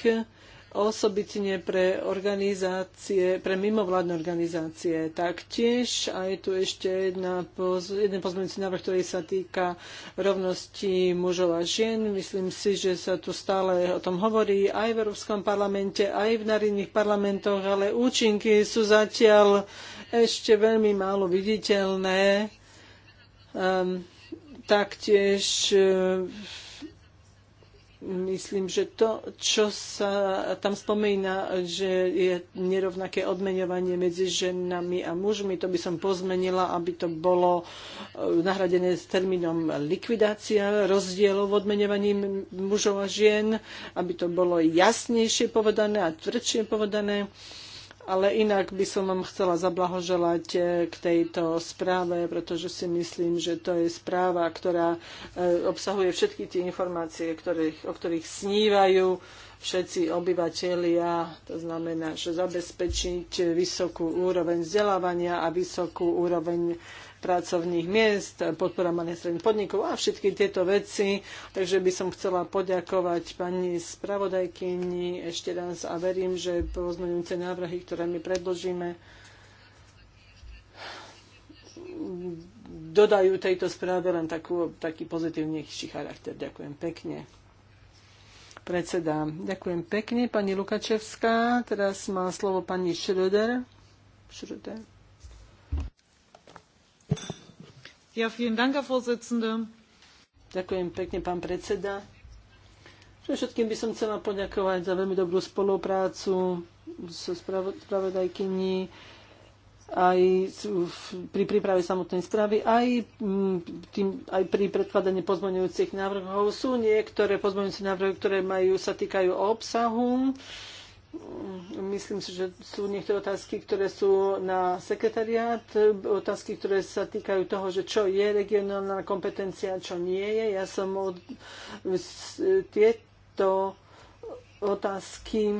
osobitne pre organizácie, pre mimovládne organizácie. Taktiež aj tu ešte jedna jeden pozmeňujúci návrh, ktorý sa týka rovnosti mužov a žien. Myslím si, že sa tu stále o tom hovorí aj v Európskom parlamente, aj v národných parlamentoch, ale účinky sú zatiaľ ešte veľmi málo viditeľné. Um, taktiež um, myslím, že to, čo sa tam spomína, že je nerovnaké odmeňovanie medzi ženami a mužmi, to by som pozmenila, aby to bolo e, nahradené s termínom likvidácia rozdielov v odmeňovaní mužov a žien, aby to bolo jasnejšie povedané a tvrdšie povedané. Ale inak by som vám chcela zablahoželať e, k tejto správe, pretože si myslím, že to je správa, ktorá e, obsahuje všetky tie informácie, ktorých, o ktorých snívajú všetci obyvateľia, To znamená, že zabezpečiť vysokú úroveň vzdelávania a vysokú úroveň pracovných miest, podpora malých stredných podnikov a všetky tieto veci. Takže by som chcela poďakovať pani spravodajkyni ešte raz a verím, že pozmeňujúce návrhy, ktoré my predložíme, dodajú tejto správe len takú, taký pozitívnejší charakter. Ďakujem pekne predseda. Ďakujem pekne, pani Lukačevská. Teraz má slovo pani Schröder. Schröder. Ďakujem pekne, pán predseda. Všetkým by som chcela poďakovať za veľmi dobrú spoluprácu so spravodajkyní aj pri príprave samotnej správy, aj, mm, tým, aj pri predkladaní pozmeňujúcich návrhov. Sú niektoré pozmeňujúce návrhy, ktoré majú, sa týkajú obsahu. Myslím si, že sú niektoré otázky, ktoré sú na sekretariát, otázky, ktoré sa týkajú toho, že čo je regionálna kompetencia, čo nie je. Ja som od, tieto otázky e,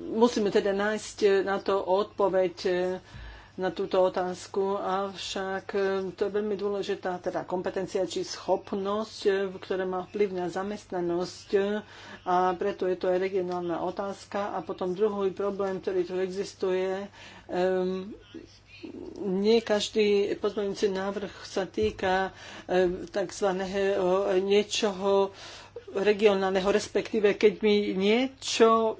musíme teda nájsť na to odpoveď na túto otázku, avšak e, to je veľmi dôležitá teda kompetencia či schopnosť, e, ktorá má vplyv na zamestnanosť e, a preto je to aj regionálna otázka. A potom druhý problém, ktorý tu existuje, um, nie každý pozmeňujúci návrh sa týka tzv. niečoho regionálneho, respektíve keď mi niečo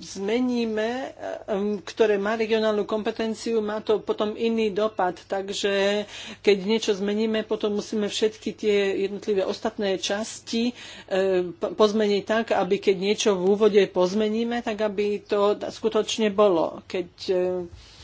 zmeníme, um, ktoré má regionálnu kompetenciu, má to potom iný dopad. Takže keď niečo zmeníme, potom musíme všetky tie jednotlivé ostatné časti um, pozmeniť tak, aby keď niečo v úvode pozmeníme, tak aby to skutočne bolo. Keď um,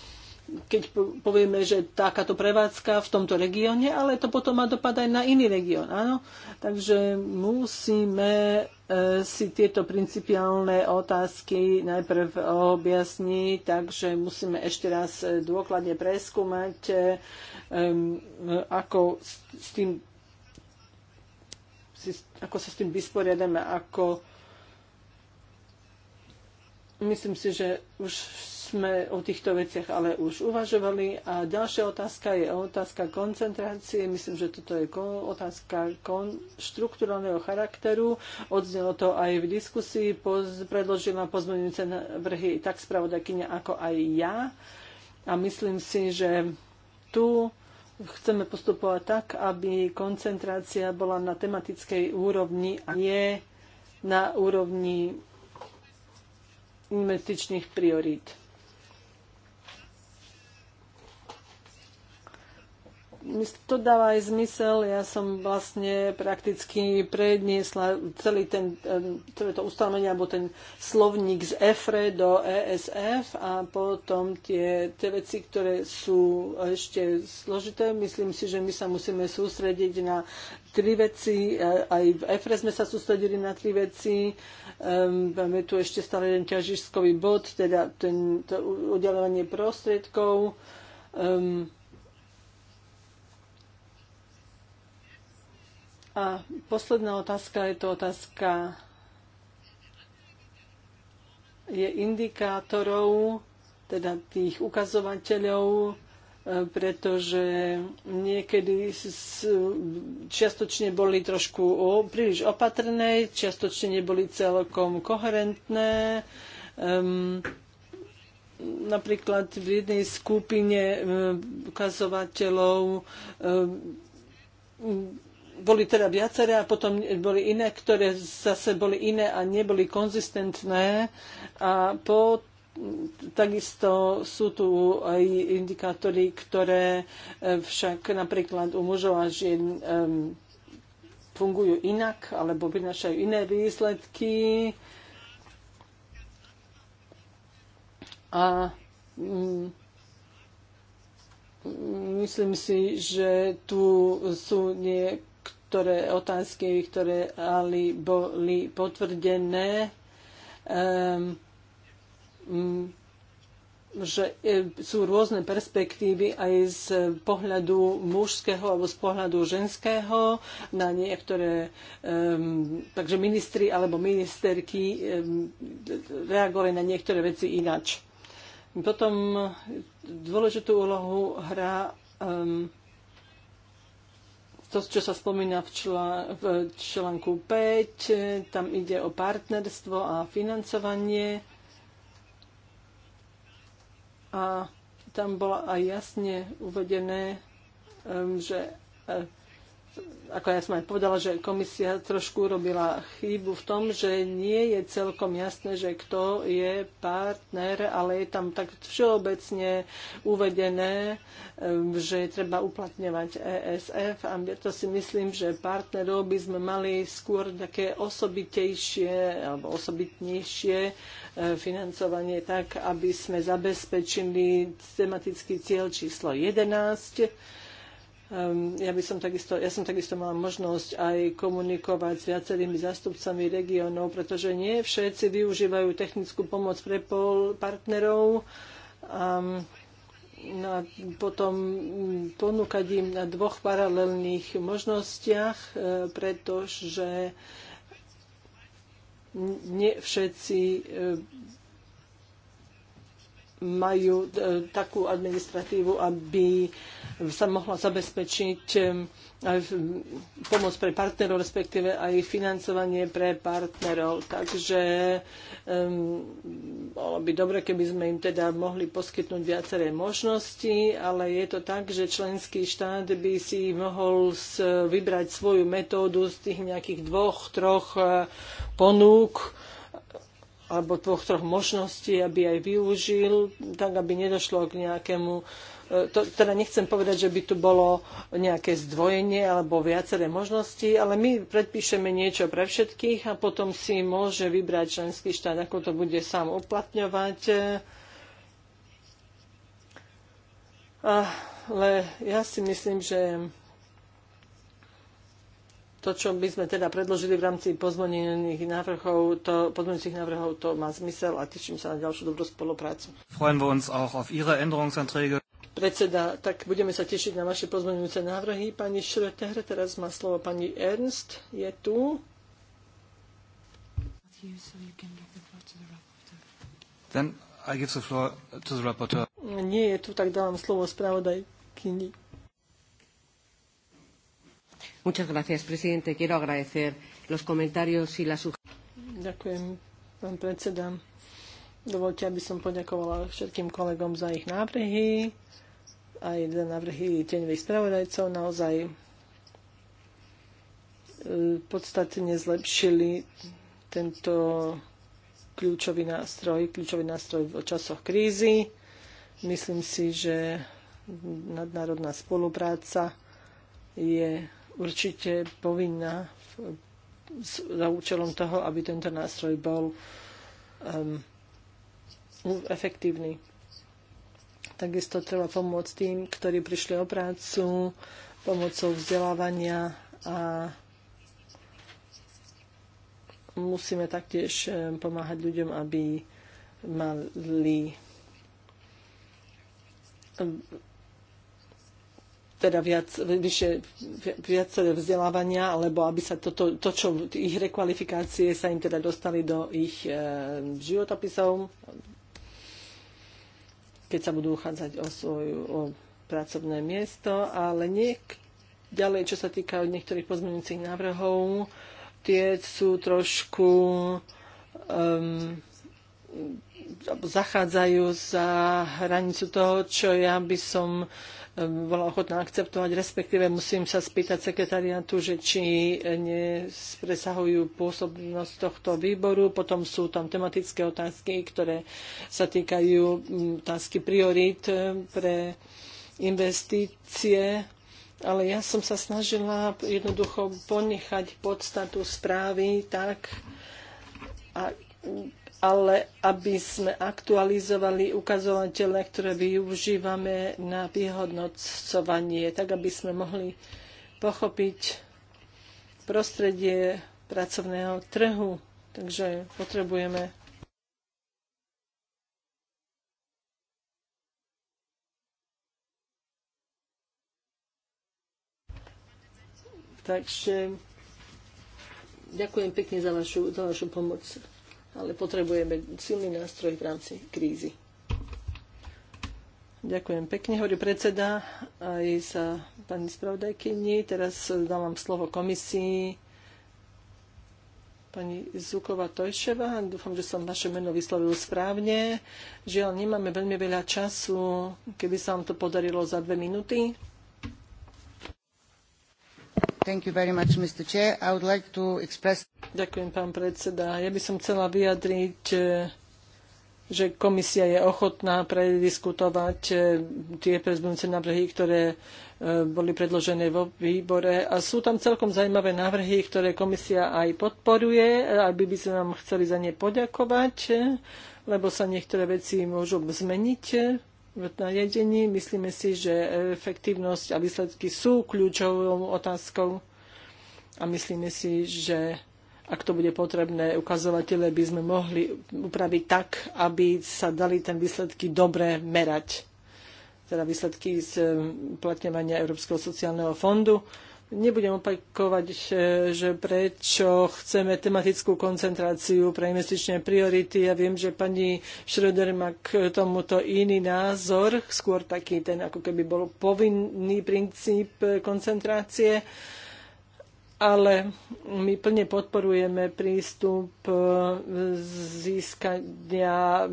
keď povieme, že takáto prevádzka v tomto regióne, ale to potom má dopad aj na iný región. Áno? Takže musíme E, si tieto principiálne otázky najprv objasní, takže musíme ešte raz e, dôkladne preskúmať, e, ako s tým ako sa s tým vysporiadame, ako myslím si, že už sme o týchto veciach ale už uvažovali. A ďalšia otázka je otázka koncentrácie. Myslím, že toto je otázka kon- charakteru. Odznelo to aj v diskusii. Poz- predložila pozmeňujúce vrhy tak spravodajkyňa ako aj ja. A myslím si, že tu chceme postupovať tak, aby koncentrácia bola na tematickej úrovni a nie na úrovni investičných priorít. to dáva aj zmysel. Ja som vlastne prakticky predniesla celý ten, celé to ustanovenie alebo ten slovník z EFRE do ESF a potom tie, tie veci, ktoré sú ešte zložité. Myslím si, že my sa musíme sústrediť na tri veci. E, aj v EFRE sme sa sústredili na tri veci. Máme tu ešte stále jeden ťažiskový bod, teda ten, to udelovanie prostriedkov. Um, A posledná otázka je to otázka je indikátorov, teda tých ukazovateľov, e, pretože niekedy čiastočne boli trošku príliš opatrné, čiastočne neboli celkom koherentné. Um, napríklad v jednej skupine e, ukazovateľov um, boli teda viaceré a potom boli iné, ktoré zase boli iné a neboli konzistentné. A po, takisto sú tu aj indikátory, ktoré e, však napríklad u mužov a žien um, fungujú inak alebo vynášajú iné výsledky. A um, myslím si, že tu sú nie ktoré otázky, ktoré ali boli potvrdené, um, že e, sú rôzne perspektívy aj z pohľadu mužského alebo z pohľadu ženského na niektoré. Um, takže ministri alebo ministerky um, reagovali na niektoré veci inač. Potom dôležitú úlohu hrá um, to, čo sa spomína v, člán, v článku 5, e, tam ide o partnerstvo a financovanie. A tam bola aj jasne uvedené, e, že e, ako ja som aj povedala, že komisia trošku robila chybu v tom, že nie je celkom jasné, že kto je partner, ale je tam tak všeobecne uvedené, že je treba uplatňovať ESF a to si myslím, že partnerov by sme mali skôr také osobitejšie alebo osobitnejšie e, financovanie tak, aby sme zabezpečili tematický cieľ číslo 11 Ehm, ja, by som takisto, ja som takisto mala možnosť aj komunikovať s viacerými zástupcami regiónov, pretože nie všetci využívajú technickú pomoc pre pol partnerov. Um, a potom mm, ponúkať im na dvoch paralelných možnostiach, e, pretože ne všetci e, majú e, takú administratívu, aby sa mohla zabezpečiť e, pomoc pre partnerov, respektíve aj financovanie pre partnerov. Takže e, bolo by dobre, keby sme im teda mohli poskytnúť viaceré možnosti, ale je to tak, že členský štát by si mohol vybrať svoju metódu z tých nejakých dvoch, troch ponúk, alebo dvoch, troch možností, aby aj využil, tak aby nedošlo k nejakému e, to, teda nechcem povedať, že by tu bolo nejaké zdvojenie alebo viaceré možnosti, ale my predpíšeme niečo pre všetkých a potom si môže vybrať členský štát, ako to bude sám uplatňovať. Ale ja si myslím, že to, čo by sme teda predložili v rámci pozmenených návrhov, to, pozmenených návrhov, to má zmysel a teším sa na ďalšiu dobrú spoluprácu. Freuen wir uns auch auf Ihre Änderungsanträge. Predseda, tak budeme sa tešiť na vaše pozmenujúce návrhy. Pani Schröter, teraz má slovo pani Ernst, je tu. Then I give the floor to the rapporteur. Nie je tu, tak dávam slovo spravodajkyni. Muchas gracias, presidente. Quiero agradecer los comentarios y las Ďakujem, pán predseda. Dovolte, aby som poďakovala všetkým kolegom za ich návrhy, aj za návrhy tieňových spravodajcov. Naozaj e, podstatne zlepšili tento kľúčový nástroj, kľúčový nástroj v časoch krízy. Myslím si, že nadnárodná spolupráca je určite povinná za účelom toho, aby tento nástroj bol um, efektívny. Takisto treba pomôcť tým, ktorí prišli o prácu pomocou vzdelávania a musíme taktiež um, pomáhať ľuďom, aby mali um, teda viac, vyššie, viac vzdelávania, alebo aby sa to, to, čo ich rekvalifikácie sa im teda dostali do ich e, životopisov, keď sa budú uchádzať o, svoju, o pracovné miesto, ale niek- ďalej, čo sa týka niektorých pozmeňujúcich návrhov, tie sú trošku um, zachádzajú za hranicu toho, čo ja by som uh, Ehm, bola ochotná akceptovať, respektíve musím sa spýtať sekretariátu, že či nespresahujú pôsobnosť tohto výboru. Potom sú tam tematické otázky, ktoré sa týkajú mm, otázky priorít ehm, pre investície ale ja som sa snažila jednoducho ponechať podstatu správy tak, a, ale aby sme aktualizovali ukazovatele, ktoré využívame na vyhodnocovanie, tak aby sme mohli pochopiť prostredie pracovného trhu. Takže potrebujeme Takže ďakujem pekne za vašu, za vašu pomoc ale potrebujeme silný nástroj v rámci krízy. Ďakujem pekne, hovorí predseda aj sa pani spravodajkyni. Teraz dávam slovo komisii pani Zuková Tojševa. Dúfam, že som vaše meno vyslovil správne. Žiaľ, nemáme veľmi veľa času, keby sa vám to podarilo za dve minúty. Ďakujem, pán predseda. Ja by som chcela vyjadriť, eh, že komisia je ochotná prediskutovať eh, tie prezbudujúce návrhy, ktoré eh, boli predložené vo výbore. A sú tam celkom zaujímavé návrhy, ktoré komisia aj podporuje, aby by sme vám chceli za ne poďakovať, lebo sa niektoré veci môžu zmeniť nariadení. Myslíme si, že efektívnosť a výsledky sú kľúčovou otázkou a myslíme si, že ak to bude potrebné, ukazovatele by sme mohli upraviť tak, aby sa dali ten výsledky dobre merať. Teda výsledky z um, uplatňovania Európskeho sociálneho fondu Nebudem opakovať, eh, že prečo chceme tematickú koncentráciu pre investičné priority. Ja viem, že pani Schröder má k tomuto iný názor, skôr taký ten, ako keby bol povinný princíp eh, koncentrácie ale my plne podporujeme prístup e, získania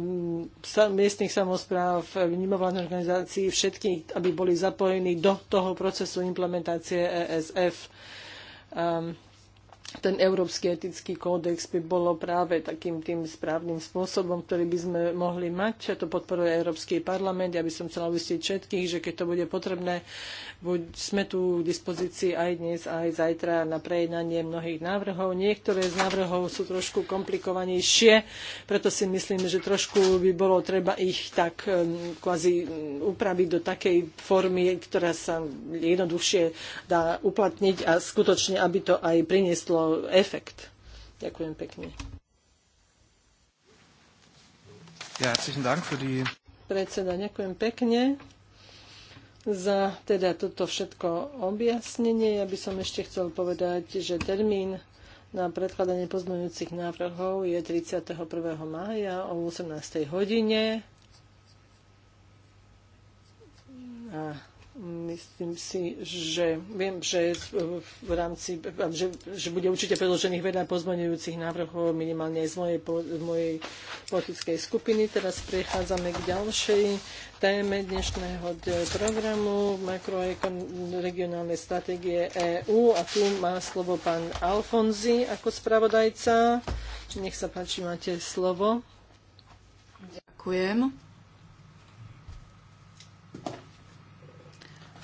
miestnych samozpráv, vnímovaných e, organizácií, všetkých, aby boli zapojení do toho procesu implementácie ESF. Um, ehm, ten Európsky etický kódex by bolo práve takým tým správnym spôsobom, ktorý by sme mohli mať. A to podporuje Európsky parlament. Ja by som chcela uistiť všetkých, že keď to bude potrebné, buď sme tu k dispozícii aj dnes, aj zajtra na prejednanie mnohých návrhov. Niektoré z návrhov sú trošku komplikovanejšie, preto si myslím, že trošku by bolo treba ich tak um, kvázi um, upraviť do takej formy, ktorá sa jednoduchšie dá uplatniť a skutočne, aby to aj prinieslo efekt. Ďakujem pekne. Ja, Dank für die... Predseda, ďakujem pekne za teda toto všetko objasnenie. Ja by som ešte chcel povedať, že termín na predkladanie pozmeňujúcich návrhov je 31. mája o 18. hodine. A Myslím si, že viem, že v rámci, že, že bude určite predložených veľa pozmeňujúcich návrhov minimálne aj z mojej, z mojej politickej skupiny. Teraz prechádzame k ďalšej téme dnešného programu makroregionálnej stratégie EÚ a tu má slovo pán Alfonzi ako spravodajca. Nech sa páči, máte slovo. Ďakujem.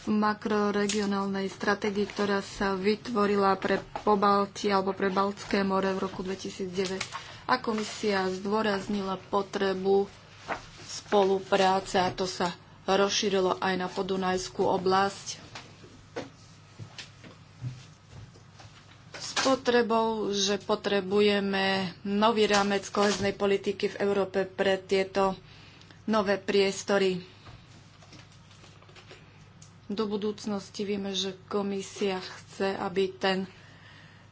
v makroregionálnej stratégii, ktorá sa vytvorila pre Pobalti alebo pre Baltské more v roku 2009. A komisia zdôraznila potrebu spolupráce a to sa rozšírilo aj na podunajskú oblasť. potrebou, že potrebujeme nový rámec koheznej politiky v Európe pre tieto nové priestory do budúcnosti. Vieme, že komisia chce, aby ten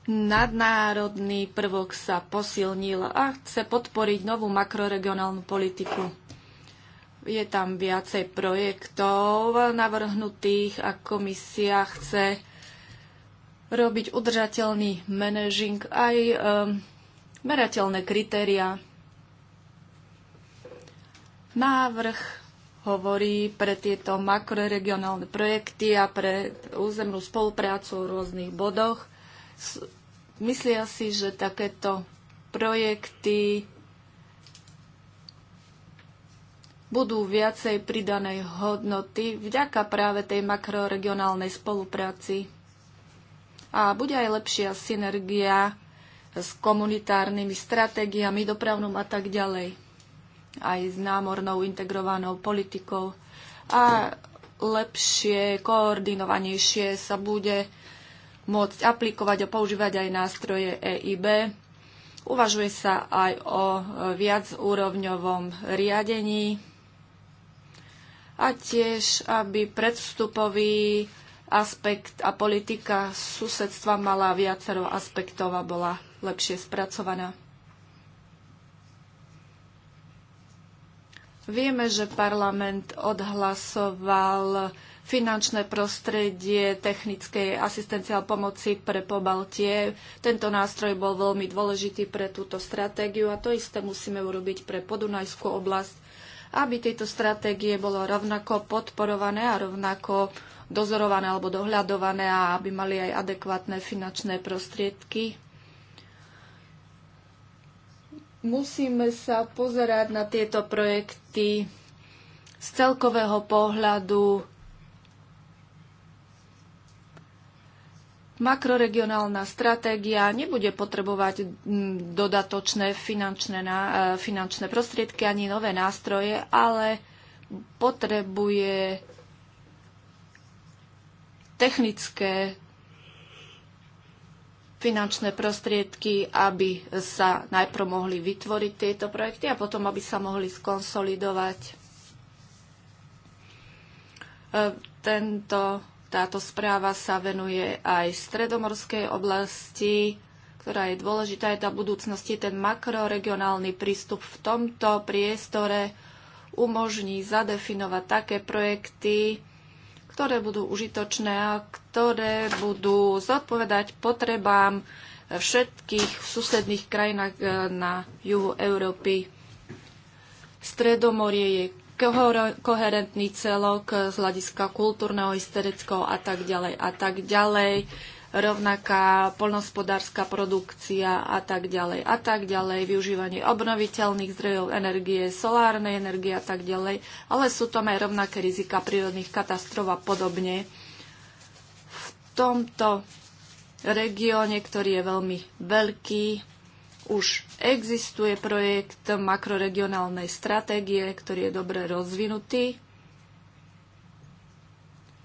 nadnárodný prvok sa posilnil a chce podporiť novú makroregionálnu politiku. Je tam viacej projektov navrhnutých a komisia chce robiť udržateľný managing aj um, merateľné kritéria. Návrh hovorí pre tieto makroregionálne projekty a pre územnú spoluprácu v rôznych bodoch. Myslia si, že takéto projekty budú viacej pridanej hodnoty vďaka práve tej makroregionálnej spolupráci. A bude aj lepšia synergia s komunitárnymi stratégiami, dopravnom a tak ďalej aj s námornou integrovanou politikou a lepšie, koordinovanejšie sa bude môcť aplikovať a používať aj nástroje EIB. Uvažuje sa aj o viacúrovňovom riadení a tiež, aby predstupový aspekt a politika susedstva mala viacero aspektov a bola lepšie spracovaná. Vieme, že parlament odhlasoval finančné prostredie technickej asistencie a pomoci pre Pobaltie. Tento nástroj bol veľmi dôležitý pre túto stratégiu a to isté musíme urobiť pre Podunajskú oblasť, aby tieto stratégie bolo rovnako podporované a rovnako dozorované alebo dohľadované a aby mali aj adekvátne finančné prostriedky Musíme sa pozerať na tieto projekty z celkového pohľadu makroregionálna stratégia nebude potrebovať mm, dodatočné finančné, e, finančné prostriedky ani nové nástroje, ale potrebuje technické finančné prostriedky, aby sa najprv mohli vytvoriť tieto projekty a potom, aby sa mohli skonsolidovať. E, tento, táto správa sa venuje aj stredomorskej oblasti, ktorá je dôležitá, je tá budúcnosti, ten makroregionálny prístup v tomto priestore umožní zadefinovať také projekty, ktoré budú užitočné a ktoré budú zodpovedať potrebám všetkých susedných krajinách e, na juhu Európy. Stredomorie je koherentný celok e, z hľadiska kultúrneho, historického a tak ďalej a tak ďalej rovnaká polnospodárska produkcia a tak ďalej a tak ďalej, využívanie obnoviteľných zdrojov energie, solárnej energie a tak ďalej, ale sú tam aj rovnaké rizika prírodných katastrof a podobne. V tomto regióne, ktorý je veľmi veľký, už existuje projekt makroregionálnej stratégie, ktorý je dobre rozvinutý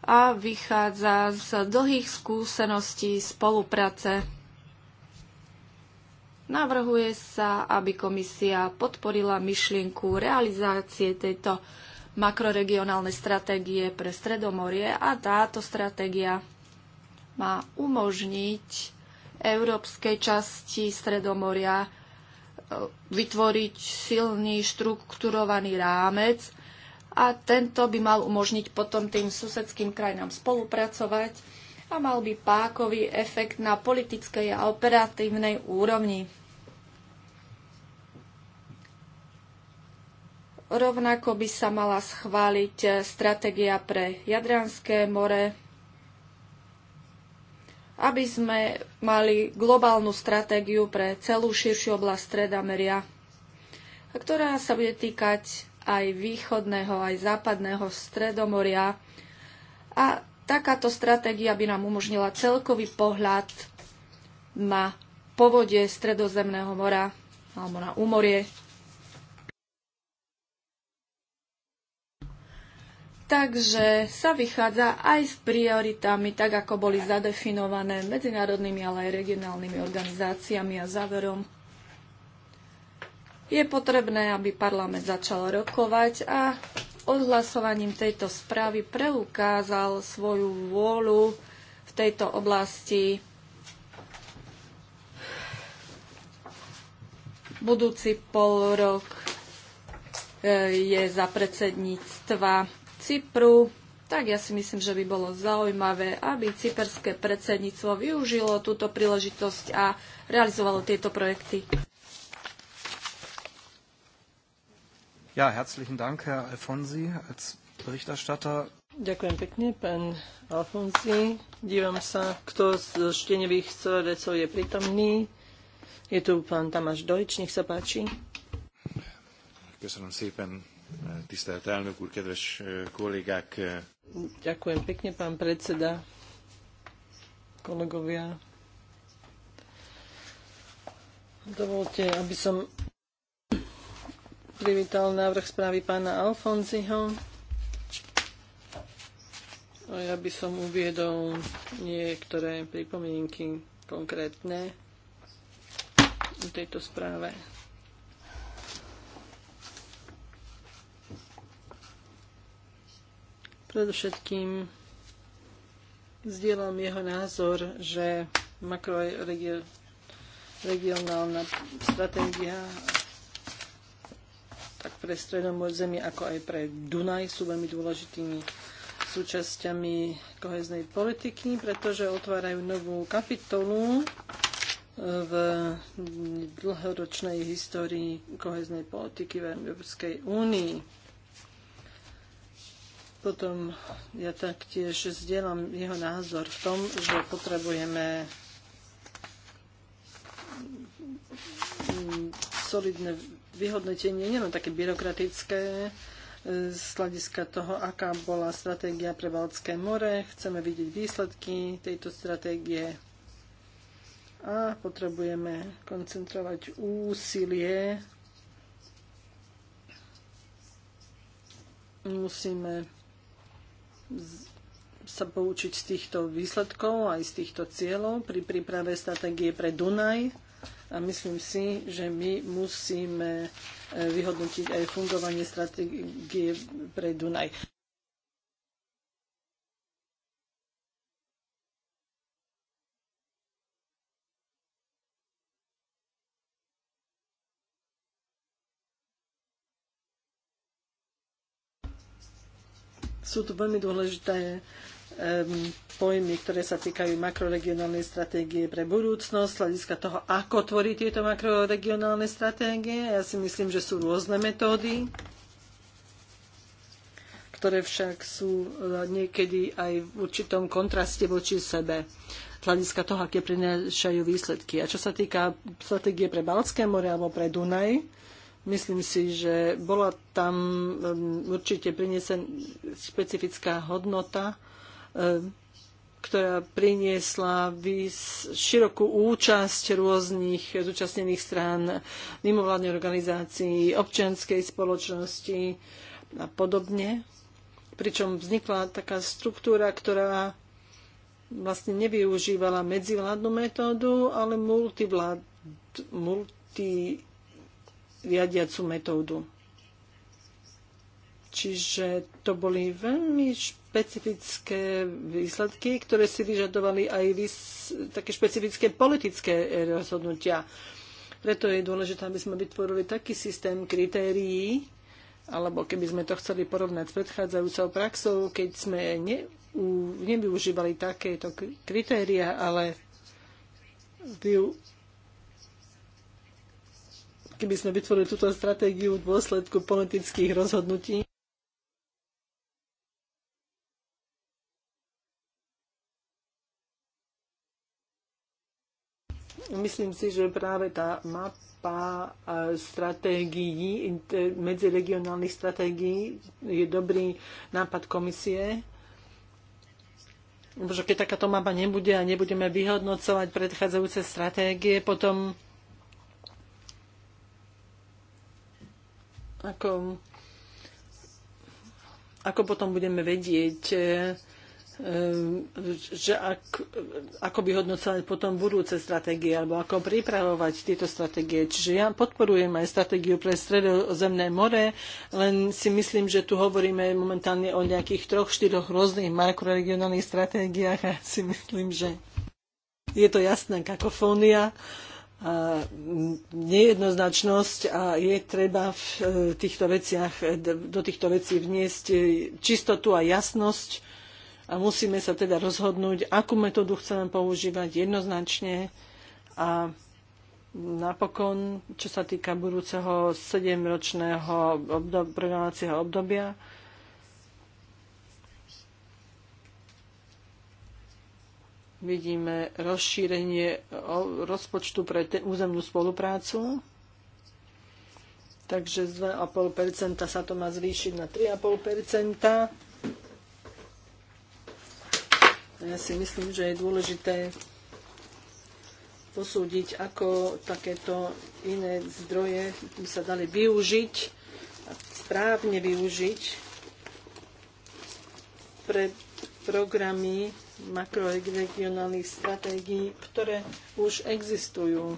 a vychádza z dlhých skúseností spolupráce. Navrhuje sa, aby komisia podporila myšlienku realizácie tejto makroregionálnej stratégie pre Stredomorie a táto stratégia má umožniť európskej časti Stredomoria e, vytvoriť silný štrukturovaný rámec a tento by mal umožniť potom tým susedským krajinám spolupracovať a mal by pákový efekt na politickej a operatívnej úrovni. Rovnako by sa mala schváliť stratégia pre Jadranské more, aby sme mali globálnu stratégiu pre celú širšiu oblasť Stredameria, ktorá sa bude týkať aj východného, aj západného stredomoria. A takáto stratégia by nám umožnila celkový pohľad na povodie stredozemného mora alebo na úmorie. Takže sa vychádza aj s prioritami, tak ako boli zadefinované medzinárodnými, ale aj regionálnymi organizáciami a záverom je potrebné, aby parlament začal rokovať a odhlasovaním tejto správy preukázal svoju vôľu v tejto oblasti. Budúci pol rok e, je za predsedníctva Cypru, tak ja si myslím, že by bolo zaujímavé, aby cyperské predsedníctvo využilo túto príležitosť a realizovalo tieto projekty. Ja, herzlichen Dank, Herr Alfonsi, als Berichterstatter. Ďakujem pekne, pán Alfonsi. Dívam sa, kto z štenevých celerecov je prítomný. Je tu pán Tamáš Dojč, nech sa páči. Köszönöm szépen, tisztelt elnök úr, kedves kollégák. Ďakujem pekne, pán predseda, kolegovia. Dovolte, aby som privítal návrh správy pána Alfonziho. Ja by som uviedol niektoré pripomienky konkrétne v tejto správe. Predovšetkým zdieľam jeho názor, že makroregionálna stratégia tak pre zemi ako aj pre Dunaj sú veľmi dôležitými súčasťami koheznej politiky, pretože otvárajú novú kapitolu e, v dlhoročnej histórii koheznej politiky v Európskej únii. Potom ja taktiež zdieľam jeho názor v tom, že potrebujeme solidné vyhodnotenie nielen také byrokratické, e, z hľadiska toho, aká bola stratégia pre Baltské more. Chceme vidieť výsledky tejto stratégie a potrebujeme koncentrovať úsilie. Musíme sa poučiť z týchto výsledkov aj z týchto cieľov pri príprave stratégie pre Dunaj a myslím si, že my musíme e, vyhodnotiť aj fungovanie stratégie pre Dunaj. Sú tu veľmi dôležité pojmy, ktoré sa týkajú makroregionálnej stratégie pre budúcnosť, hľadiska toho, ako tvoriť tieto makroregionálne stratégie. Ja si myslím, že sú rôzne metódy, ktoré však sú e, niekedy aj v určitom kontraste voči sebe z hľadiska toho, aké prinášajú výsledky. A čo sa týka stratégie pre Balské more alebo pre Dunaj, Myslím si, že bola tam určite prinesená špecifická hodnota, E, ktorá priniesla širokú účasť rôznych zúčastnených strán, mimovládnej organizácií, občianskej spoločnosti a podobne. Pričom vznikla taká štruktúra, ktorá vlastne nevyužívala medzivládnu metódu, ale multivlád, metódu. Čiže to boli veľmi špecifické výsledky, ktoré si vyžadovali aj vys- také špecifické politické eh, rozhodnutia. Preto je dôležité, aby sme vytvorili taký systém kritérií, alebo keby sme to chceli porovnať s predchádzajúcou praxou, keď sme ne, u, nevyužívali takéto kritéria, ale vy- keby sme vytvorili túto stratégiu v dôsledku politických rozhodnutí, myslím si, že práve tá mapa e, stratégií, medziregionálnych stratégií je dobrý nápad komisie. Protože keď takáto mapa nebude a nebudeme vyhodnocovať predchádzajúce stratégie, potom ako, ako potom budeme vedieť, e, Ehm, že ak, ako by hodnocovať potom budúce stratégie alebo ako pripravovať tieto stratégie. Čiže ja podporujem aj stratégiu pre stredozemné more, len si myslím, že tu hovoríme momentálne o nejakých troch, štyroch rôznych makroregionálnych stratégiách a si myslím, že je to jasná kakofónia a nejednoznačnosť a je treba v e, týchto veciach, e, do týchto vecí vniesť e, čistotu a jasnosť a musíme sa teda rozhodnúť, akú metódu chceme používať jednoznačne a napokon, čo sa týka budúceho 7-ročného obdob- programovacieho obdobia, vidíme rozšírenie rozpočtu pre územnú spoluprácu. Takže z 2,5% sa to má zvýšiť na 3,5%. Ja si myslím, že je dôležité posúdiť, ako takéto iné zdroje by sa dali využiť, a správne využiť pre programy makroregionálnych stratégií, ktoré už existujú.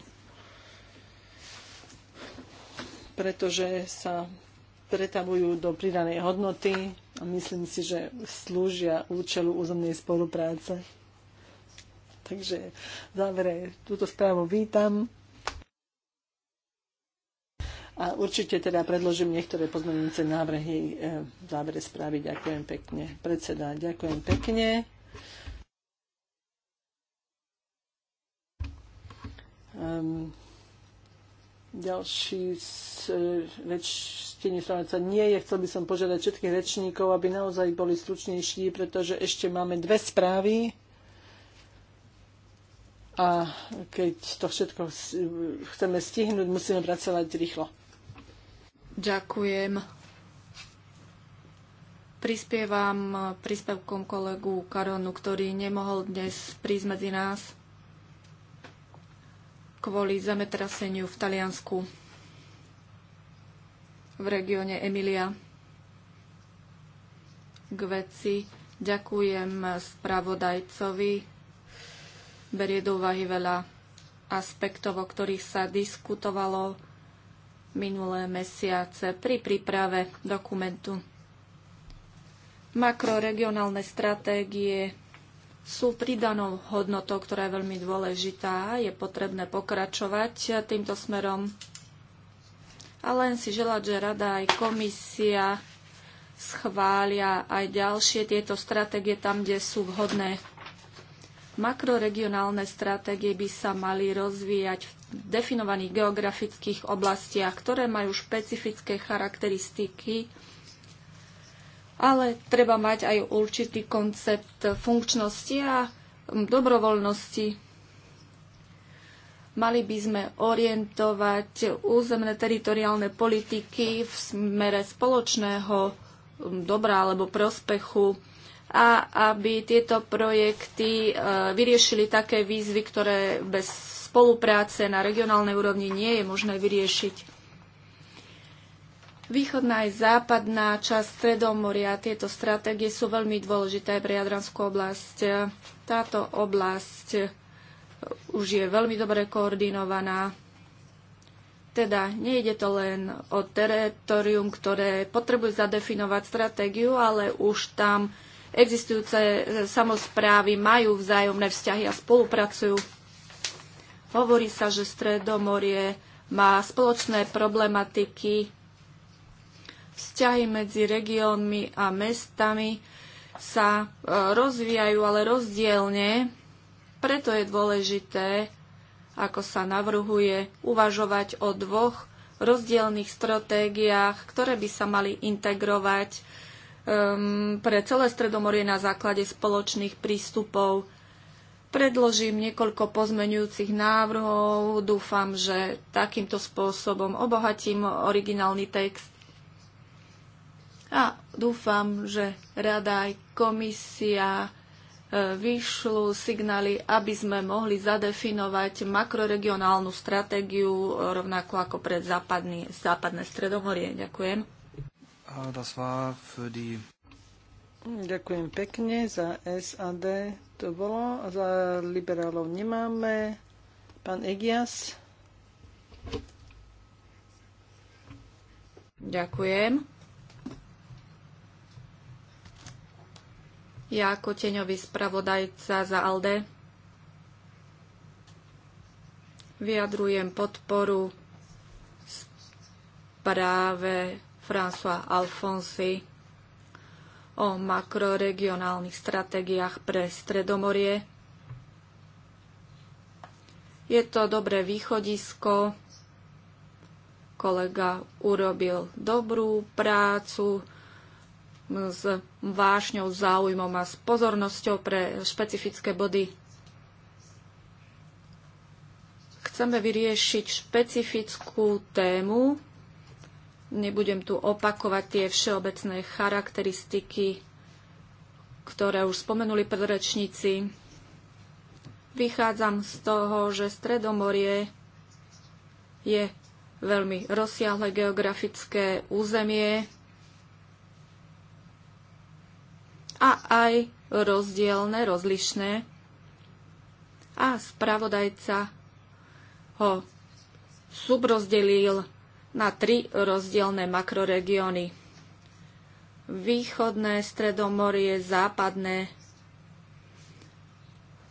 Pretože sa pretavujú do pridanej hodnoty a myslím si, že slúžia účelu územnej spolupráce. Takže v závere túto správu vítam a určite teda predložím niektoré pozmeňujúce návrhy e, v závere správy. Ďakujem pekne. Predseda, ďakujem pekne. Um, ďalší rečtiny Slovenca nie je. Chcel by som požiadať všetkých rečníkov, aby naozaj boli stručnejší, pretože ešte máme dve správy. A keď to všetko e, chceme stihnúť, musíme pracovať rýchlo. Ďakujem. Prispievam príspevkom kolegu Karonu, ktorý nemohol dnes prísť medzi nás kvôli zametraseniu v Taliansku v regióne Emilia. K veci ďakujem spravodajcovi. Berie do úvahy veľa aspektov, o ktorých sa diskutovalo minulé mesiace pri príprave dokumentu. Makroregionálne stratégie sú pridanou hodnotou, ktorá je veľmi dôležitá. Je potrebné pokračovať týmto smerom. A len si želať, že rada aj komisia schvália aj ďalšie tieto stratégie tam, kde sú vhodné. Makroregionálne stratégie by sa mali rozvíjať v definovaných geografických oblastiach, ktoré majú špecifické charakteristiky ale treba mať aj určitý koncept funkčnosti a dobrovoľnosti. Mali by sme orientovať územné teritoriálne politiky v smere spoločného dobra alebo prospechu a aby tieto projekty e, vyriešili také výzvy, ktoré bez spolupráce na regionálnej úrovni nie je možné vyriešiť. Východná aj západná časť Stredomoria, tieto stratégie sú veľmi dôležité pre Jadranskú oblasť. Táto oblasť už je veľmi dobre koordinovaná. Teda nejde to len o teritorium, ktoré potrebuje zadefinovať stratégiu, ale už tam existujúce samozprávy majú vzájomné vzťahy a spolupracujú. Hovorí sa, že Stredomorie má spoločné problematiky vzťahy medzi regiónmi a mestami sa e, rozvíjajú, ale rozdielne. Preto je dôležité, ako sa navrhuje, uvažovať o dvoch rozdielnych stratégiách, ktoré by sa mali integrovať um, pre celé Stredomorie na základe spoločných prístupov. Predložím niekoľko pozmenujúcich návrhov. Dúfam, že takýmto spôsobom obohatím originálny text a dúfam, že rada aj komisia e, vyšľú signály, aby sme mohli zadefinovať makroregionálnu stratégiu rovnako ako pre západný, západné stredomorie. Ďakujem. Die... Ďakujem pekne za SAD. To bolo. Za liberálov nemáme. Pán Egias. Ďakujem. Ja ako teňový spravodajca za ALDE vyjadrujem podporu práve François Alfonsi o makroregionálnych stratégiách pre Stredomorie. Je to dobré východisko. Kolega urobil dobrú prácu s vášňou, záujmom a s pozornosťou pre špecifické body. Chceme vyriešiť špecifickú tému. Nebudem tu opakovať tie všeobecné charakteristiky, ktoré už spomenuli predrečníci. Vychádzam z toho, že Stredomorie je veľmi rozsiahle geografické územie, a aj rozdielne, rozlišné. A spravodajca ho subrozdelil na tri rozdielne makroregióny. Východné, stredomorie, západné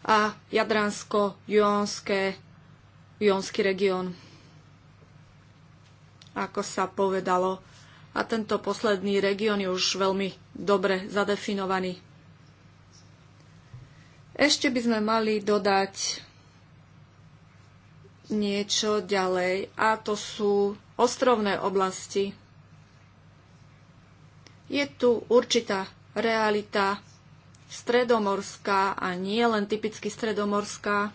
a jadransko-jonské, jonský región, ako sa povedalo. A tento posledný región je už veľmi dobre zadefinovaný. Ešte by sme mali dodať niečo ďalej a to sú ostrovné oblasti. Je tu určitá realita stredomorská a nie len typicky stredomorská.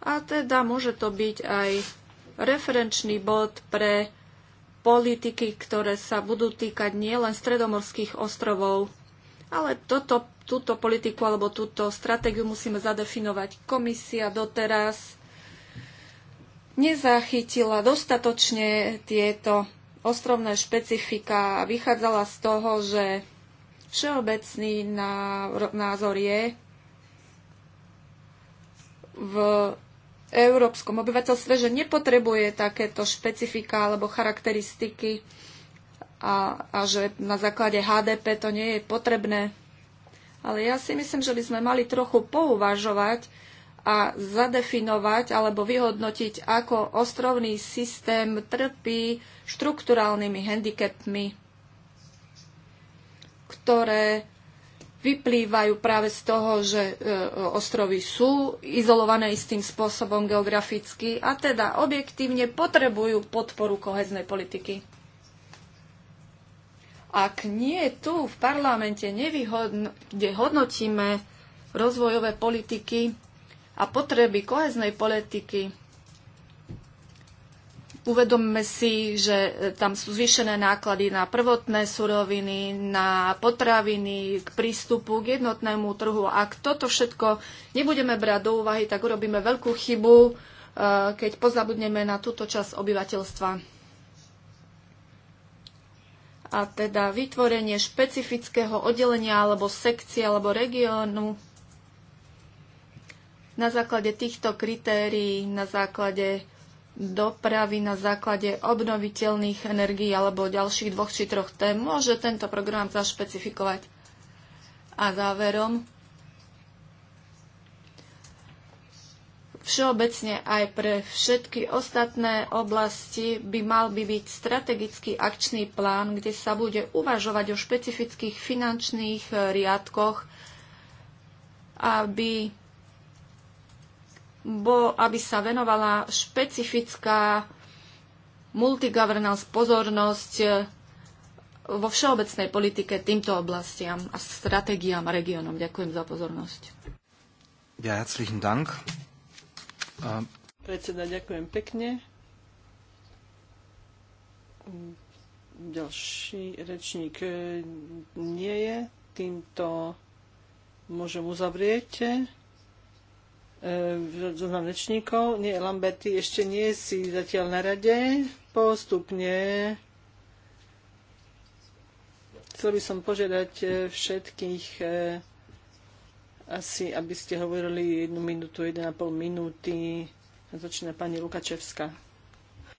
A teda môže to byť aj referenčný bod pre politiky, ktoré sa budú týkať nielen stredomorských ostrovov, ale toto, túto politiku alebo túto stratégiu musíme zadefinovať. Komisia doteraz nezachytila dostatočne tieto ostrovné špecifika a vychádzala z toho, že všeobecný názor je v európskom obyvateľstve, že nepotrebuje takéto špecifika alebo charakteristiky a, a že na základe HDP to nie je potrebné. Ale ja si myslím, že by sme mali trochu pouvažovať a zadefinovať alebo vyhodnotiť, ako ostrovný systém trpí štruktúrálnymi handicapmi, ktoré vyplývajú práve z toho, že e, ostrovy sú izolované istým spôsobom geograficky a teda objektívne potrebujú podporu koheznej politiky. Ak nie tu v parlamente, nevyhodn- kde hodnotíme rozvojové politiky a potreby koheznej politiky Uvedomme si, že e, tam sú zvýšené náklady na prvotné suroviny, na potraviny, k prístupu k jednotnému trhu. Ak toto všetko nebudeme brať do úvahy, tak urobíme veľkú chybu, e, keď pozabudneme na túto časť obyvateľstva. A teda vytvorenie špecifického oddelenia alebo sekcie alebo regiónu na základe týchto kritérií, na základe dopravy na základe obnoviteľných energií alebo ďalších dvoch či troch tém. Môže tento program zašpecifikovať. A záverom, všeobecne aj pre všetky ostatné oblasti by mal by byť strategický akčný plán, kde sa bude uvažovať o špecifických finančných riadkoch, aby bo, aby sa venovala špecifická multigovernance pozornosť e, vo všeobecnej politike týmto oblastiam a stratégiám a regiónom. Ďakujem za pozornosť. Ja herzlichen Dank. Predseda, ďakujem pekne. Ďalší rečník e, nie je. Týmto môžem uzavrieť E, zoznam rečníkov. Nie, Lamberty, ešte nie si zatiaľ na rade. Postupne chcel by som požiadať e, všetkých e, asi, aby ste hovorili jednu minútu, 1,5 minúty. Začína pani Lukačevská.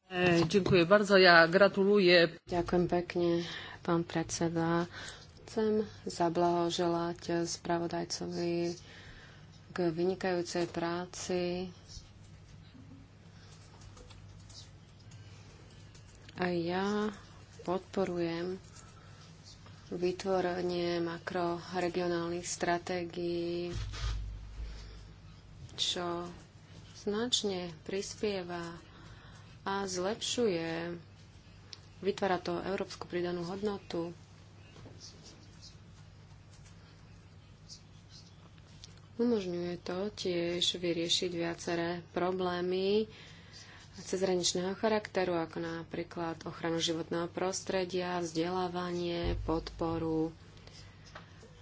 E, ďakujem bardzo, ja gratulujem. Ďakujem pekne, pán predseda. Chcem zablahoželať spravodajcovi k vynikajúcej práci. A ja podporujem vytvorenie makroregionálnych stratégií, čo značne prispieva a zlepšuje, vytvára to európsku pridanú hodnotu Umožňuje to tiež vyriešiť viaceré problémy cezhraničného charakteru, ako napríklad ochranu životného prostredia, vzdelávanie, podporu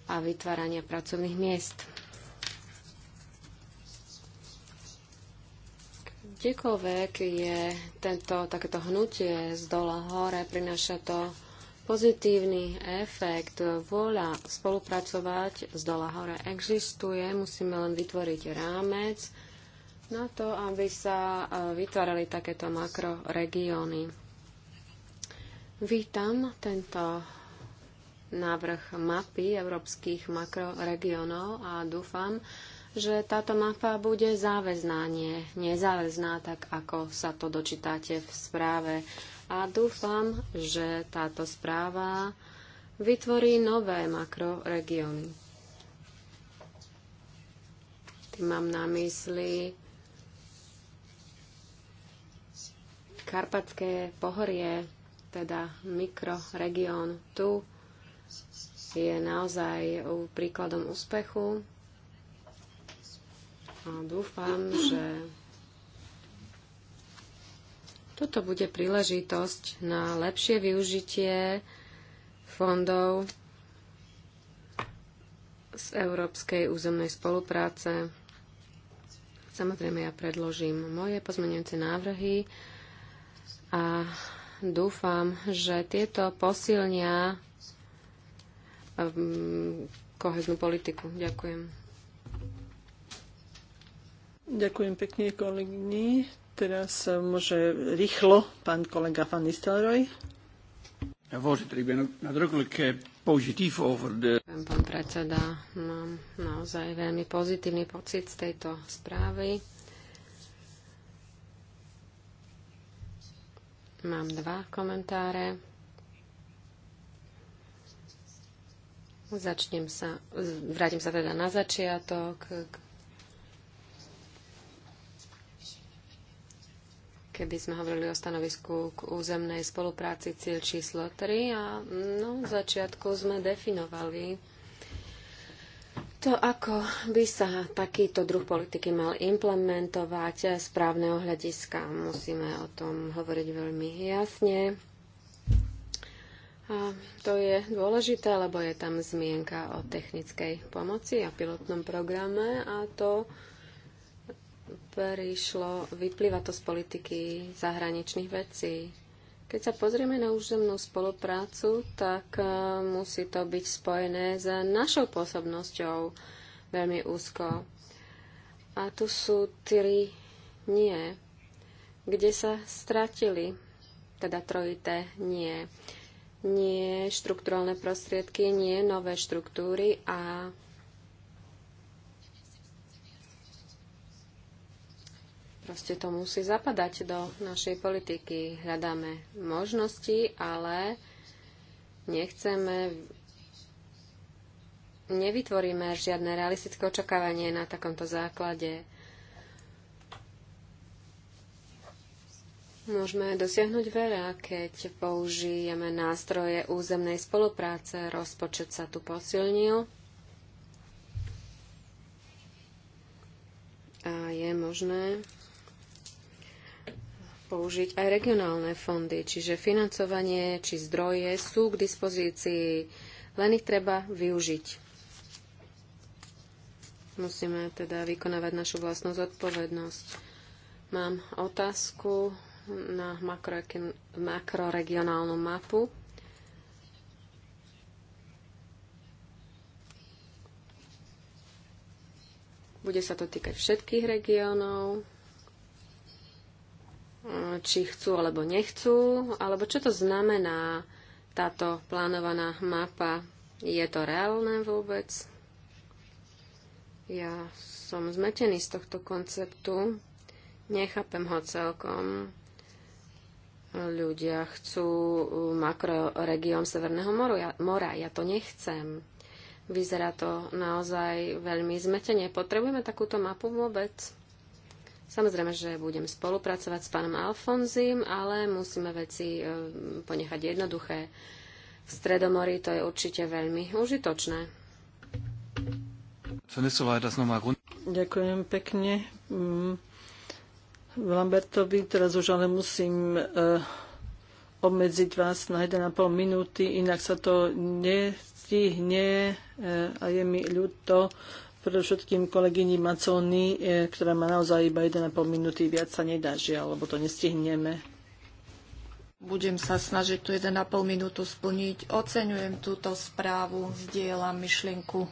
a vytváranie pracovných miest. Kdekoľvek je tento, takéto hnutie z dola hore, prináša to pozitívny efekt, e, vôľa spolupracovať z dola hore existuje, musíme len vytvoriť rámec na to, aby sa e, vytvárali takéto makroregióny. Vítam tento návrh mapy európskych makroregiónov a dúfam, že táto mapa bude záväzná, nie nezáväzná, tak ako sa to dočítate v správe a dúfam, že táto správa vytvorí nové makroregióny. Tým mám na mysli Karpatské pohorie, teda mikroregión tu je naozaj príkladom úspechu. A dúfam, že toto bude príležitosť na lepšie využitie fondov z Európskej územnej spolupráce. Samozrejme, ja predložím moje pozmeňujúce návrhy a dúfam, že tieto posilnia um, koheznú politiku. Ďakujem. Ďakujem pekne kolegyni. Teraz môže rýchlo pán kolega Van Nistelrooy. voorzitter, ik ben ook nadrukkelijk eh, positief over de... Pán predseda, mám naozaj veľmi pozitívny pocit z tejto správy. Mám dva komentáre. Začnem sa, vrátim sa teda na začiatok, keby sme hovorili o stanovisku k územnej spolupráci cieľ číslo 3 a no, v začiatku sme definovali to, ako by sa takýto druh politiky mal implementovať z právneho hľadiska. Musíme o tom hovoriť veľmi jasne. A to je dôležité, lebo je tam zmienka o technickej pomoci a pilotnom programe a to išlo, vyplýva to z politiky zahraničných vecí. Keď sa pozrieme na územnú spoluprácu, tak e, musí to byť spojené s našou pôsobnosťou veľmi úzko. A tu sú tri nie, kde sa stratili, teda trojité nie. Nie štruktúrálne prostriedky, nie nové štruktúry a Proste to musí zapadať do našej politiky. Hľadáme možnosti, ale nechceme nevytvoríme žiadne realistické očakávanie na takomto základe. Môžeme dosiahnuť veľa, keď použijeme nástroje územnej spolupráce. Rozpočet sa tu posilnil. A je možné použiť aj regionálne fondy, čiže financovanie či zdroje sú k dispozícii, len ich treba využiť. Musíme teda vykonávať našu vlastnú zodpovednosť. Mám otázku na makroregionálnu mapu. Bude sa to týkať všetkých regiónov či chcú alebo nechcú, alebo čo to znamená táto plánovaná mapa. Je to reálne vôbec? Ja som zmetený z tohto konceptu. Nechápem ho celkom. Ľudia chcú makroregión Severného mora. Ja to nechcem. Vyzerá to naozaj veľmi zmetenie. Potrebujeme takúto mapu vôbec? Samozrejme, že budem spolupracovať s pánom Alfonzím, ale musíme veci e, ponechať jednoduché. V Stredomorí to je určite veľmi užitočné. Ďakujem pekne. Mm. Lambertovi teraz už ale musím e, obmedziť vás na 1,5 minúty, inak sa to nestihne e, a je mi ľúto, predovšetkým kolegyni Maconi, e, ktorá má naozaj iba 1,5 minúty, viac sa nedá, žiaľ, lebo to nestihneme. Budem sa snažiť tu 1,5 minútu splniť. Oceňujem túto správu, zdieľam myšlienku,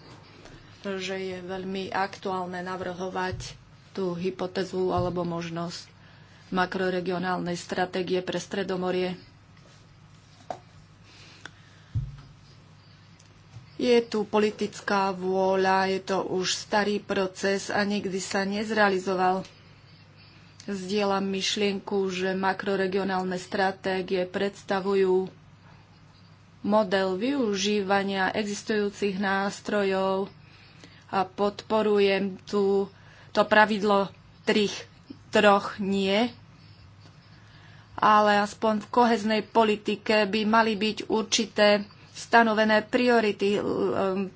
že je veľmi aktuálne navrhovať tú hypotézu alebo možnosť makroregionálnej stratégie pre Stredomorie. Je tu politická vôľa, je to už starý proces a nikdy sa nezrealizoval. Zdieľam myšlienku, že makroregionálne stratégie predstavujú model využívania existujúcich nástrojov a podporujem tu to pravidlo trich, troch nie, ale aspoň v koheznej politike by mali byť určité stanovené priority,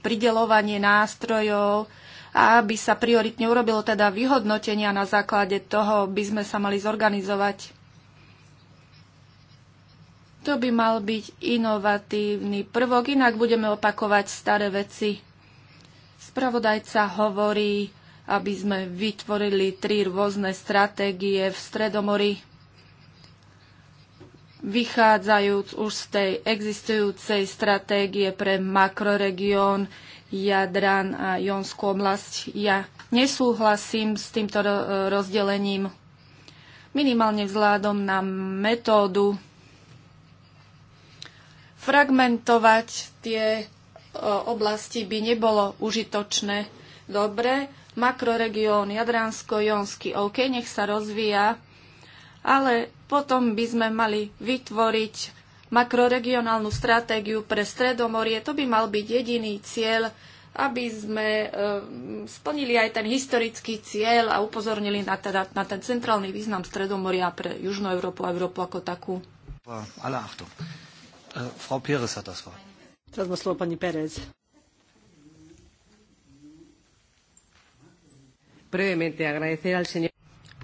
pridelovanie nástrojov a aby sa prioritne urobilo teda vyhodnotenia na základe toho, by sme sa mali zorganizovať. To by mal byť inovatívny prvok, inak budeme opakovať staré veci. Spravodajca hovorí, aby sme vytvorili tri rôzne stratégie v Stredomori vychádzajúc už z tej existujúcej stratégie pre makroregión Jadran a Jonskú oblasť. Ja nesúhlasím s týmto rozdelením minimálne vzhľadom na metódu fragmentovať tie e, oblasti by nebolo užitočné. Dobre, makroregión Jadransko-Jonsky, OK, nech sa rozvíja ale potom by sme mali vytvoriť makroregionálnu stratégiu pre Stredomorie. To by mal byť jediný cieľ, aby sme ehm, splnili aj ten historický cieľ a upozornili na, teda, na ten centrálny význam Stredomoria pre Južnú Európu a Európu ako takú. Ale Achtung. Äh, Frau hat das Wort. Teraz má slovo pani Pérez. Brevemente agradecer al señor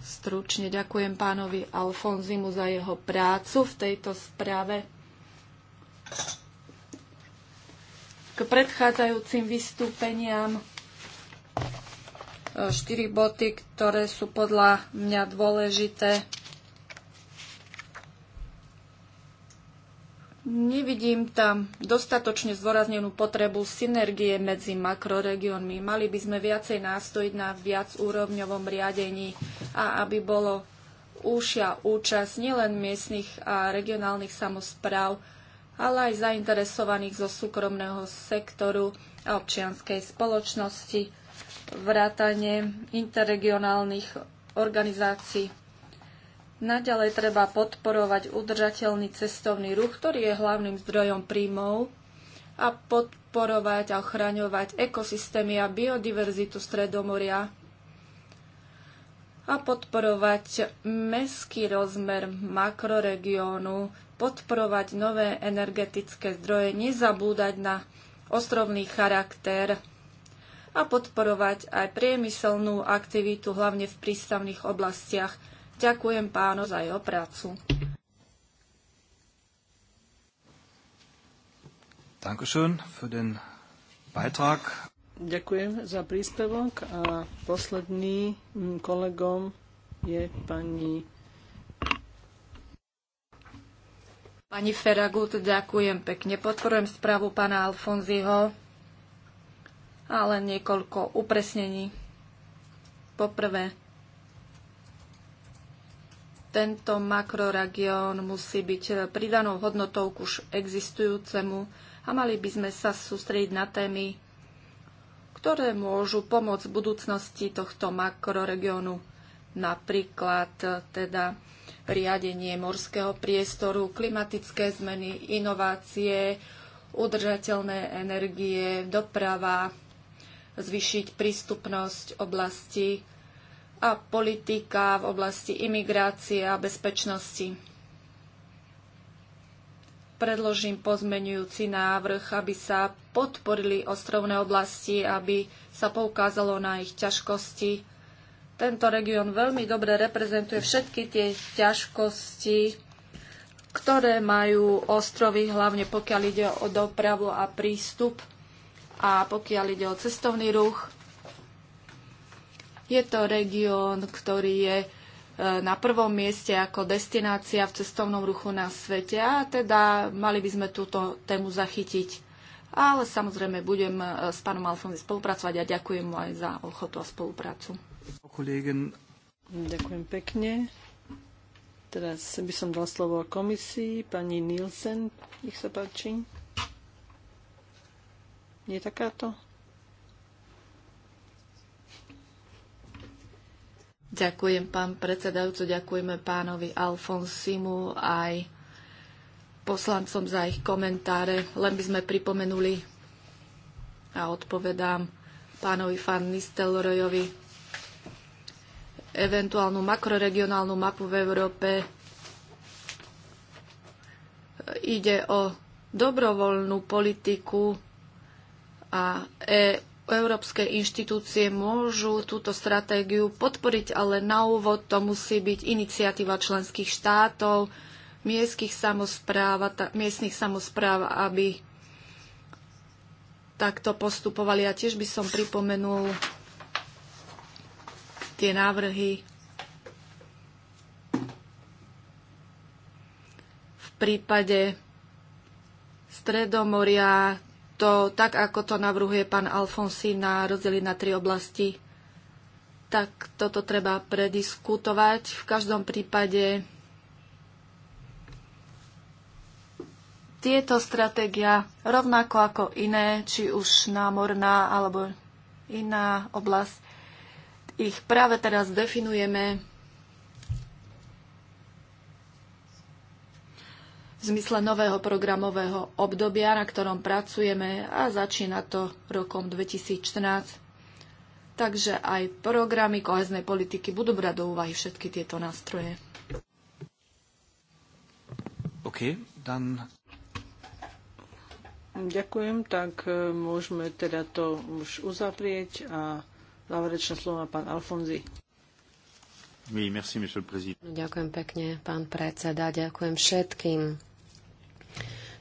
Stručne ďakujem pánovi Alfonzimu za jeho prácu v tejto správe. K predchádzajúcim vystúpeniam e, štyri boty, ktoré sú podľa mňa dôležité Nevidím tam dostatočne zdôraznenú potrebu synergie medzi makroregiónmi. Mali by sme viacej nástojiť na viac úrovňovom riadení a aby bolo úšia účasť nielen miestnych a regionálnych samozpráv, ale aj zainteresovaných zo súkromného sektoru a občianskej spoločnosti, vrátane interregionálnych organizácií. Naďalej treba podporovať udržateľný cestovný ruch, ktorý je hlavným zdrojom príjmov a podporovať a ochraňovať ekosystémy a biodiverzitu Stredomoria a podporovať meský rozmer makroregiónu, podporovať nové energetické zdroje, nezabúdať na ostrovný charakter a podporovať aj priemyselnú aktivitu, hlavne v prístavných oblastiach – Ďakujem páno za jeho prácu. Dankeschön für den Beitrag. Ďakujem za príspevok a posledný mm, kolegom je pani Pani Feragut, ďakujem pekne. Podporujem správu pána Alfonziho, ale niekoľko upresnení. Poprvé, tento makroregión musí byť pridanou hodnotou k už existujúcemu a mali by sme sa sústrediť na témy, ktoré môžu pomôcť v budúcnosti tohto makroregiónu. Napríklad teda riadenie morského priestoru, klimatické zmeny, inovácie, udržateľné energie, doprava, zvýšiť prístupnosť oblasti a politika v oblasti imigrácie a bezpečnosti. Predložím pozmenujúci návrh, aby sa podporili ostrovné oblasti, aby sa poukázalo na ich ťažkosti. Tento región veľmi dobre reprezentuje všetky tie ťažkosti, ktoré majú ostrovy, hlavne pokiaľ ide o dopravu a prístup a pokiaľ ide o cestovný ruch. Je to región, ktorý je e, na prvom mieste ako destinácia v cestovnom ruchu na svete a teda mali by sme túto tému zachytiť. Ale samozrejme budem e, s pánom Alfonzi spolupracovať a ďakujem mu aj za ochotu a spoluprácu. Ďakujem pekne. Teraz by som dal slovo komisii, pani Nielsen, nech sa páči. Je takáto? Ďakujem, pán predsedajúco, ďakujeme pánovi Alfonsimu aj poslancom za ich komentáre. Len by sme pripomenuli a odpovedám pánovi Fan Nistelrojovi eventuálnu makroregionálnu mapu v Európe. E, ide o dobrovoľnú politiku a EU Európske inštitúcie môžu túto stratégiu podporiť, ale na úvod to musí byť iniciatíva členských štátov, miestnych samozpráv, aby takto postupovali. A tiež by som pripomenul tie návrhy v prípade Stredomoria to tak, ako to navrhuje pán Alfonsi na rozdeli na tri oblasti, tak toto treba prediskutovať. V každom prípade tieto stratégia, rovnako ako iné, či už námorná alebo iná oblasť, ich práve teraz definujeme zmysle nového programového obdobia, na ktorom pracujeme a začína to rokom 2014. Takže aj programy koheznej politiky budú brať do úvahy všetky tieto nástroje. OK, dan... Ďakujem, tak e, môžeme teda to už uzavrieť a záverečné slovo má pán Alfonzi. Oui, merci, Ďakujem pekne, pán predseda. Ďakujem všetkým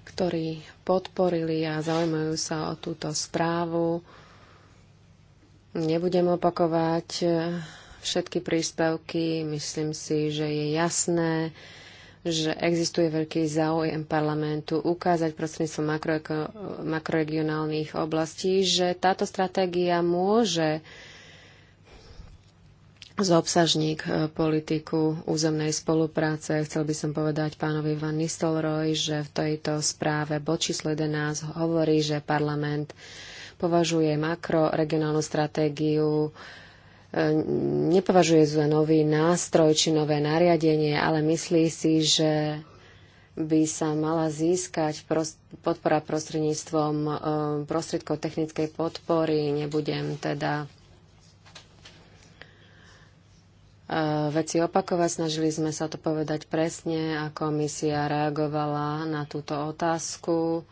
ktorí podporili a zaujímajú sa o túto správu. Nebudem opakovať eh, všetky príspevky. Myslím si, že je jasné, že existuje veľký záujem parlamentu ukázať prostredníctvom makroregionálnych oblastí, že táto stratégia môže uh, Zobsažník, e, politiku územnej spolupráce. Chcel by som povedať pánovi Van Nistelrooy, že v tejto správe bod číslo 11 hovorí, že parlament považuje makroregionálnu stratégiu e, nepovažuje za nový nástroj či nové nariadenie, ale myslí si, že by sa mala získať podpora prostredníctvom e, prostriedkov technickej podpory. Nebudem teda E, veci opakovať. Snažili sme sa to povedať presne a komisia reagovala na túto otázku.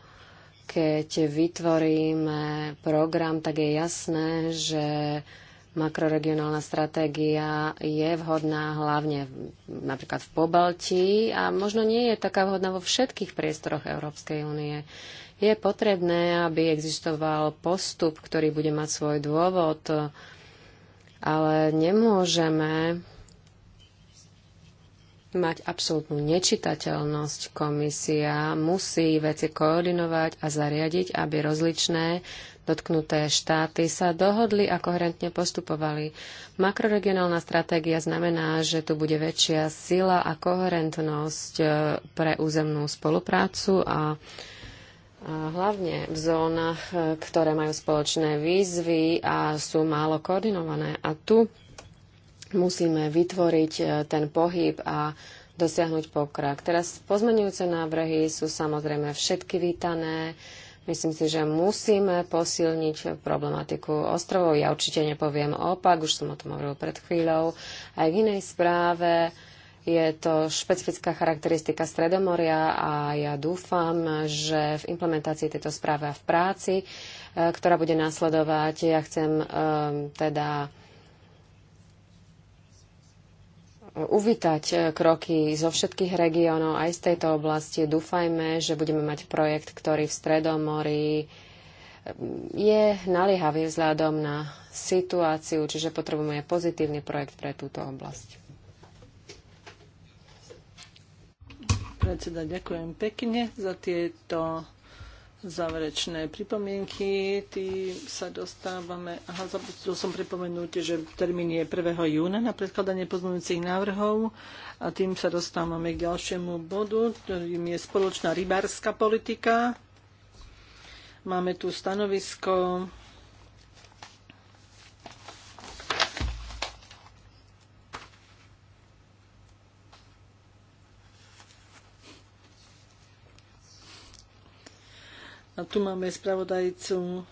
Keď vytvoríme program, tak je jasné, že makroregionálna stratégia je vhodná hlavne napríklad v Pobalti a možno nie je taká vhodná vo všetkých priestoroch Európskej únie. Je potrebné, aby existoval postup, ktorý bude mať svoj dôvod, ale nemôžeme mať absolútnu nečitateľnosť. Komisia musí veci koordinovať a zariadiť, aby rozličné dotknuté štáty sa dohodli a koherentne postupovali. Makroregionálna stratégia znamená, že tu bude väčšia sila a koherentnosť eh, pre územnú spoluprácu a hlavne v zónach, e, ktoré majú spoločné výzvy a sú málo koordinované. A tu musíme vytvoriť e, ten pohyb a dosiahnuť pokrok. Teraz pozmenujúce návrhy sú samozrejme všetky vítané. Myslím si, že musíme posilniť problematiku ostrovov. Ja určite nepoviem opak, už som o tom hovoril pred chvíľou. Aj v inej správe je to špecifická charakteristika Stredomoria a ja dúfam, že v implementácii tejto správy a v práci, e, ktorá bude následovať, ja chcem e, teda uvítať e, kroky zo všetkých regiónov aj z tejto oblasti. Dúfajme, že budeme mať projekt, ktorý v Stredomorí je naliehavý vzhľadom na situáciu, čiže potrebujeme pozitívny projekt pre túto oblasť. predseda, ďakujem pekne za tieto záverečné pripomienky. Tým sa dostávame... Aha, zabudol som pripomenúť, že termín je 1. júna na predkladanie pozmeňujúcich návrhov a tým sa dostávame k ďalšiemu bodu, ktorým je spoločná rybárska politika. Máme tu stanovisko A tu máme spravodajcu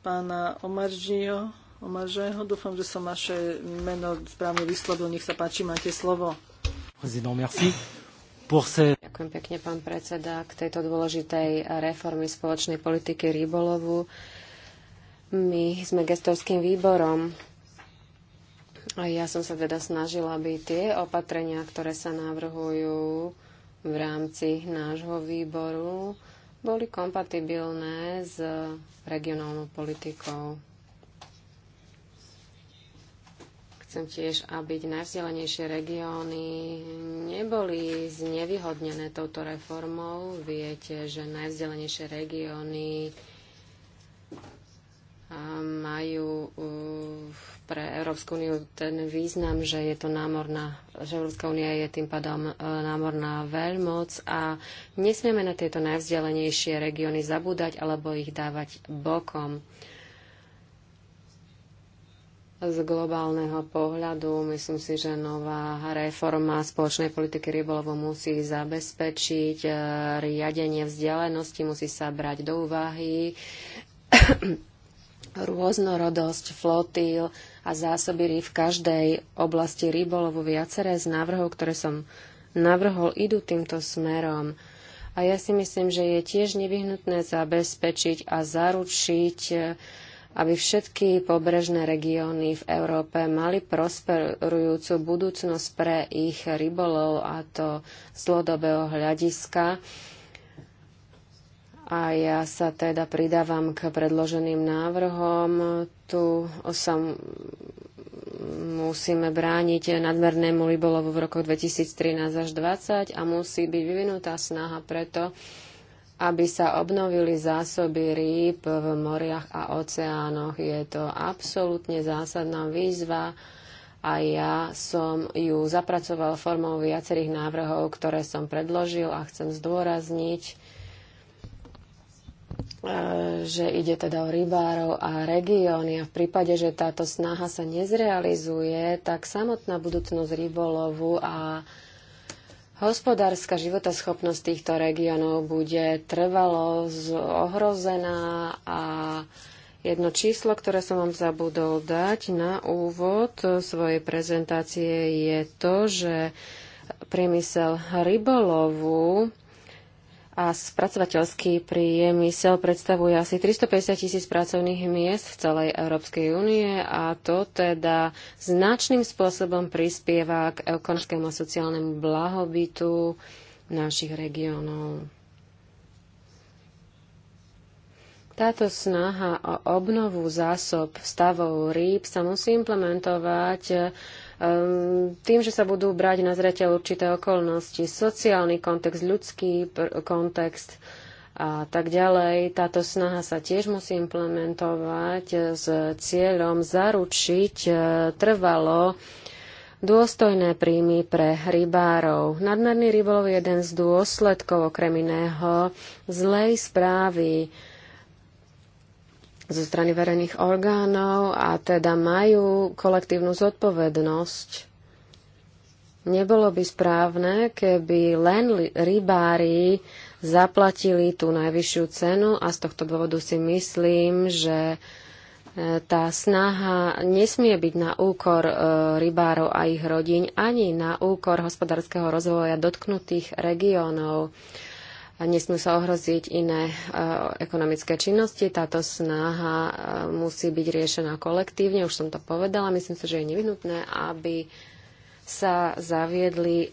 pána Omaržího. Omaržého. Dúfam, že som vaše meno správne vyslovil. Nech sa páči, máte slovo. Prezident, merci. Ďakujem pekne, pán predseda, k tejto dôležitej reformy spoločnej politiky rybolovu. My sme gestorským výborom a ja som sa teda snažila, aby tie opatrenia, ktoré sa navrhujú v rámci nášho výboru, boli kompatibilné s regionálnou politikou. Chcem tiež, aby najvzdelenejšie regióny neboli znevýhodnené touto reformou. Viete, že najvzdelenejšie regióny majú uh, pre Európsku úniu ten význam, že je to námorná, že Európska únia je tým pádom e, námorná veľmoc a nesmieme na tieto najvzdialenejšie regióny zabúdať alebo ich dávať bokom. Z globálneho pohľadu myslím si, že nová reforma spoločnej politiky rybolovu musí zabezpečiť e, riadenie vzdialenosti, musí sa brať do úvahy rôznorodosť flotíl a zásoby rýb v každej oblasti rybolovu. Viaceré z návrhov, ktoré som navrhol, idú týmto smerom. A ja si myslím, že je tiež nevyhnutné zabezpečiť a zaručiť, aby všetky pobrežné regióny v Európe mali prosperujúcu budúcnosť pre ich rybolov a to z dlhodobého hľadiska a ja sa teda pridávam k predloženým návrhom. Tu sa musíme brániť nadmernému libolovu v rokoch 2013 až 2020 a musí byť vyvinutá snaha preto, aby sa obnovili zásoby rýb v moriach a oceánoch. Je to absolútne zásadná výzva a ja som ju zapracoval formou viacerých návrhov, ktoré som predložil a chcem zdôrazniť, E, že ide teda o rybárov a regióny a v prípade, že táto snaha sa nezrealizuje, tak samotná budúcnosť rybolovu a hospodárska životaschopnosť týchto regiónov bude trvalo ohrozená a jedno číslo, ktoré som vám zabudol dať na úvod svojej prezentácie je to, že priemysel rybolovu a spracovateľský priemysel predstavuje asi 350 tisíc pracovných miest v celej Európskej únie a to teda značným spôsobom prispieva k ekonomickému a sociálnemu blahobytu našich regiónov. Táto snaha o obnovu zásob stavov rýb sa musí implementovať Ehm, tým, že sa budú brať na zreteľ určité okolnosti, sociálny kontext, ľudský kontext a tak ďalej. Táto snaha sa tiež musí implementovať s cieľom zaručiť e, trvalo dôstojné príjmy pre rybárov. Nadmerný rybolov je jeden z dôsledkov okrem iného zlej správy zo strany verejných orgánov a teda majú kolektívnu zodpovednosť. Nebolo by správne, keby len rybári zaplatili tú najvyššiu cenu a z tohto dôvodu si myslím, že e, tá snaha nesmie byť na úkor e, rybárov a ich rodín ani na úkor hospodárskeho rozvoja dotknutých regiónov nesmú sa ohroziť iné e, ekonomické činnosti. Táto snaha e, musí byť riešená kolektívne, už som to povedala. Myslím si, že je nevyhnutné, aby sa zaviedli e,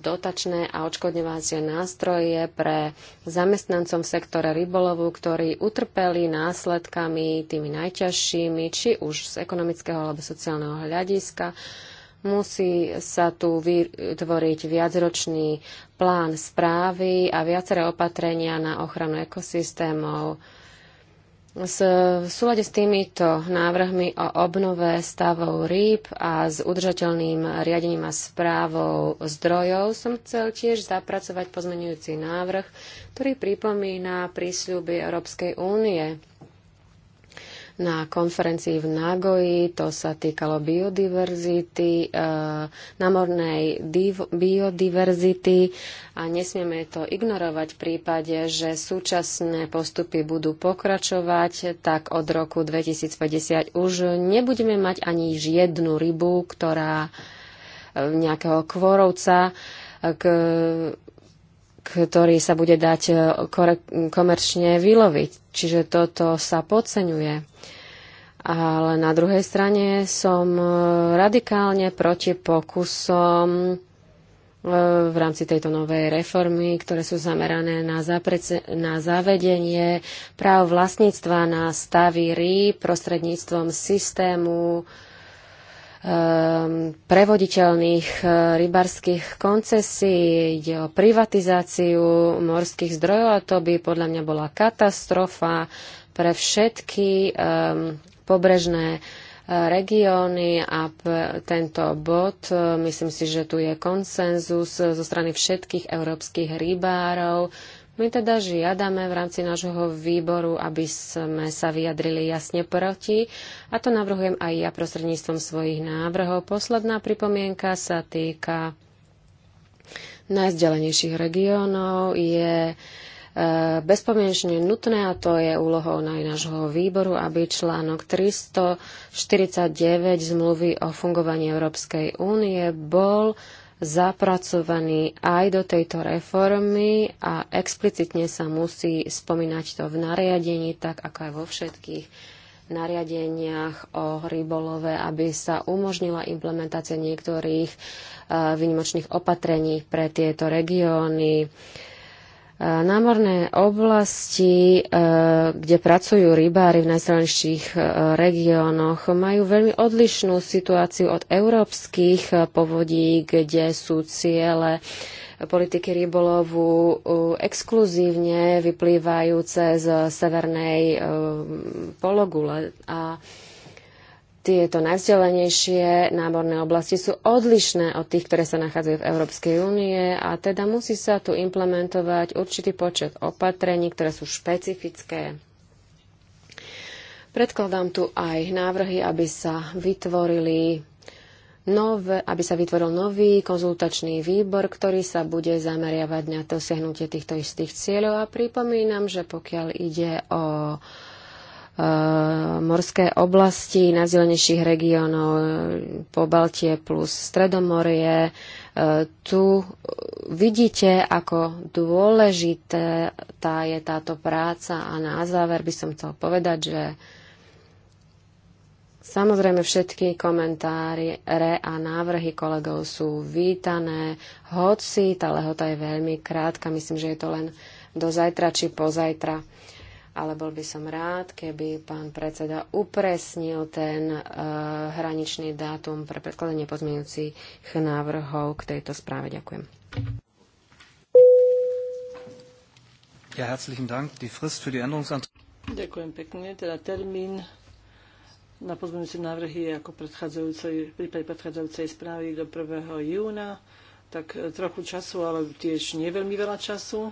dotačné a odškodňovacie nástroje pre zamestnancom v sektore rybolovu, ktorí utrpeli následkami tými najťažšími, či už z ekonomického alebo sociálneho hľadiska. E, Musí sa tu vytvoriť viacročný plán správy a viaceré opatrenia na ochranu ekosystémov. v súlade s týmito návrhmi o obnove stavov rýb a s udržateľným riadením a správou zdrojov som chcel tiež zapracovať pozmenujúci návrh, ktorý pripomína prísľuby Európskej únie na konferencii v Nagoji. To sa týkalo biodiverzity, eh, namornej biodiverzity a nesmieme to ignorovať v prípade, že súčasné postupy budú pokračovať, tak od roku 2050 už nebudeme mať ani jednu rybu, ktorá eh, nejakého kvorovca, k, ktorý sa bude dať e, komerčne vyloviť. Čiže toto sa podceňuje. Ale na druhej strane som e, radikálne proti pokusom e, v rámci tejto novej reformy, ktoré sú zamerané na, zaprece, na zavedenie práv vlastníctva na stavy rýb prostredníctvom systému uh, Ehm, prevoditeľných eh, rybarských koncesí, ide o privatizáciu morských zdrojov a to by podľa mňa bola katastrofa pre všetky ehm, pobrežné eh, regióny a tento bod, eh, myslím si, že tu je konsenzus zo strany všetkých európskych rybárov, my teda žiadame v rámci nášho výboru, aby sme sa vyjadrili jasne proti a to navrhujem aj ja prostredníctvom svojich návrhov. Posledná pripomienka sa týka najzdelenejších regiónov. Je e, bezpomienečne nutné, a to je úlohou aj nášho výboru, aby článok 349 zmluvy o fungovaní Európskej únie bol zapracovaný aj do tejto reformy a explicitne sa musí spomínať to v nariadení, tak ako aj vo všetkých nariadeniach o rybolove, aby sa umožnila implementácia niektorých eh, výnimočných opatrení pre tieto regióny námorné oblasti, e, kde pracujú rybári v najsilnejších e, regiónoch, majú veľmi odlišnú situáciu od európskych e, povodí, kde sú ciele politiky rybolovu exkluzívne vyplývajúce z severnej pologule. A tieto najvzdelenejšie námorné oblasti sú odlišné od tých, ktoré sa nachádzajú v Európskej únie a teda musí sa tu implementovať určitý počet opatrení, ktoré sú špecifické. Predkladám tu aj návrhy, aby sa vytvorili nové, aby sa vytvoril nový konzultačný výbor, ktorý sa bude zameriavať na dosiahnutie týchto istých cieľov. A pripomínam, že pokiaľ ide o Eh, morské oblasti najzelenejších regiónov eh, po Baltie plus Stredomorie. Eh, tu vidíte, ako dôležité tá je táto práca a na záver by som chcel povedať, že Samozrejme, všetky komentári, re a návrhy kolegov sú vítané, hoci tá lehota je veľmi krátka, myslím, že je to len do zajtra či pozajtra ale bol by som rád, keby pán predseda upresnil ten e, hraničný dátum pre predkladanie pozmeňujúcich návrhov k tejto správe. Ďakujem. Ja, herzlichen Dank. Die Frist für die Änderungsanträge. Ďakujem pekne. Teda termín na pozmeňujúce návrhy je ako predchádzajúcej, prípade predchádzajúcej správy do 1. júna. Tak eh, trochu času, ale tiež nie veľmi veľa času.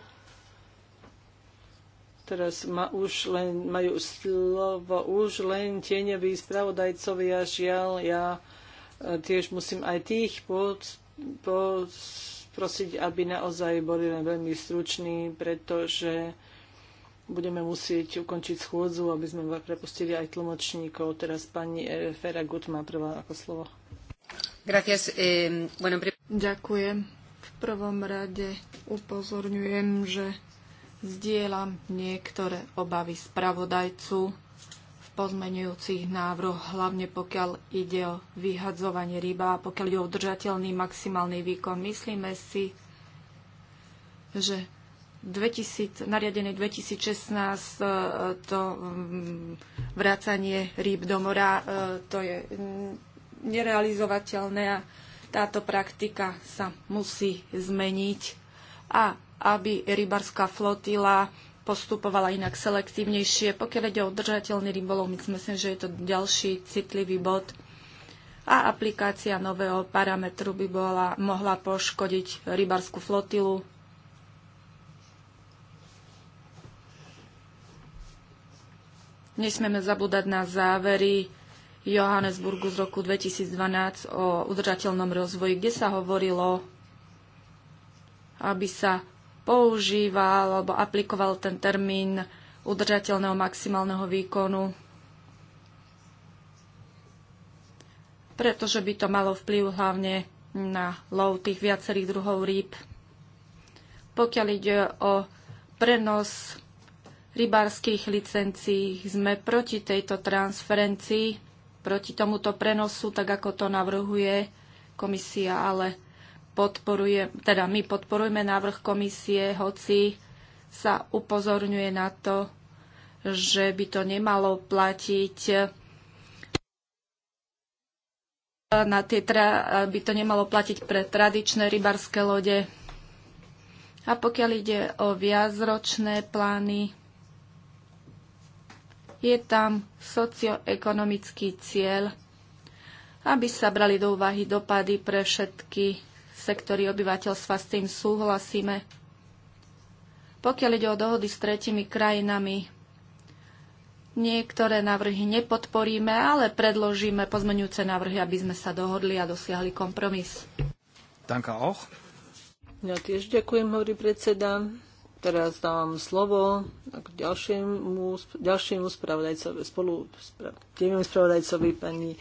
Teraz ma už len, majú slovo už len tieňoví spravodajcovia. Žiaľ, ja e, tiež musím aj tých pod, pod, prosiť, aby naozaj boli len veľmi struční, pretože budeme musieť ukončiť schôdzu, aby sme prepustili aj tlmočníkov. Teraz pani e, Fera Gut má prvá ako slovo. Gracias, eh, bueno, pri... Ďakujem. V prvom rade upozorňujem, že Zdieľam niektoré obavy spravodajcu v pozmenujúcich návroch, hlavne pokiaľ ide o vyhadzovanie ryba a pokiaľ je o udržateľný maximálny výkon. Myslíme si, že 2000, nariadenie 2016 to mm, vrácanie rýb do mora e, to je nerealizovateľné a táto praktika sa musí zmeniť a aby rybárska flotila postupovala inak selektívnejšie. Pokiaľ ide o udržateľný rybolov, my myslím, že je to ďalší citlivý bod a aplikácia nového parametru by bola, mohla poškodiť rybárskú flotilu. Nesmieme zabúdať na závery Johannesburgu z roku 2012 o udržateľnom rozvoji, kde sa hovorilo, aby sa používal alebo aplikoval ten termín udržateľného maximálneho výkonu, pretože by to malo vplyv hlavne na lov tých viacerých druhov rýb. Pokiaľ ide o prenos rybárskych licencií, sme proti tejto transferencii, proti tomuto prenosu, tak ako to navrhuje komisia, ale podporuje, teda my podporujeme návrh komisie, hoci sa upozorňuje na to, že by to nemalo platiť na tie tra- by to nemalo platiť pre tradičné rybarské lode. A pokiaľ ide o viacročné plány, je tam socioekonomický cieľ, aby sa brali do úvahy dopady pre všetky sektory obyvateľstva, s tým súhlasíme. Pokiaľ ide o dohody s tretimi krajinami, niektoré návrhy nepodporíme, ale predložíme pozmenujúce návrhy, aby sme sa dohodli a dosiahli kompromis. Ja tiež ďakujem, hovorí predseda. Teraz dávam slovo k ďalšiemu, ďalšiemu spravodajcovi, spolu spravodajcovi pani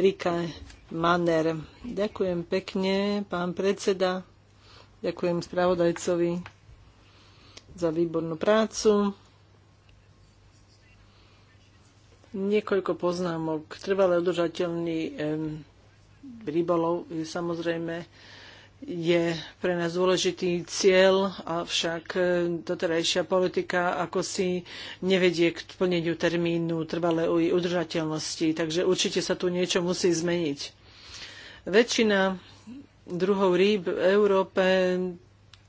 Rika Manner. Ďakujem pekne, pán predseda. Ďakujem spravodajcovi za výbornú prácu. Niekoľko poznámok. Trvalé udržateľný rybolov je samozrejme je pre nás dôležitý cieľ, avšak e, doterajšia politika ako si nevedie k plneniu termínu trvalej udržateľnosti, takže určite sa tu niečo musí zmeniť. Väčšina druhov rýb v Európe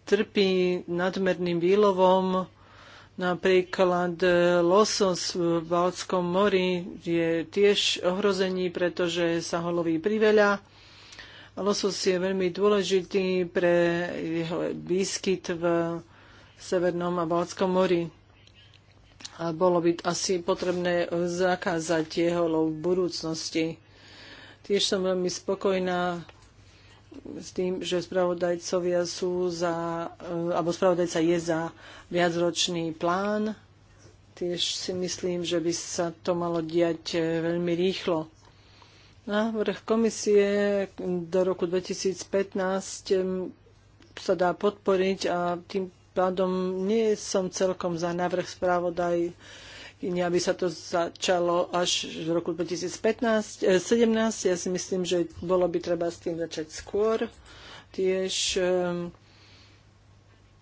trpí nadmerným výlovom, Napríklad e, losos v Balckom mori je tiež ohrození, pretože sa ho loví priveľa Losos je veľmi dôležitý pre jeho výskyt v Severnom a Balckom mori. A bolo by asi potrebné zakázať jeho lov v budúcnosti. Tiež som veľmi spokojná s tým, že spravodajcovia sú za, e, alebo spravodajca je za viacročný plán. Tiež si myslím, že by sa to malo diať e, veľmi rýchlo. Návrh komisie do roku 2015 sa dá podporiť a tým pádom nie som celkom za návrh správodaj aby sa to začalo až v roku 2015, eh, Ja si myslím, že bolo by treba s tým začať skôr. Tiež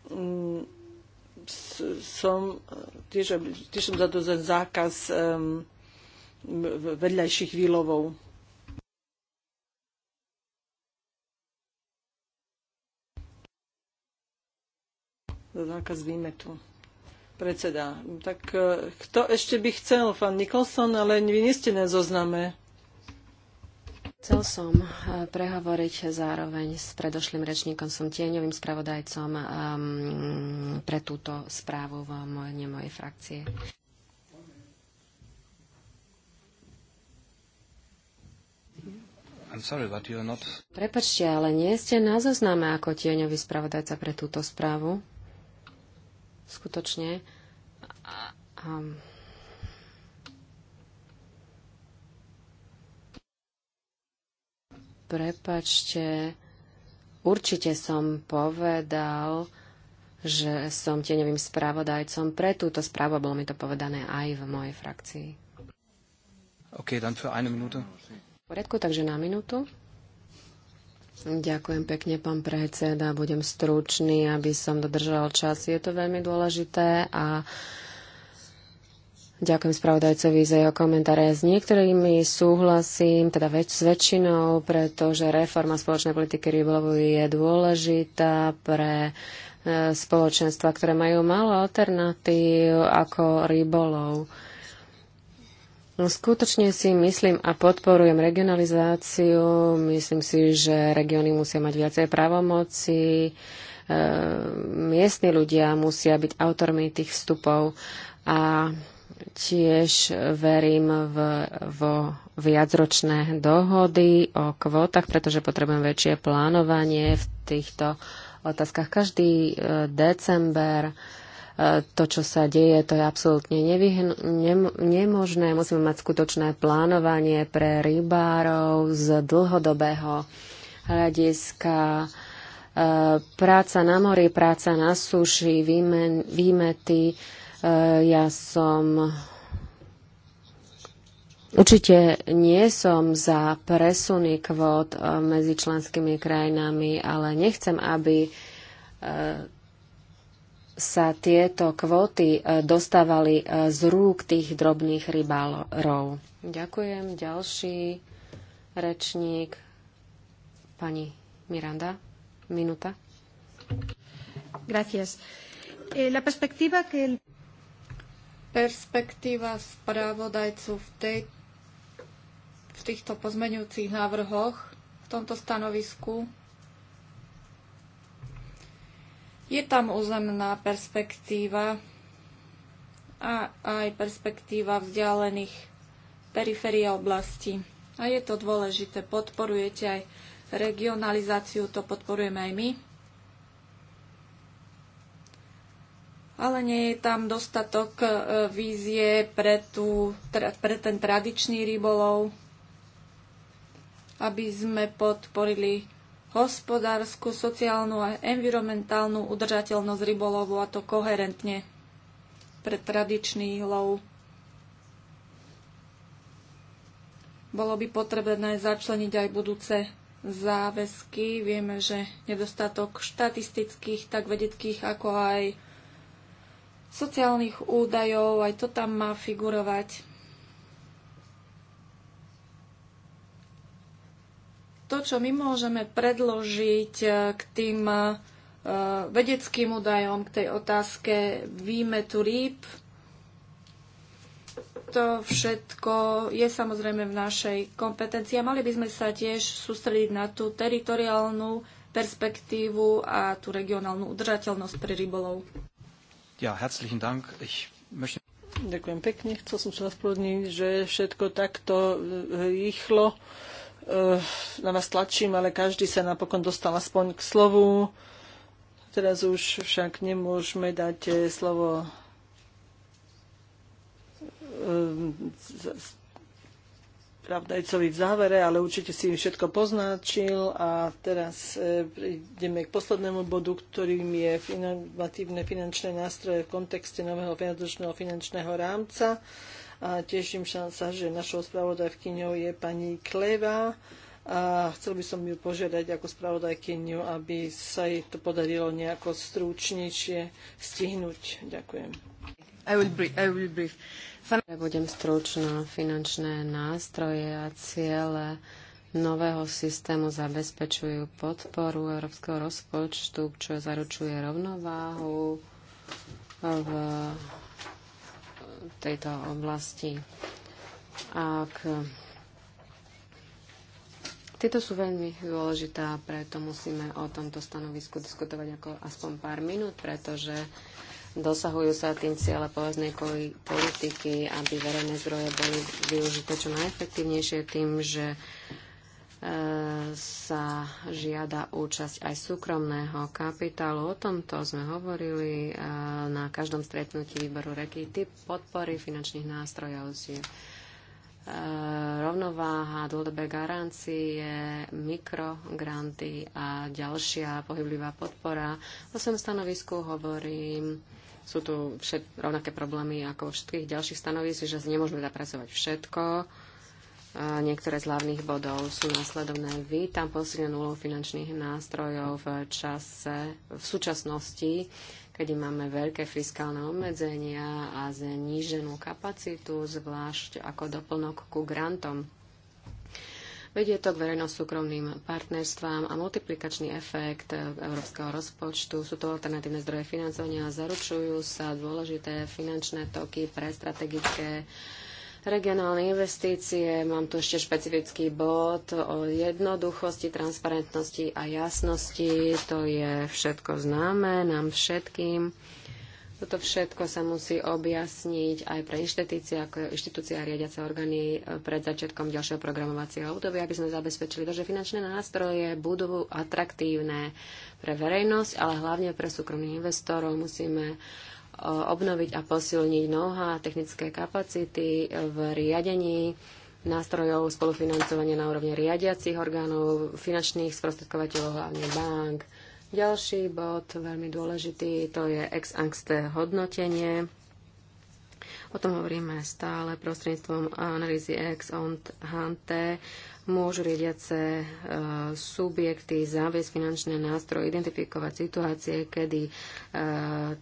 mm, som, tiež, tiež som za to za zákaz um, vedľajších výlovov. zákaz výmetu. Predseda, tak e, kto ešte by chcel? Pán Nikolson, ale vy nie ste na zozname. Chcel som e, prehovoriť zároveň s predošlým rečníkom, som tieňovým spravodajcom um, pre túto správu v moje, mojej frakcie. Prepačte, ale nie ste na zozname ako tieňový spravodajca pre túto správu skutočne a, a, um, prepačte, určite som povedal, že som tieňovým spravodajcom pre túto správu bolo mi to povedané aj v mojej frakcii. OK, dann für eine Minute. V poriadku, takže na minútu. Ďakujem pekne, pán predseda. Budem stručný, aby som dodržal čas. Je to veľmi dôležité a ďakujem spravodajcovi za jeho komentáre. S niektorými súhlasím, teda väč- s väčšinou, pretože reforma spoločnej politiky rybolovu je dôležitá pre e, spoločenstva, ktoré majú málo alternatív ako rybolov No, skutočne si myslím a podporujem regionalizáciu. Myslím si, že regióny musia mať viacej právomoci. E, miestni ľudia musia byť autormi tých vstupov a tiež verím v, vo viacročné dohody o kvótach, pretože potrebujem väčšie plánovanie v týchto otázkach. Každý eh, december to, čo sa deje, to je absolútne nevyhn- ne- nemožné. Musíme mať skutočné plánovanie pre rybárov z dlhodobého hľadiska. E, práca na mori, práca na suši, výmen, výmety. E, ja som Určite nie som za presuny kvót e, medzi členskými krajinami, ale nechcem, aby sa tieto kvóty e, dostávali e, z rúk tých drobných rybárov. Ďakujem. Ďalší rečník, pani Miranda. Minúta. Gracias. Eh, la perspectiva que... Perspektíva spravodajcu v, tej, v týchto pozmeňujúcich návrhoch v tomto stanovisku je tam územná perspektíva a aj perspektíva vzdialených periférií oblasti. A je to dôležité. Podporujete aj regionalizáciu, to podporujeme aj my. ale nie je tam dostatok e, vízie pre, tú, pre ten tradičný rybolov, aby sme podporili hospodárskú, sociálnu a environmentálnu udržateľnosť rybolovu a to koherentne pre tradičný lov. Bolo by potrebné začleniť aj budúce záväzky. Vieme, že nedostatok štatistických, tak vedeckých, ako aj sociálnych údajov, aj to tam má figurovať. to, čo my môžeme predložiť eh, k tým eh, vedeckým údajom, k tej otázke výmetu rýb, to všetko je samozrejme v našej kompetencii a mali by sme sa tiež sústrediť na tú teritoriálnu perspektívu a tú regionálnu udržateľnosť pri rybolov. Ja, herzlichen Dank. Ich möchte... Ďakujem pekne. Chcel som sa spôrniť, že všetko takto eh, rýchlo Eh, na vás tlačím, ale každý sa napokon dostal aspoň k slovu. Teraz už však nemôžeme dať eh, slovo eh, pravdajcovi v závere, ale určite si všetko poznačil a teraz ideme k poslednému bodu, ktorým je inovatívne finančné nástroje v kontexte nového finančného finančného rámca a teším sa, že našou spravodajkyňou je pani Kleva a chcel by som ju požiadať ako spravodajkyňu, aby sa jej to podarilo nejako stručnejšie stihnúť. Ďakujem. I will brief, I will brief. Budem stručná. Finančné nástroje a ciele nového systému zabezpečujú podporu európskeho rozpočtu, čo zaručuje rovnováhu v tejto oblasti. Ak tieto sú veľmi dôležité a preto musíme o tomto stanovisku diskutovať ako aspoň pár minút, pretože dosahujú sa tým ciele povedznej politiky, aby verejné zdroje boli využité čo najefektívnejšie tým, že E, sa žiada účasť aj súkromného kapitálu. O tomto sme hovorili e, na každom stretnutí výboru reky. Typ podpory finančných nástrojov je rovnováha, dlhodobé garancie, mikrogranty a ďalšia pohyblivá podpora. O svojom stanovisku hovorím, sú tu všet, rovnaké problémy ako všetkých ďalších stanovisk, že nemôžeme zapracovať všetko Niektoré z hlavných bodov sú následovné. Vítam posilnenú úlohu finančných nástrojov v čase, v súčasnosti, kedy máme veľké fiskálne obmedzenia a zníženú kapacitu, zvlášť ako doplnok ku grantom. Vedie to k verejno-súkromným partnerstvám a multiplikačný efekt európskeho rozpočtu. Sú to alternatívne zdroje financovania a zaručujú sa dôležité finančné toky pre strategické uh, regionálne investície. Mám tu ešte špecifický bod o jednoduchosti, transparentnosti a jasnosti. To je všetko známe nám všetkým. Toto všetko sa musí objasniť aj pre inštitúcie, ako inštitúcia a riadiace orgány e, pred začiatkom ďalšieho programovacieho obdobia, aby sme zabezpečili to, že finančné nástroje budú atraktívne pre verejnosť, ale hlavne pre súkromných investorov. Musíme obnoviť a posilniť noha technické kapacity v riadení nástrojov spolufinancovania na úrovni riadiacich orgánov, finančných sprostredkovateľov, hlavne bank. Ďalší bod, veľmi dôležitý, to je ex angste hodnotenie. O tom hovoríme stále prostredníctvom analýzy ex ante môžu riadiace e, subjekty zaviesť finančné nástroje, identifikovať situácie, kedy e,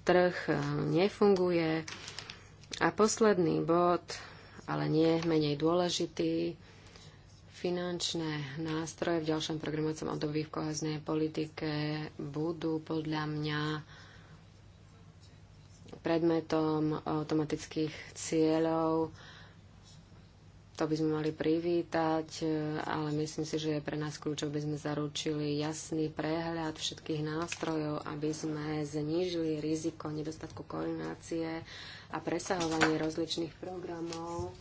trh e, nefunguje. A posledný bod, ale nie menej dôležitý, finančné nástroje v ďalšom programovacom období v koheznej politike budú podľa mňa predmetom automatických cieľov to by sme mali privítať, e, ale myslím si, že je pre nás kľúčov, aby sme zaručili jasný prehľad všetkých nástrojov, aby sme znížili riziko nedostatku koordinácie a presahovanie rozličných programov.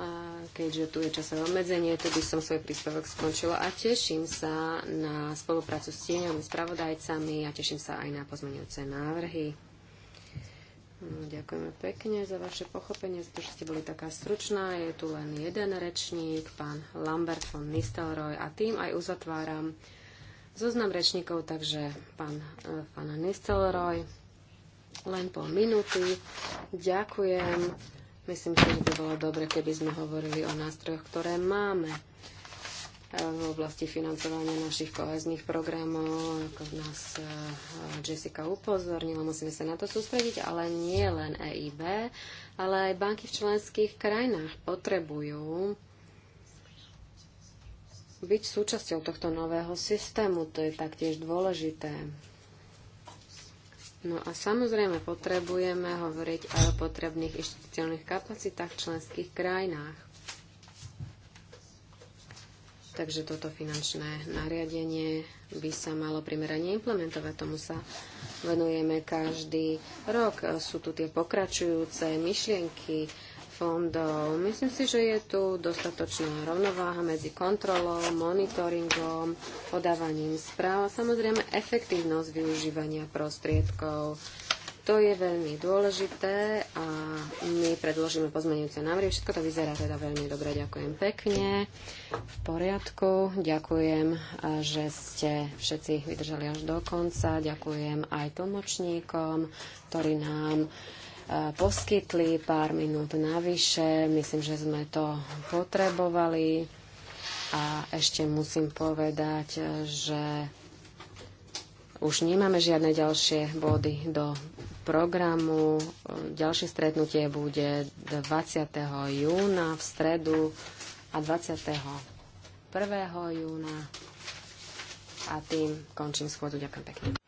A keďže tu je časové obmedzenie, tu by som svoj príspevok skončila a teším sa na spoluprácu s tieňami, spravodajcami a teším sa aj na pozmenujúce návrhy. Hm, ďakujeme pekne za vaše pochopenie, za to, že ste boli taká stručná. Je tu len jeden rečník, pán Lambert von Nistelrooy a tým aj uzatváram zoznam rečníkov, takže pán, eh, pán Nistelrooy, len pol minúty. Ďakujem. Myslím si, že by bolo dobre, keby sme hovorili o nástrojoch, ktoré máme v oblasti financovania našich kohezných programov, ako nás eh, Jessica upozornila, musíme sa na to sústrediť, ale nie len EIB, ale aj banky v členských krajinách potrebujú byť súčasťou tohto nového systému. To je taktiež dôležité. No a samozrejme potrebujeme hovoriť aj o potrebných inštitucionálnych kapacitách v členských krajinách. Takže toto finančné nariadenie by sa malo primerane implementovať. Tomu sa venujeme každý rok. Sú tu tie pokračujúce myšlienky fondov. Myslím si, že je tu dostatočná rovnováha medzi kontrolou, monitoringom, podávaním správ a samozrejme efektívnosť využívania prostriedkov to je veľmi dôležité a my predložíme pozmeňujúce návrhy. Všetko to vyzerá teda veľmi dobre. Ďakujem pekne. V poriadku. Ďakujem, že ste všetci vydržali až do konca. Ďakujem aj tlmočníkom, ktorí nám poskytli pár minút navyše. Myslím, že sme to potrebovali. A ešte musím povedať, že už nemáme žiadne ďalšie body do programu. Ďalšie stretnutie bude 20. júna v stredu a 21. júna. A tým končím schôdzu. Ďakujem pekne.